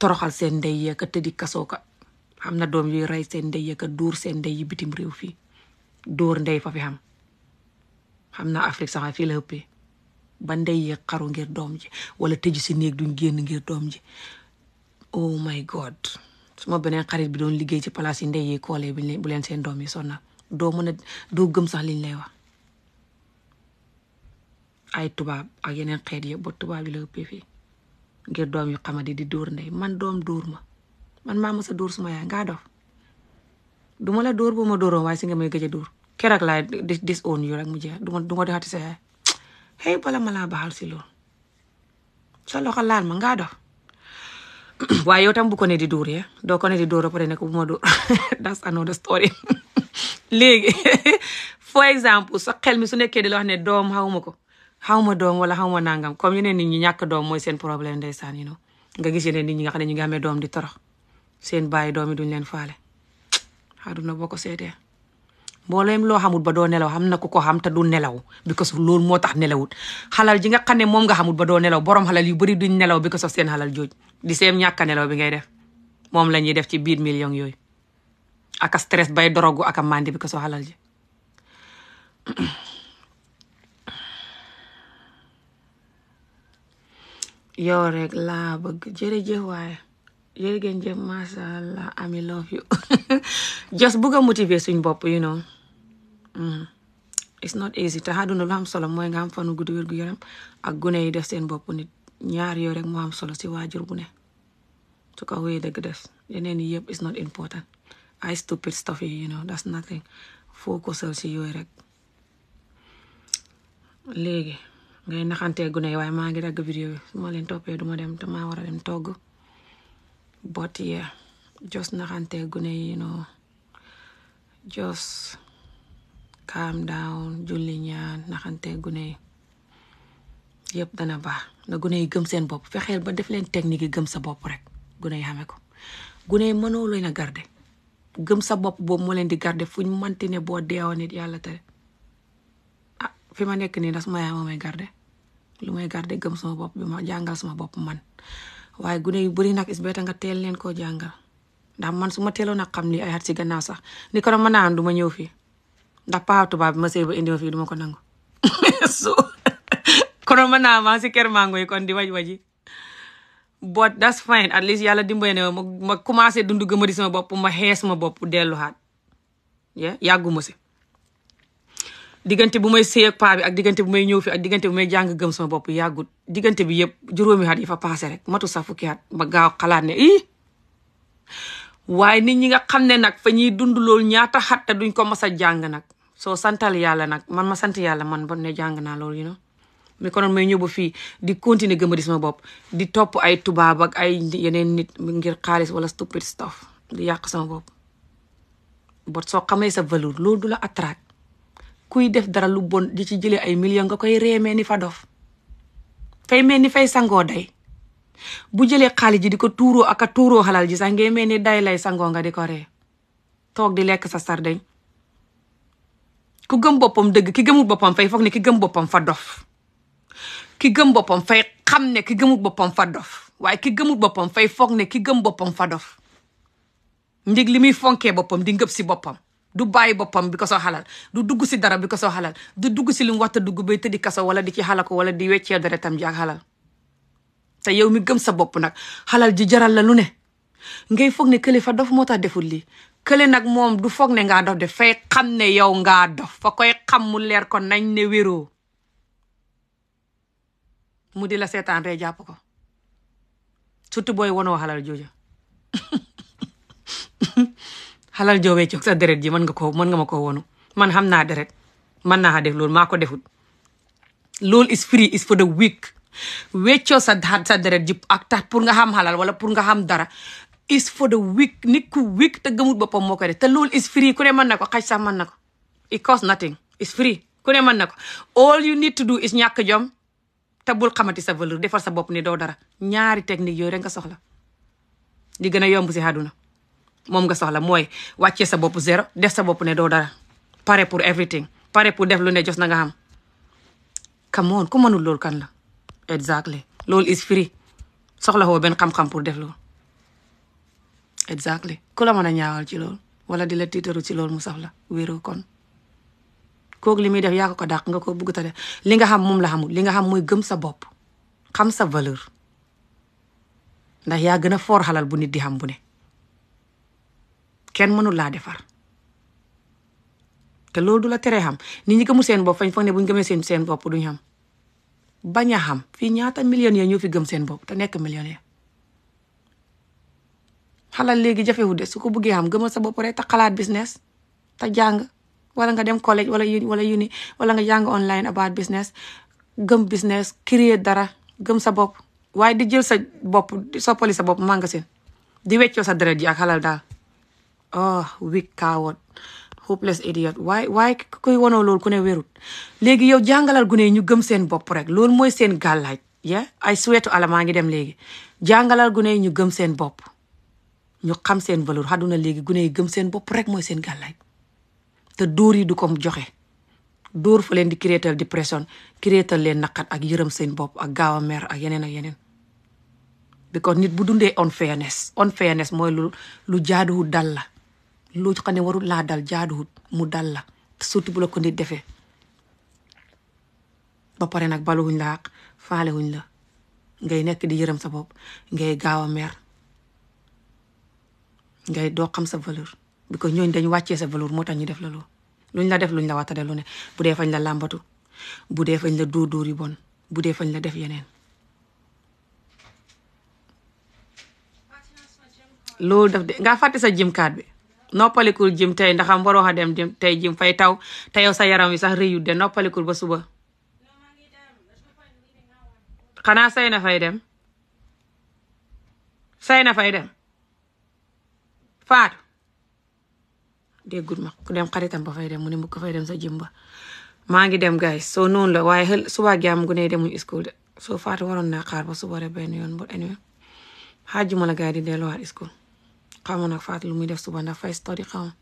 toroxal seen ndey yee ka tëddi kasoo ka xam na doom yuy rey seen ndey yee ka dóor seen ndey yi bitim réew fii dóor ndey fa fi xam xam na Afrique sax fii la ëppee ba ndey yee xaru ngir doom ji wala tëju si néeg duñ génn ngir doom ji oh my god ma beneen xarit bi doon liggéey ci palaas yi ndey yi koolee bi bu leen seen doom yi sonnal doo mën a doo gëm sax liñ lay wax ay tubaab ak yeneen xeet yëpp ba tubaab yi la ëppee fii ngir doom yu xamadi di dóor ndey man doom dóor ma man maa mës a dóor suma yaay ngaa dof du ma la dóor bu ma dóoroon waaye si nga may gëj a dóor keroog laay dis oon yu mu jeex du ma du ma defati sa yaay xëy laa baaxal si loolu sa loxo laal ma ngaa dof waaye yow tam bu ko ne di dóor ya doo ko ne di dóor ba pare ne ko bu ma dóor story léegi for exemple sa xel mi su nekkee di la doom xawuma ko xaw ma doom wala xaw ma nangam comme yeneen nit ñi ñàkk doom mooy seen problème ndeysaan yi noonu nga gis yeneen nit ñi nga xam ne ñu ngi amee doom di torox seen bàyyi doom yi duñ leen faale àdduna boo ko seetee mbooleem loo xamul ba doo nelaw xam na ku ko xam te du nelaw because of loolu moo tax nelawut xalal ji xam ne moom nga xamul ba doo nelaw borom xalal yu bari duñ nelaw ko of seen xalal jooj di seen ñàkk nelaw bi ngay def moom la ñuy def ci biir million yooyu aka stress bay dorogu aka mandi because of xalal ji yow rek laa bëgg jërëjëf waaye jërëgeen jëf masha allah ami love you just bëgg a motiver suñ bopp you know mm-hmm. it's not easy te àdduna lu am solo mooy nga am fanu gudd wér yaram ak gune yi def seen boppu nit ñaar yow rek moo am solo si waajur bu ne su ko wéyee dëgg des yeneen yi yëpp it's not important I stupid stuff yi you know that's nothing foo ko si yooyu rek léegi ngay naxantee gune waaye maa ngi dagg vidéo bi su ma leen toppee duma dem te maa war a dem togg but yeah just naxantee gune yi you know just calm down julli ñaan yi yëpp dana baax na gune yi gëm seen bopp fexeel ba def leen technique yi gëm sa bopp rek gune yi xamee ko gune yi mënoo leen a garde gëm sa bopp boobu moo leen di garde fu ñu manti ne boo deewoon nit yàlla te ah fi ma nekk nii ndax suma yaay moo garde lu may garde gëm suma bopp bi ma jàngal suma bopp man waaye gune yu bëri nag is beeta nga teel leen koo jàngal ndax man su ma teeloon a xam li ay at si gannaaw sax ni ko ma naan du ñëw fii ndax paa tubaab bi ma sëy ba indi ma fii du ko nangu so kono ma naa maa si kër mango yi kon di waj waji but that's fine at least yàlla dimbale ne ma ma commencé dund gëmadi sama bopp ma xees ma bopp delluwaat yeah yàgguma si diggante bu may sëy ak paa bi ak diggante bu may ñëw fi ak diggante bu jàng gëm sama bopp yàggut diggante bi yëpp juróomi at yi fa paase rek matu sax fukki at ma gaaw xalaat ne ii waaye nit ñi nga xam ne nag fa ñuy dund loolu ñaata xat te duñ ko mas a jàng nag soo santal yàlla nag man ma sant yàlla man bon ne jàng naa lool you know mais konoon may ñëw ba fii di continuer gëm sama bopp di topp ay tubaab ak ay yeneen nit ngir xaalis wala stupid stuff di yàq sama bopp bot soo xamee sa valeur loolu du la attract kuy def dara lu bon di ci jëlee ay million nga koy reemee ni fa dof fay mel ni fay sangoo day bu jëlee xaalis ji di ko tuuroo ak a tuuroo xalal ji sax ngay mel ni day lay sangoo nga di ko ree toog di lekk sa sardeñ ku gëm boppam dëgg ki gëmul boppam fay foog ne ki gëm boppam fa dof ki gëm boppam fay xam ne ki gëmul boppam fa dof waaye ki gëmul boppam fay foog ne ki gëm boppam fa dof ndig li muy fonkee boppam di ngëb si boppam du bàyyi boppam bi ko soo du dugg si dara bi ko soo xalal dugg si li mu waxta dugg bay tëddi kaso wala di ci ko wala di weccee dara tam ji ak xalal te yow mi gëm sa bopp nag xalal ji jaral la lu ne ngay foog ne kële fa dof moo tax deful lii kële nag moom du foog ne ngaa dof def fay xam ne yow ngaa dof fa koy xam mu leer ko nañ ne wéroo mu di la seetaan ree jàpp ko surtout booy wonoo xalal jooja xalal joo weccoog sa deret ji mën nga ko mën nga ma ko wonu man xam naa deret man naa def loolu maa ko defut loolu is free is for the weak weccoo sa sa deret ji ak tax pour nga xam xalal wala pour nga xam dara is for the weak nit ku weak te gëmut boppam moo koy def te loolu is free ku ne mën na ko xaj sax mën na ko it cost nothing is free ku ne mën na ko all you need to do is ñàkk jom te bul xamati sa valeur defal sa bopp ni doo dara ñaari technique yooy rek nga soxla di gën a yomb si àdduna moom nga soxla mooy wàccee sa bopp zéro def sa bopp ne doo dara pare pour everything pare pour def lu ne jos na nga xam come ku mënul loolu kan la exactly loolu is free soxla woo benn xam-xam pour def loolu exactly ku la mën a ñaawal ci lool wala di la tiitaru ci loolu mu la wéeroo kon kook li muy def yaa ko ko dàq nga ko bugg ta def li nga xam moom la xamul li nga xam mooy gëm sa bopp xam sa valeur ndax yaa gën a foor xalal bu nit di xam bu ne kenn mënul laa defar te loolu du la tere xam nit ñi gëmul seen bopp fañ foog ne buñ gëmee seen seen bopp duñ xam bañ a xam fii ñaata millionnaires ñoo fi gëm seen bopp te nekk millionnaire xalal léegi jafewu de su ko bëggee xam gëmal sa bopp rek xalaat business te jàng wala nga dem collège wala wala uni wala nga jàng online about business gëm business créer dara gëm sa bopp waaye di jël sa bopp di soppali sa bopp magasin di weccoo sa deret ji ak xalal daal ah oh, weak coward hopeless idiot waay waaye kuy wanoo loolu ku ne wérut léegi yow jàngalal gune yi ñu gëm seen bopp rek loolu mooy seen gàllaaj ya ay suweetu ala ngi dem léegi jàngalal gune yi ñu gëm seen bopp ñu xam seen valeur xaduna léegi gune yi gëm seen bopp rek mooy seen gàllaaj te dóor yi du ko joxe dóor fa leen di créétal dépression créétal leen naqat ak yërëm seen bopp ak gaaw a mer ak yeneen ak yeneen because nit bu dundee unfairness unfairness mooy lu lu jaaduwul dal la loo xam ne warul laa dal jaaduwut mu dal la surtout bu la ko nit defee ba pare nag baluwuñ la àq la ngay nekk di yërëm sa bopp ngay gaaw a mer ngay doo xam sa valeur ko ñooñ dañ wàccee sa valeur moo tax def la loo luñ la def luñ la wattade lu ne bu dee fañ la làmbatu bu dee fañ la dóor dóor bon bu dee fañ la def yeneen loolu daf de nga fàtte sa jëm kaat bi noppalikul jim tey ndaxam waroo a dem jim tey jim fay taw te yow sa yaram wi sax rëyut de noppalikul ba suba xanaa say na fay dem say na fay dem faatu déggut ma ku dem xaritam ba fay dem mu ne mu ko fay dem sa jim ba maa ngi dem guys soo noonu la waaye xel suba jàmm gu ne demuñ school de soo faatu waroon naa xaar ba suba rek benn yoon bu anyway xaajuma la gars di delluwaat school xaw ma nag faat lu muy def suba ndax fay study xaw ma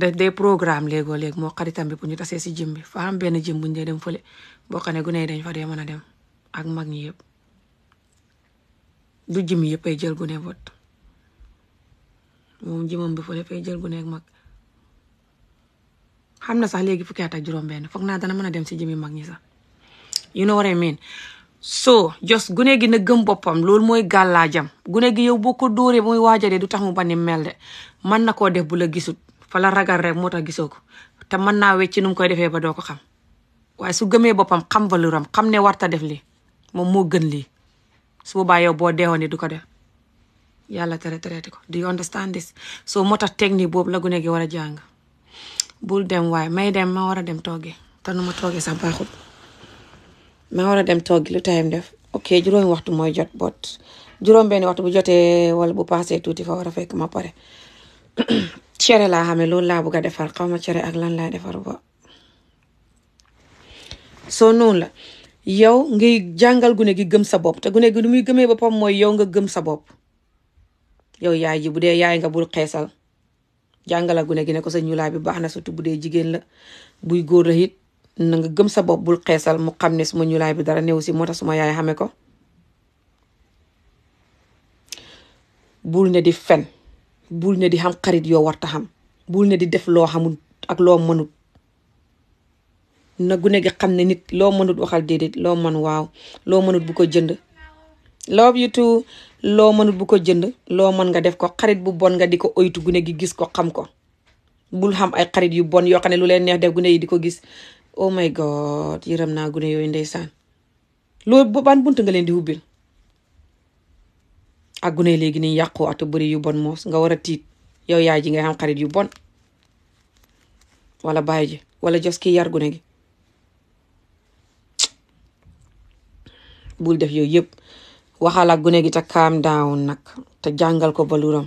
de de programme léego léeg moo xaritam bi bu ñu tasee si jëm bi fa benn jëm bu ñu dee dem fële boo xam ne gune yi fa dee mën a dem ak mag ñi yëpp du jëm yëpp ay jël gune bot moom jëmam bi fële fay jël gune ak mag xam na sax léegi fukki at ak juróom benn foog naa dana mën a dem si jëmi mag ñi sax you know what I mean so jos gune gi na gëm boppam loolu mooy gàllaajam gune gi yow boo ko dóoree muy waajadee du tax mu bani mel de mën na koo def bu la gisut fa la ragal rek moo ta gisoo ko te mën naa wecci nu mu koy defee ba doo ko xam waaye su gëmee boppam xam valeur am xam ne warta def li moom moo gën li su boobaa yow boo deewoon du ko def yàlla tere tereeti ko do you understand this so moo tax technique boobu la gune gi war a jàng bul dem waaye may dem ma war a dem toogee te nu ma toogee sax maa war a dem toggi lu time def ok juróomi waxtu mooy jot bot juróom benn waxtu bu jotee wala bu paasee tuuti fa war a fekk ma pare cere la xam ne loolu laa bëgg a defar xaw ma cere ak lan laay defar bo soo noonu la yow ngi jàngal gune gi gëm sa bopp te gune gi du muy gëmee boppam mooy yow nga gëm sa bopp yow yaay ji bu dee yaay nga bul xeesal jàngala gune gi ne ko sa ñuulaa bi baax na surtout bu dee jigéen la buy góor la it na nga gëm sa bopp bul xeesal mu xam ne suma ñulaay bi dara néew si moo tax suma yaay xame ko bul ne di fen bul ne di xam xarit yoo warta xam bul ne di def loo xamul ak loo mënut na gune gi xam ne nit loo mënut waxal déedéet loo mën waaw loo mënut bu ko jënd love you loo mënut bu ko jënd loo mën nga def ko xarit bu bon nga di ko oytu gune gi gis ko xam ko bul xam ay xarit yu bon yoo xam ne lu leen neex def gune yi di ko gis oh my god yërëm naa gune yooyu ndeysaan loolu ban bunt nga leen di ubbil ak gune léegi nii yàqu atu bëri yu bon moos nga war a tiit yow yaay ji ngay xam xarit yu bon wala baay ji wala jos ki yar gune gi bul def yooyu yëpp waxal ak gune gi te calm down nag te jàngal ko ba luram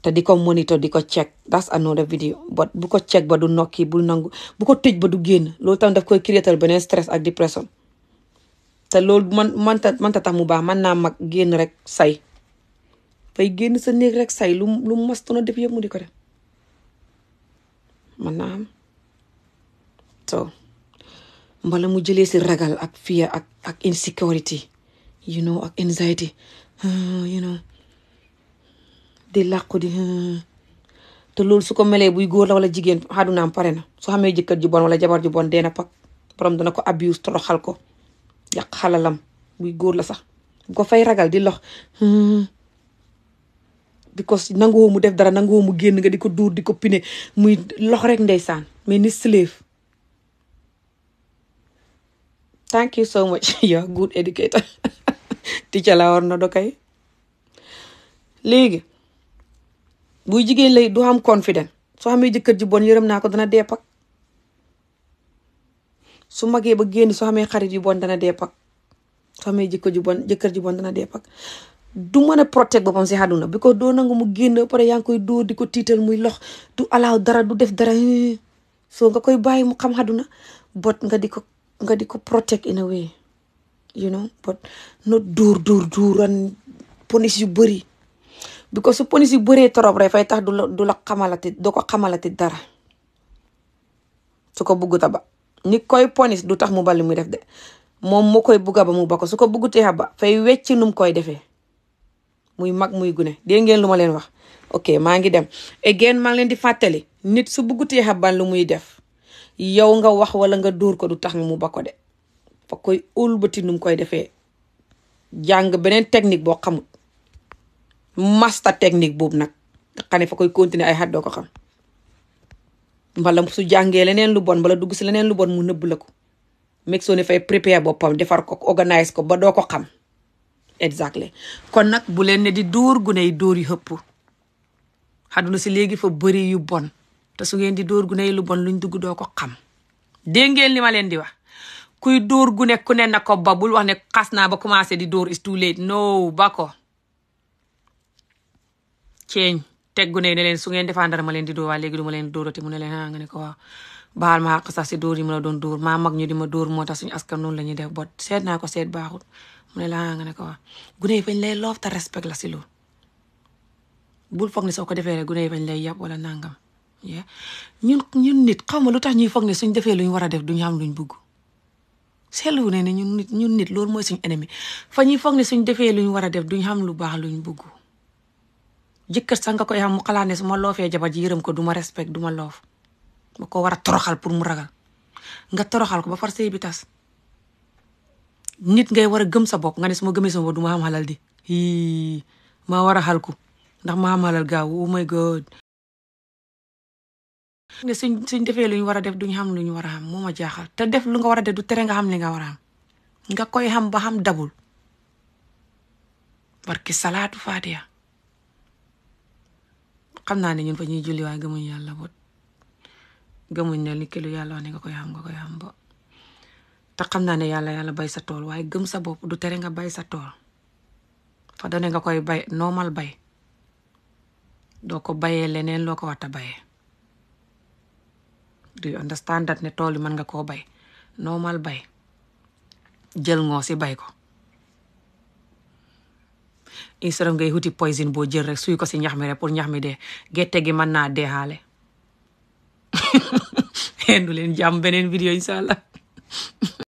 te di ko monitor di ko check that's another video but bu ko check ba du nokki bu nangu bu ko tëj ba du génn loolu tam daf koy créatal beneen stress ak dépression te loolu man manta manta tax mu baax man naa mag génn rek say fay génn sa néeg rek say lu lu mastono def yëpp mu di ko def man naa am so mbala mu jëlee si ragal ak fear ak ak insecurity you know ak anxiety di làqu di te loolu su ko melee buy góor la wala jigéen xadunaam pare na su xamee jëkkër ju bon wala jabar ju dee na pak borom dana ko abuse toroxal ko yàq xalalam buy góor la sax ko fay ragal di lox because nanguwoo mu def dara nanguwoo mu génn nga di ko duur di ko pine muy lox rek ndeysaan mais ni slave thank you so much yow good educator teacher la war na do kay léegi buy jigéen lay du am confident soo xamee jëkkër ji bon yërëm naa ko dana dee pak su magee ba génn soo xamee xarit yu bon dana dee pak soo xamee jëkkër ju bon jëkkër ji bon dana dee pak du mën a protect boppam si àdduna bi ko doo nangu mu génn ba pare yaa ngi koy dóor di ko tiital muy lox du alaaw dara du def dara soo nga koy bàyyi mu xam àdduna bot nga di ko di ko protect in a way you know but not dóor dóor dóor an yu bëri because su police yi bëree torop rek fay tax du la du la xamalati du ko xamalati dara su ko bugguta ba nit koy police du tax mu bali muy def de moom moo koy bugga ba mu ba ko su ko buggutee ba fay wecc num koy defee muy mag muy gune dégg ngeen lu ma leen wax ok maa ngi dem again maa ngi leen di fàttali nit su buggutee xaban lu muy def yow nga wax wala nga dóor ko du tax mu bakko de fa koy ulbati num koy defee jàng beneen technique boo xamul master technique boobu nag nga xam ne fa koy continuer ay xat doo ko xam mbala su jàngee leneen lu bon bala dugg si leneen lu bon mu nëbb la ko meg soo ne fay prépare boppam defar ko organise ko ba doo ko xam exactly kon nag bu leen ne di dóor gune yi dóor yu xëpp xaduna si léegi fa bëri yu bon te su ngeen di dóor gune yi lu bon luñ dugg doo ko xam dégg ngeen li ma leen di wax kuy dóor gune ku ne na ko ba bul wax ne xas naa ba commencé di dóor is too late ceeñ te ne ne leen su ngeen defaan dara ma leen di dóor waaye léegi du ma leen te mu ne leen ah, nga ne ko waaw baal ma àq sax si dóor yi ma la doon dóor maa mag ñu di ma dóor moo tax suñu askan noonu la ñu def bot seet naa ko seet baaxut mu ne la ah, nga ne ko waaw gune yi fañ lay loof te la si loolu bul foog ne soo ko defee gune yi fañ lay yàpp wala nangam ñun ñun nit xaw ma lu tax ñuy foog ne suñ defee luñ war a def duñu am luñ bugg seetlu ne ne ñun nit ñun nit loolu mooy suñ ennemi fa ñuy foog ne suñ defee luñ war a def duñ xam lu baax lu ñu bugg jëkkër sax nga koy am mu xalaat ne su ma loofee jabar ji yërëm ko du ma respect du ma loof ma ko war a toroxal pour mu ragal nga toroxal ko ba far sëy bi tas nit ngay war a gëm sa bopp nga ne su ma gëmee sama bopp am xalal di hii war a xalku ndax ma am xalal gaaw oh my god ne suñ suñ defee lu ñu war a def duñ xam lu ñu war a xam moo ma jaaxal te def lu nga war a def du tere nga xam li nga wara xam nga koy xam ba xam dabul barki salaatu faatiya xam naa ne ñun fa ñuy julli waaye gëmuñ yàlla bot gëmuñ ne li kilu yàlla wax ne nga koy xam nga koy xam ba te xam naa ne yàlla yàlla bay sa tool waaye gëm sa bopp du tere nga bay sa tool fa dane nga koy bay normal bay doo ko bayee leneen loo ko war a bayee du understand that ne tool yi mën nga koo bay normal bay jël ngoo si bay ko instead of ngay xuti poison boo jël rek suy ko si ñax mi rek pour ñax mi dee gerte gi mën naa deexaale xendu leen jàmm beneen vidéo incha